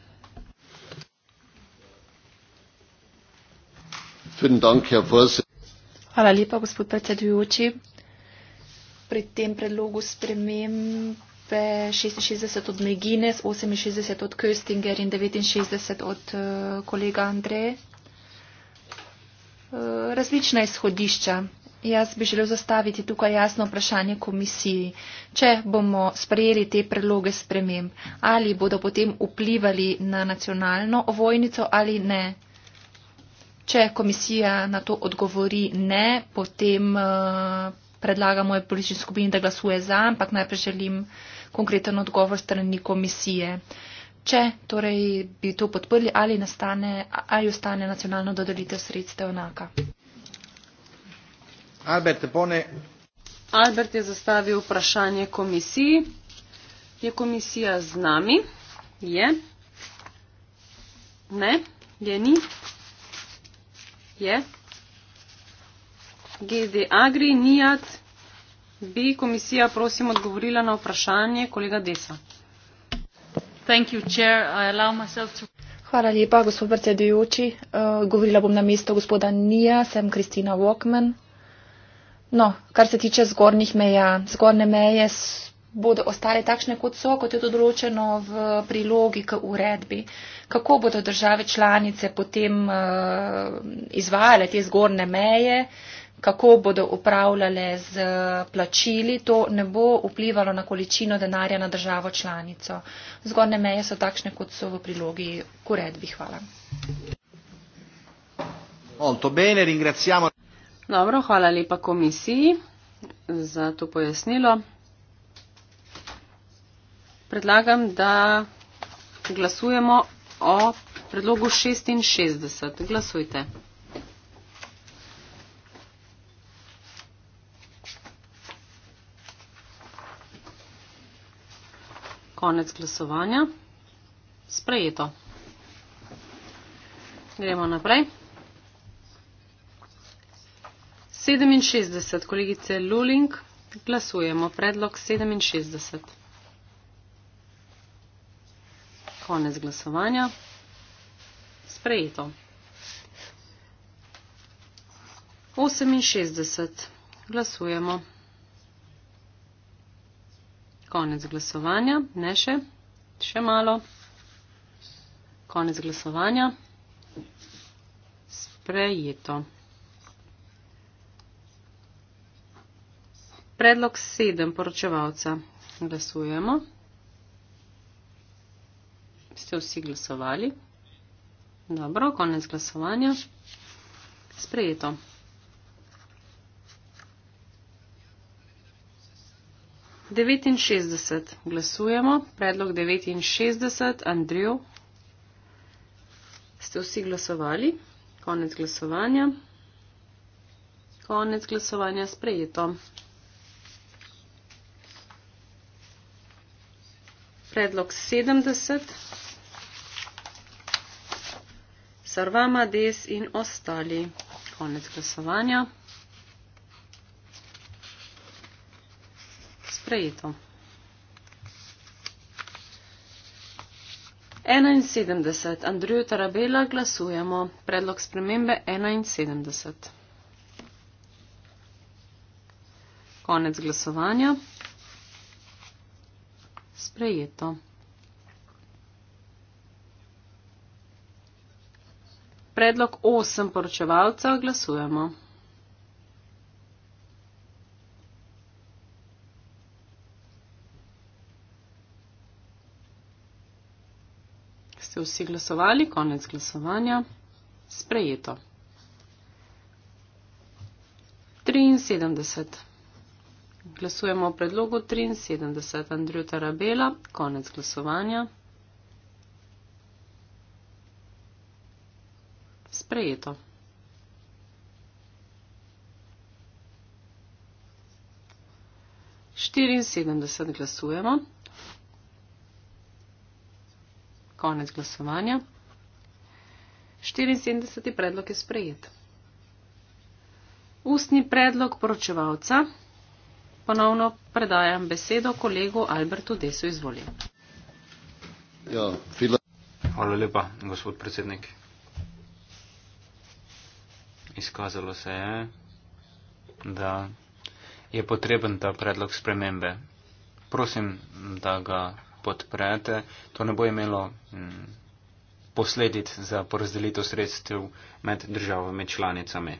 Hvala lepa, gospod predsedujoči pri tem predlogu spremembe 66 od Megines, 68 od Köstinger in 69 od uh, kolega Andreje. Eh, različna izhodišča. Jaz bi želel zastaviti tukaj jasno vprašanje komisiji. Če bomo sprejeli te predloge sprememb, ali bodo potem vplivali na nacionalno vojnico ali ne? Če komisija na to odgovori ne, potem eh, predlagam moje politične skupine, da glasuje za, ampak najprej želim konkreten odgovor strani komisije. Če torej bi to podprli, ali, nastane, ali ostane nacionalno dodelitev sredstev enaka. Albert, Albert je zastavil vprašanje komisiji. Je komisija z nami? Je? Ne? Je ni? Je? GD Agri, NIAT, bi komisija prosim odgovorila na vprašanje kolega Desa. You, Hvala lepa, gospod predsedujoči. Uh, govorila bom na mesto gospoda Nija, sem Kristina Walkman. No, kar se tiče zgornjih meja, zgornje meje bodo ostale takšne, kot so, kot je to določeno v prilogi k uredbi. Kako bodo države članice potem uh, izvajale te zgornje meje, uh, kako bodo upravljale z plačili, to ne bo vplivalo na količino denarja na državo članico. Zgornje meje so takšne, kot so v prilogi k uredbi. Hvala. Bene, Dobro, hvala lepa komisiji za to pojasnilo. Predlagam, da glasujemo o predlogu 66. Glasujte. Konec glasovanja. Sprejeto. Gremo naprej. 67, kolegice Luling, glasujemo. Predlog 67. Konec glasovanja. Sprejeto. 68, glasujemo konec glasovanja. Ne še, še malo. Konec glasovanja. Sprejeto. Predlog sedem poročevalca. Glasujemo. Ste vsi glasovali? Dobro, konec glasovanja. Sprejeto. 69. Glasujemo. Predlog 69. Andrijo. Ste vsi glasovali? Konec glasovanja. Konec glasovanja sprejeto. Predlog 70. Sarvama, Des in ostali. Konec glasovanja. sprejeto. 71. Andriju Tarabela glasujemo. Predlog spremembe 71. Konec glasovanja. Sprejeto. Predlog 8 poročevalca glasujemo. vsi glasovali, konec glasovanja, sprejeto. 73. Glasujemo o predlogu 73. Andrju Tarabela, konec glasovanja. Sprejeto. 74 glasujemo. Konec glasovanja. 74. predlog je sprejet. Ustni predlog poročevalca. Ponovno predajam besedo kolegu Albertu Desu. Izvoli. Ja, filo. Hvala lepa, gospod predsednik. Izkazalo se je, da je potreben ta predlog spremembe. Prosim, da ga podprete, to ne bo imelo mm, posledic za porazdelitev sredstev med državami članicami.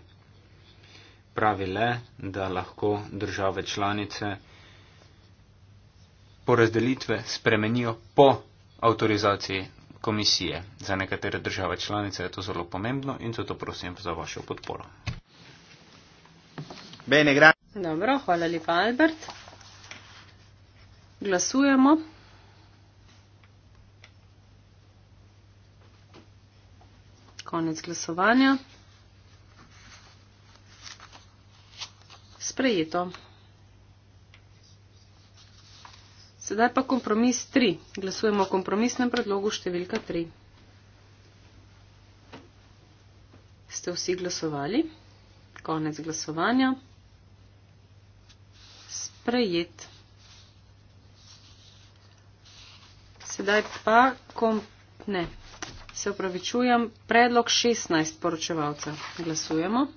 Pravi le, da lahko države članice porazdelitve spremenijo po avtorizaciji komisije. Za nekatere države članice je to zelo pomembno in zato prosim za vašo podporo. Bene, Dobro, hvala lepa, Albert. Glasujemo. konec glasovanja. Sprejeto. Sedaj pa kompromis 3. Glasujemo o kompromisnem predlogu številka 3. Ste vsi glasovali? Konec glasovanja. Sprejet. Sedaj pa kom... ne se upravičujem, predlog 16 poročevalca. Glasujemo.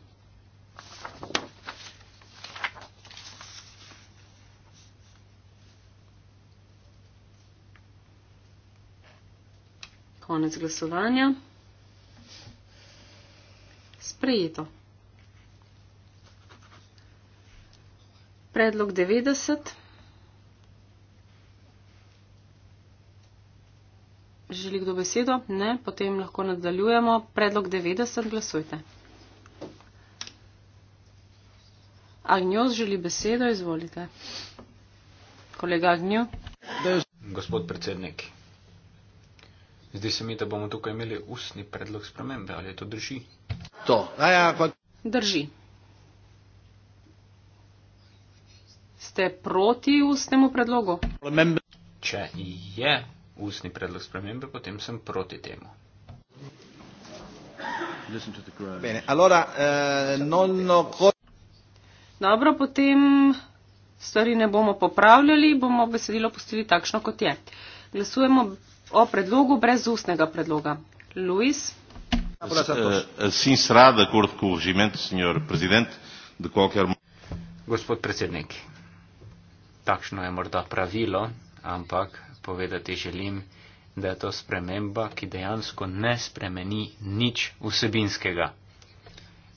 Konec glasovanja. Sprejeto. Predlog 90. želi kdo besedo? Ne, potem lahko nadaljujemo. Predlog 90, glasujte. Agnjoz želi besedo, izvolite. Kolega Agnjo. Gospod predsednik, zdi se mi, da bomo tukaj imeli ustni predlog spremembe. Ali to drži? To. Ja, pa... Drži. Ste proti ustnemu predlogu? Če je ustni predlog spremembe, potem sem proti temu. Bene, allora, eh, nonno... Dobro, potem stvari ne bomo popravljali, bomo besedilo postili takšno, kot je. Glasujemo o predlogu brez ustnega predloga. Luis. Eh, Sin sera, da kortko vžimento, senjor prezident, da kolikor. Gospod predsednik, takšno je morda pravilo, ampak povedati želim, da je to sprememba, ki dejansko ne spremeni nič vsebinskega.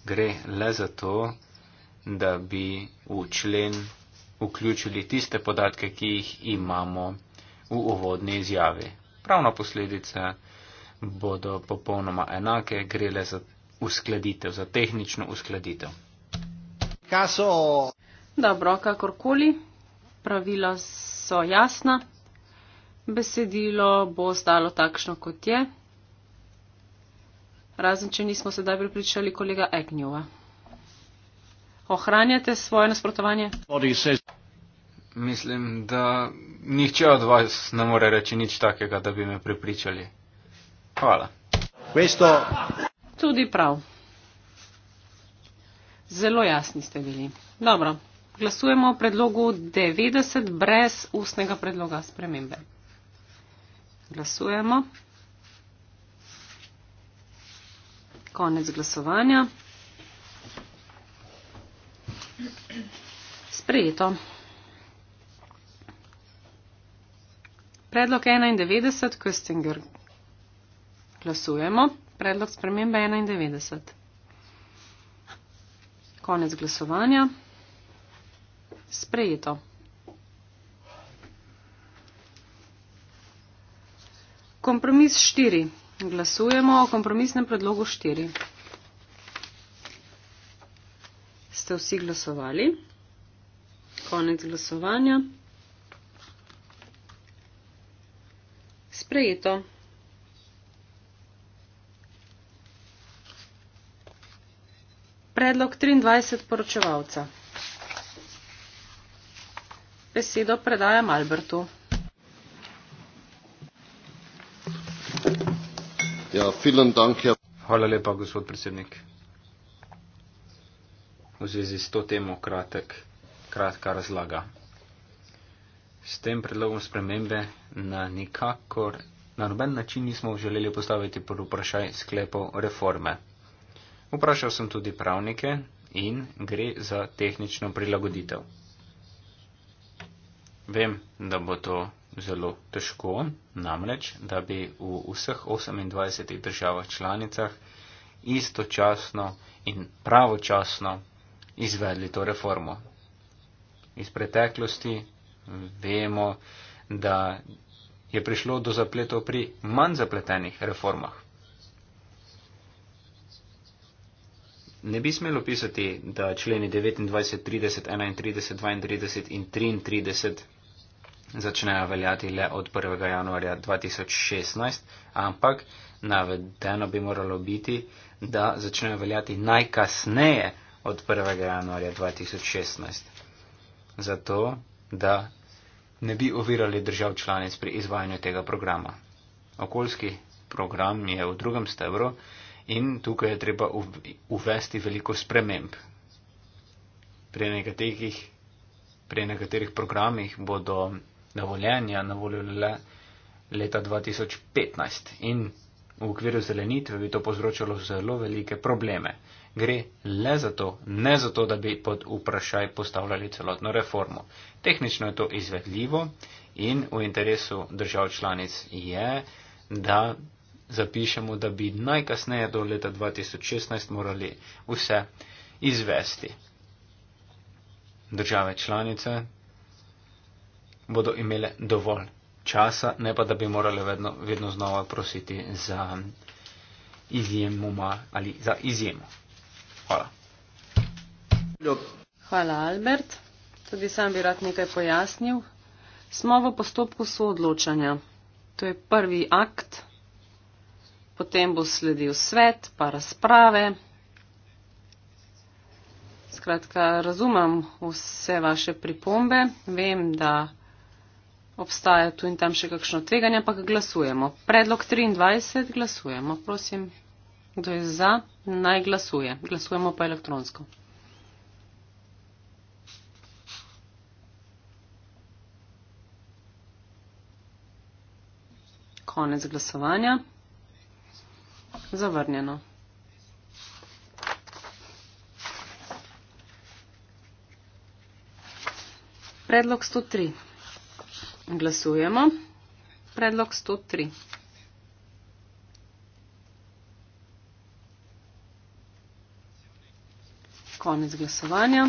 Gre le za to, da bi v člen vključili tiste podatke, ki jih imamo v uvodni izjavi. Pravna posledica bodo popolnoma enake, gre le za uskladitev, za tehnično uskladitev. Dobro, kakorkoli, pravila so jasna besedilo bo ostalo takšno, kot je. Razen, če nismo sedaj pripričali kolega Egnjova. Ohranjate svoje nasprotovanje? Mislim, da nihče od vas ne more reči nič takega, da bi me pripričali. Hvala. Vesto. Tudi prav. Zelo jasni ste bili. Dobro. Glasujemo o predlogu 90 brez ustnega predloga spremembe. Glasujemo. Konec glasovanja. Sprejeto. Predlog 91, Köstinger. Glasujemo. Predlog spremembe 91. Konec glasovanja. Sprejeto. Kompromis štiri. Glasujemo o kompromisnem predlogu štiri. Ste vsi glasovali? Konec glasovanja. Sprejeto. Predlog 23 poročevalca. Besedo predajam Albertu. Ja, dank, ja. Hvala lepa, gospod predsednik. V zvezi s to temo kratek, kratka razlaga. S tem predlogom spremembe na nikakor, na noben način nismo želeli postaviti pod vprašaj sklepov reforme. Vprašal sem tudi pravnike in gre za tehnično prilagoditev. Vem, da bo to zelo težko, namreč, da bi v vseh 28 državah članicah istočasno in pravočasno izvedli to reformo. Iz preteklosti vemo, da je prišlo do zapletov pri manj zapletenih reformah. Ne bi smelo pisati, da členi 29, 30, 31, 32 in 33 začnejo veljati le od 1. januarja 2016, ampak navedeno bi moralo biti, da začnejo veljati najkasneje od 1. januarja 2016. Zato, da ne bi ovirali držav članic pri izvajanju tega programa. Okoljski program je v drugem stebru in tukaj je treba uvesti veliko sprememb. Pri nekaterih, pri nekaterih programih bodo dovoljenja na voljo le leta 2015 in v okviru zelenitve bi to povzročalo zelo velike probleme. Gre le za to, ne za to, da bi pod vprašaj postavljali celotno reformo. Tehnično je to izvedljivo in v interesu držav članic je, da zapišemo, da bi najkasneje do leta 2016 morali vse izvesti. Države članice bodo imele dovolj časa, ne pa da bi morale vedno, vedno znova prositi za izjemo ali za izjemo. Hvala. Hvala, Albert. Tudi sam bi rad nekaj pojasnil. Smo v postopku soodločanja. To je prvi akt, potem bo sledil svet, pa razprave. Skratka, razumem vse vaše pripombe. Vem, da obstaja tu in tam še kakšno tveganje, ampak glasujemo. Predlog 23 glasujemo, prosim. Kdo je za, naj glasuje. Glasujemo pa elektronsko. Konec glasovanja. Zavrnjeno. Predlog 103. Glasujemo. Predlog 103. Konec glasovanja.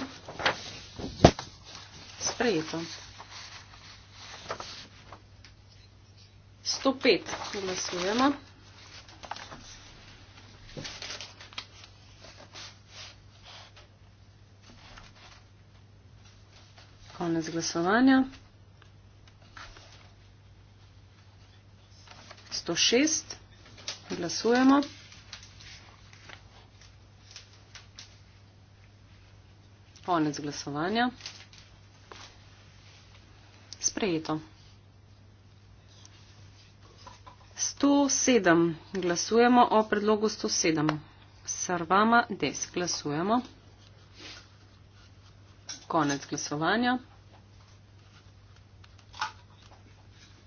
Sprejeto. 105. Glasujemo. Konec glasovanja. 106. Glasujemo. Konec glasovanja. Sprejeto. 107. Glasujemo o predlogu 107. Sarvama des. Glasujemo. Konec glasovanja.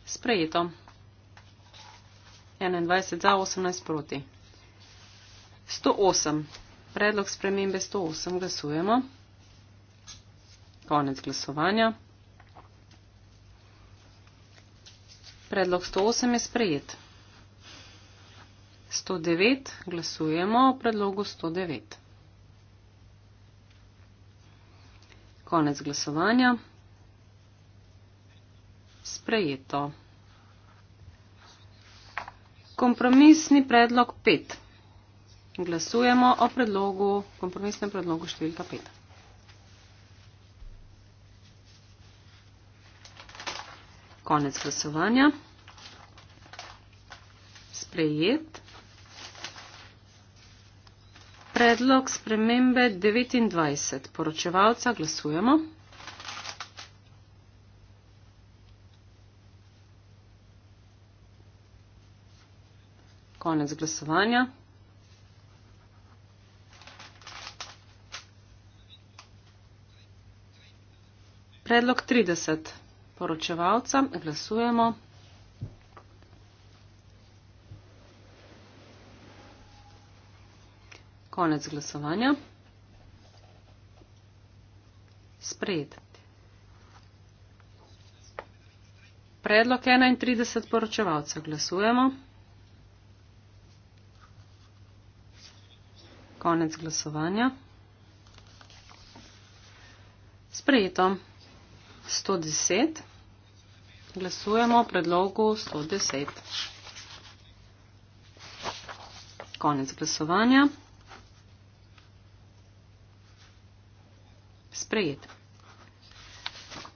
Sprejeto. 21 za 18 proti. 108. Predlog spremembe 108 glasujemo. Konec glasovanja. Predlog 108 je sprejet. 109. Glasujemo o predlogu 109. Konec glasovanja. Sprejeto. Kompromisni predlog 5. Glasujemo o predlogu, kompromisnem predlogu številka 5. Konec glasovanja. Sprejet. Predlog spremembe 29. Poročevalca glasujemo. konec glasovanja. Predlog 30 poročevalca glasujemo. Konec glasovanja. Sprejet. Predlog 31 poročevalca glasujemo. konec glasovanja. Sprejeto 110. Glasujemo o predlogu 110. Konec glasovanja. Sprejet.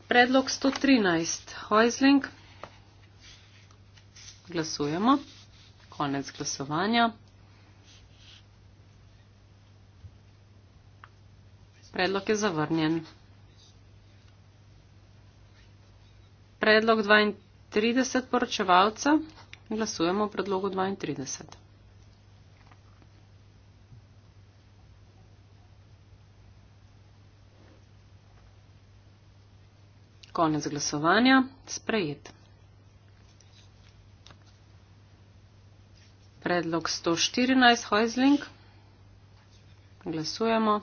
Predlog 113. Hoizling. Glasujemo. Konec glasovanja. Predlog je zavrnjen. Predlog 32 poročevalca. Glasujemo o predlogu 32. Konec glasovanja. Sprejet. Predlog 114 Hojzling. Glasujemo.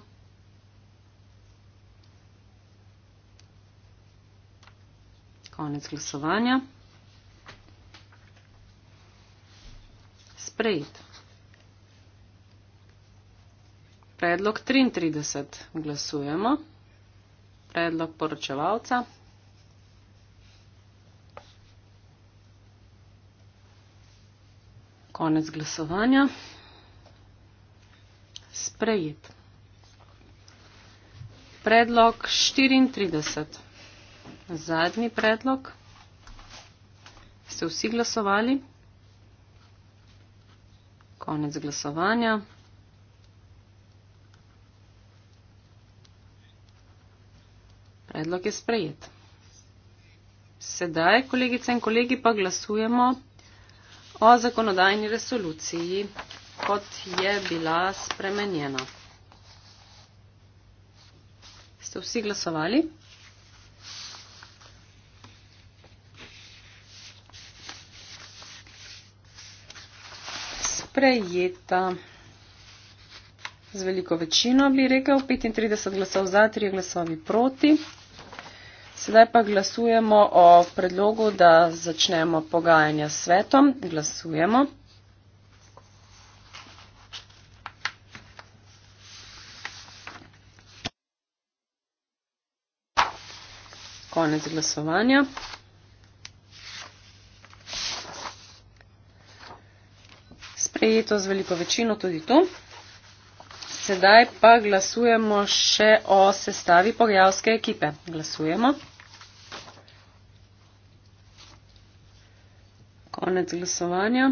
Konec glasovanja. Sprejet. Predlog 33. Glasujemo. Predlog poročevalca. Konec glasovanja. Sprejet. Predlog 34 zadnji predlog. Ste vsi glasovali? Konec glasovanja. Predlog je sprejet. Sedaj, kolegice in kolegi, pa glasujemo o zakonodajni resoluciji, kot je bila spremenjena. Ste vsi glasovali? sprejeta. Z veliko večino bi rekel, 35 glasov za, 3 glasovi proti. Sedaj pa glasujemo o predlogu, da začnemo pogajanja s svetom. Glasujemo. Konec glasovanja. sprejeto z veliko večino tudi tu. Sedaj pa glasujemo še o sestavi pogajalske ekipe. Glasujemo. Konec glasovanja.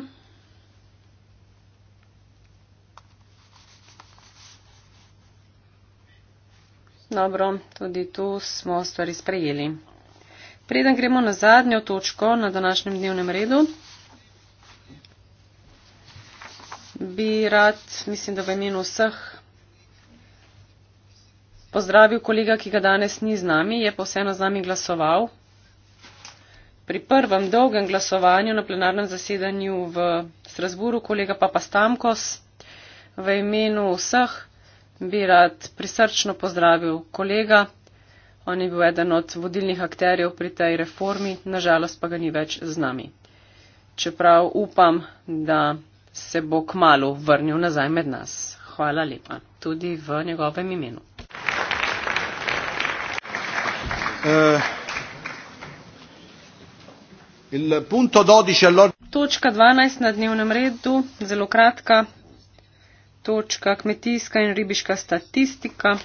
Dobro, tudi tu smo stvari sprejeli. Preden gremo na zadnjo točko na današnjem dnevnem redu, bi rad, mislim, da v imenu vseh, pozdravil kolega, ki ga danes ni z nami, je pa vseeno z nami glasoval. Pri prvem dolgem glasovanju na plenarnem zasedanju v Strasburu kolega Papa Stamkos v imenu vseh bi rad prisrčno pozdravil kolega. On je bil eden od vodilnih akterjev pri tej reformi, nažalost pa ga ni več z nami. Čeprav upam, da se bo k malu vrnil nazaj med nas. Hvala lepa, tudi v njegovem imenu. Eh, točka 12 na dnevnem redu, zelo kratka. Točka kmetijska in ribiška statistika.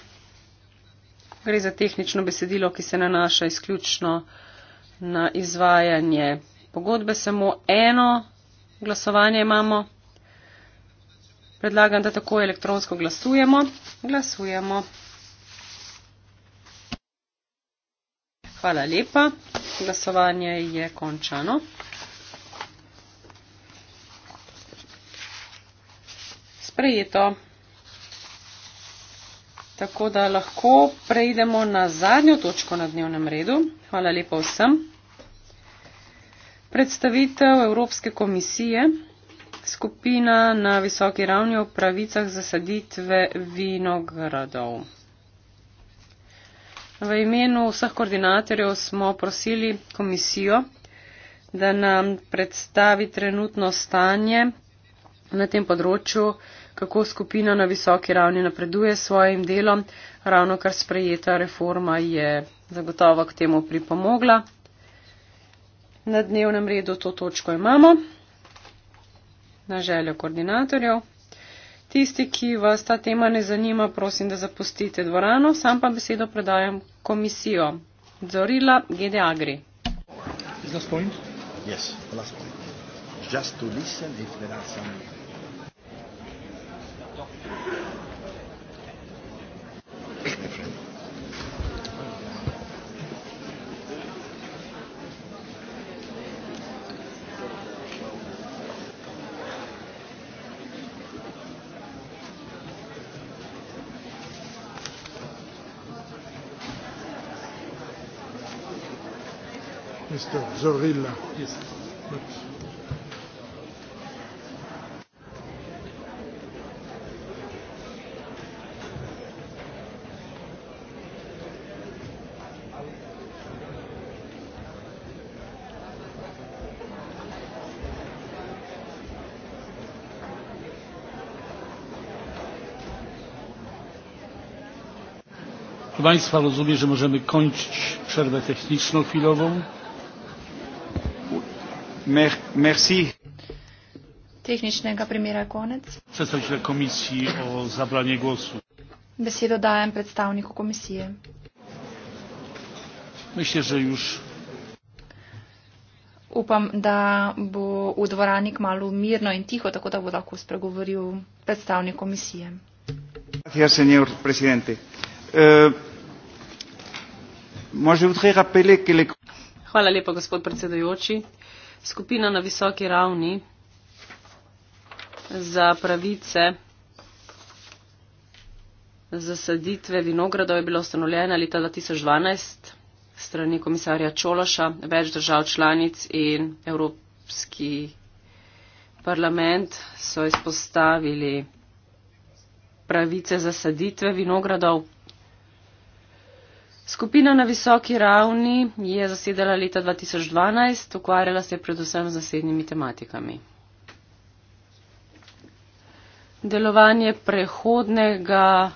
Gre za tehnično besedilo, ki se nanaša izključno na izvajanje pogodbe. Samo eno glasovanje imamo. Predlagam, da tako elektronsko glasujemo. Glasujemo. Hvala lepa. Glasovanje je končano. Sprejeto. Tako da lahko prejdemo na zadnjo točko na dnevnem redu. Hvala lepa vsem. Predstavitev Evropske komisije skupina na visoki ravni o pravicah zasaditve vinogradov. V imenu vseh koordinatorjev smo prosili komisijo, da nam predstavi trenutno stanje na tem področju, kako skupina na visoki ravni napreduje s svojim delom, ravno kar sprejeta reforma je zagotovo k temu pripomogla. Na dnevnem redu to točko imamo na željo koordinatorjev. Tisti, ki vas ta tema ne zanima, prosim, da zapustite dvorano, sam pa besedo predajam komisijo. Zorila Gede Agri. Is that point? Yes, last point. Just to listen if there are some mr zorrilla. proszę państwa rozumiem że możemy kończyć przerwę techniczną chwilową tehničnega primera je konec besedo dajem predstavniku komisije upam da bo v dvorani kmalu mirno in tiho tako da bo lahko spregovoril predstavnik komisije eh, Hvala lepa, gospod predsedujoči skupina na visoki ravni za pravice zasaditve vinogradov je bila ustanovljena leta 2012 strani komisarja Čološa, več držav članic in Evropski parlament so izpostavili pravice zasaditve vinogradov. Skupina na visoki ravni je zasedala leta 2012, ukvarjala se je predvsem z zasednimi tematikami. Delovanje prehodnega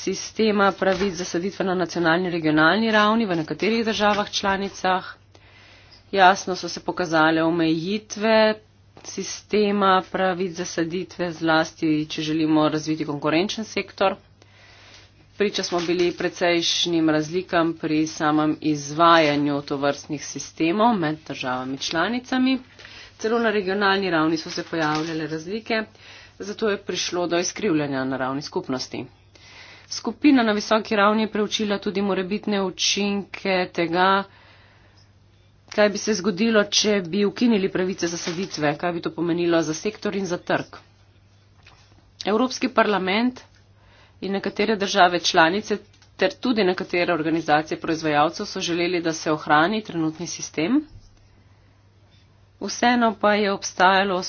sistema pravic zasaditve na nacionalni in regionalni ravni v nekaterih državah članicah. Jasno so se pokazale omejitve sistema pravic zasaditve zlasti, če želimo razviti konkurenčen sektor priča smo bili precejšnjim razlikam pri samem izvajanju tovrstnih sistemov med državami članicami. Celo na regionalni ravni so se pojavljale razlike, zato je prišlo do izkrivljanja na ravni skupnosti. Skupina na visoki ravni je preučila tudi morebitne učinke tega, kaj bi se zgodilo, če bi ukinili pravice za saditve, kaj bi to pomenilo za sektor in za trg. Evropski parlament in nekatere države članice ter tudi nekatere organizacije proizvajalcev so želeli, da se ohrani trenutni sistem. Vseeno pa je obstajalo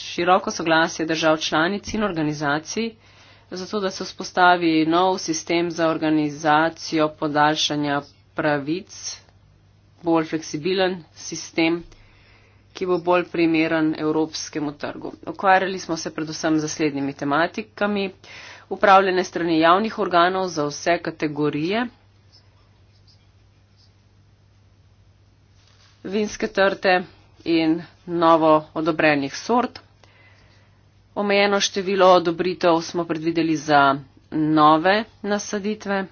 široko soglasje držav članic in organizacij, zato da se vzpostavi nov sistem za organizacijo podaljšanja pravic, bolj fleksibilen sistem, ki bo bolj primeren evropskemu trgu. Okvarjali smo se predvsem z naslednjimi tematikami upravljene strani javnih organov za vse kategorije. vinske trte in novo odobrenih sort. Omejeno število odobritev smo predvideli za nove nasaditve.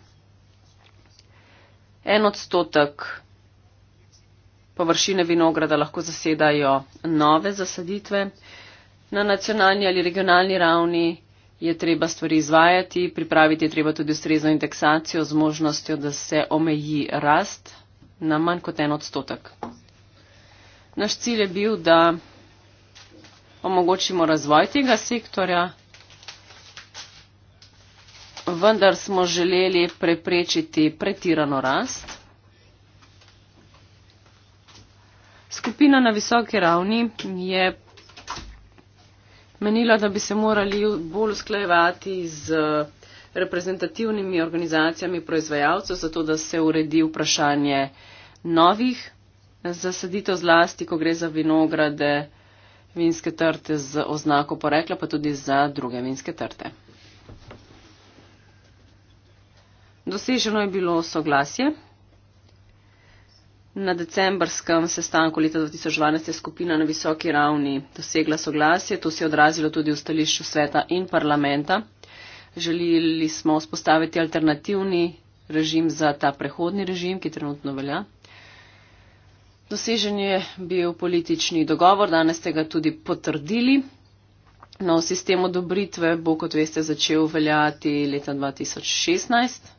En odstotek površine vinograda lahko zasedajo nove zasaditve. Na nacionalni ali regionalni ravni je treba stvari izvajati, pripraviti je treba tudi ustrezno indeksacijo z možnostjo, da se omeji rast na manj kot en odstotek. Naš cilj je bil, da omogočimo razvoj tega sektorja, vendar smo želeli preprečiti pretirano rast. Skupina na visoki ravni je menila, da bi se morali bolj usklajevati z eh, reprezentativnimi organizacijami proizvajalcev, zato da se uredi vprašanje novih eh, zasaditev zlasti, ko gre za vinograde, vinske trte z oznako porekla, pa tudi za druge vinske trte. Doseženo je bilo soglasje. Na decembrskem sestanku leta 2012 je skupina na visoki ravni dosegla soglasje, to se je odrazilo tudi v stališču sveta in parlamenta. Želeli smo vzpostaviti alternativni režim za ta prehodni režim, ki trenutno velja. Dosežen je bil politični dogovor, danes ste ga tudi potrdili. Nov sistem odobritve bo, kot veste, začel veljati leta 2016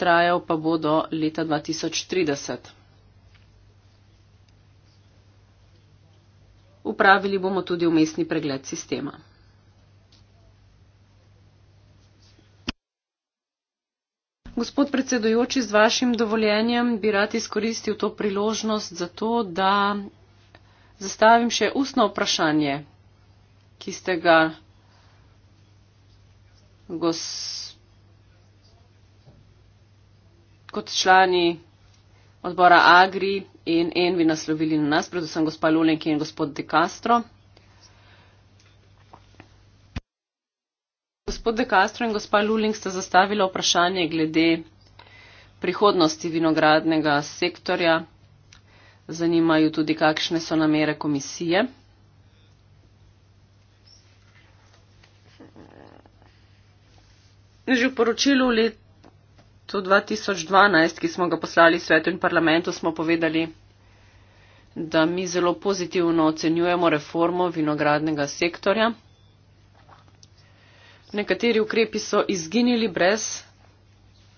trajal pa bo do leta 2030. Upravili bomo tudi umestni pregled sistema. Gospod predsedujoči, z vašim dovoljenjem bi rad izkoristil to priložnost za to, da zastavim še ustno vprašanje, ki ste ga gospod kot člani odbora Agri in Envi naslovili na nas, predvsem gospa Lulenki in gospod De Castro. Gospod De Castro in gospa Luling sta zastavila vprašanje glede prihodnosti vinogradnega sektorja. Zanimajo tudi, kakšne so namere komisije. Že v poročilu leta To 2012, ki smo ga poslali svetu in parlamentu, smo povedali, da mi zelo pozitivno ocenjujemo reformo vinogradnega sektorja. Nekateri ukrepi so izginili brez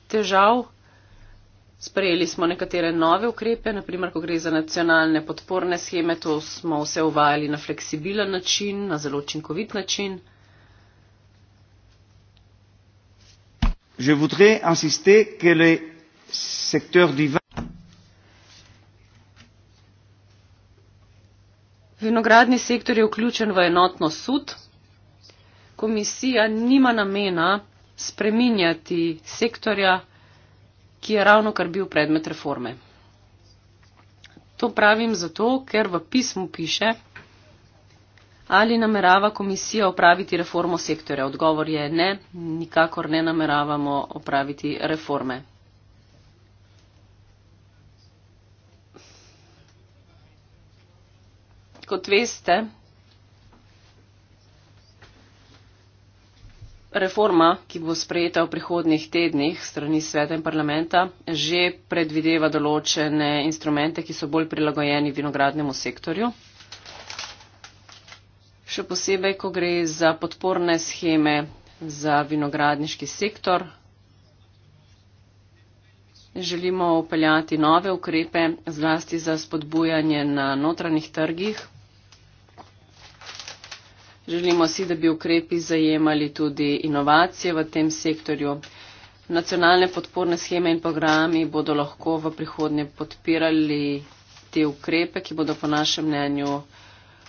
težav. Sprejeli smo nekatere nove ukrepe, naprimer, ko gre za nacionalne podporne scheme, to smo vse uvajali na fleksibilen način, na zelo učinkovit način. je voudrais insister que le secteur du vin. Vinogradni sektor je vključen v enotno sud. Komisija nima namena spreminjati sektorja, ki je ravno kar bil predmet reforme. To pravim zato, ker v pismu piše, Ali namerava komisija opraviti reformo sektorja? Odgovor je ne, nikakor ne nameravamo opraviti reforme. Kot veste, reforma, ki bo sprejeta v prihodnih tednih strani sveta in parlamenta, že predvideva določene instrumente, ki so bolj prilagojeni vinogradnemu sektorju še posebej, ko gre za podporne scheme za vinogradniški sektor. Želimo upeljati nove ukrepe, zlasti za spodbujanje na notranjih trgih. Želimo si, da bi ukrepi zajemali tudi inovacije v tem sektorju. Nacionalne podporne scheme in programi bodo lahko v prihodnje podpirali te ukrepe, ki bodo po našem mnenju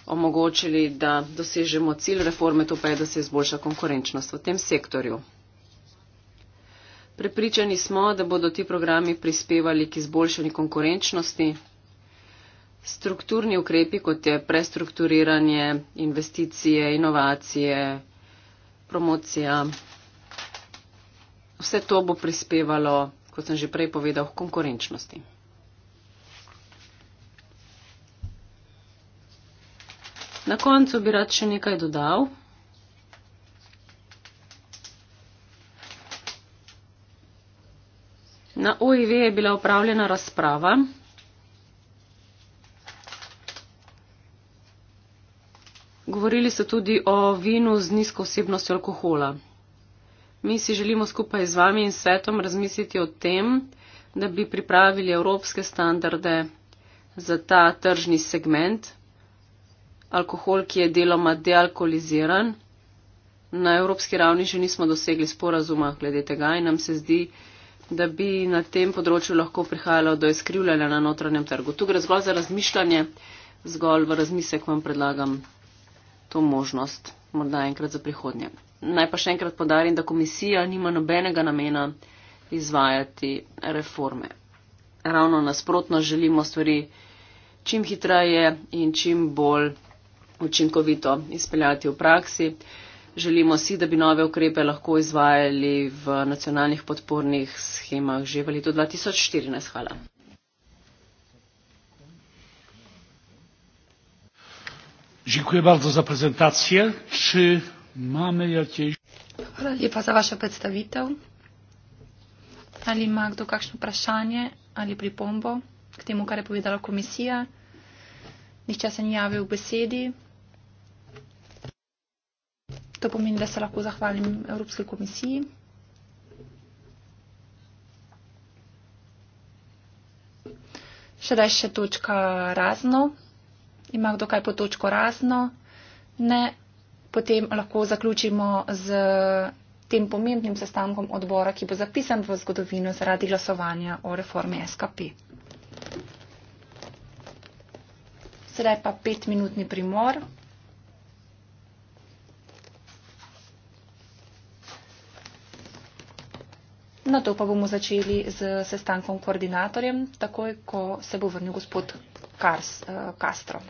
omogočili, da dosežemo cilj reforme, to pa je, da se izboljša konkurenčnost v tem sektorju. Prepričani smo, da bodo ti programi prispevali k izboljšanju konkurenčnosti. Strukturni ukrepi, kot je prestrukturiranje, investicije, inovacije, promocija, vse to bo prispevalo, kot sem že prej povedal, k konkurenčnosti. Na koncu bi rad še nekaj dodal. Na OIV je bila upravljena razprava. Govorili so tudi o vinu z nizko vsebnostjo alkohola. Mi si želimo skupaj z vami in svetom razmisliti o tem, da bi pripravili evropske standarde za ta tržni segment, alkohol, ki je deloma dealkoholiziran. Na evropski ravni še nismo dosegli sporazuma glede tega in nam se zdi, da bi na tem področju lahko prihajalo do izkrivljanja na notranjem trgu. Tu gre zgolj za razmišljanje, zgolj v razmislek vam predlagam to možnost, morda enkrat za prihodnje. Naj pa še enkrat podarim, da komisija nima nobenega namena izvajati reforme. Ravno nasprotno želimo stvari čim hitreje in čim bolj učinkovito izpeljati v praksi. Želimo si, da bi nove ukrepe lahko izvajali v nacionalnih podpornih schemah že v letu 2014. Hvala. Dziękuję bardzo za prezentację. Czy mamy jakieś... Hvala za vašo predstavitev. Ali ima kdo kakšno vprašanje ali pripombo k temu, kar je povedala komisija? Nihče se ni javil v besedi. To pomeni, da se lahko zahvalim Evropske komisiji. Še daj še točka razno. Ima kdo kaj po točko razno? Ne. Potem lahko zaključimo z tem pomembnim sestankom odbora, ki bo zapisan v zgodovino zaradi glasovanja o reformi SKP. Sedaj pa petminutni primor. Na to pa bomo začeli z sestankom koordinatorjem, takoj, ko se bo vrnil gospod Kars, uh, Castro.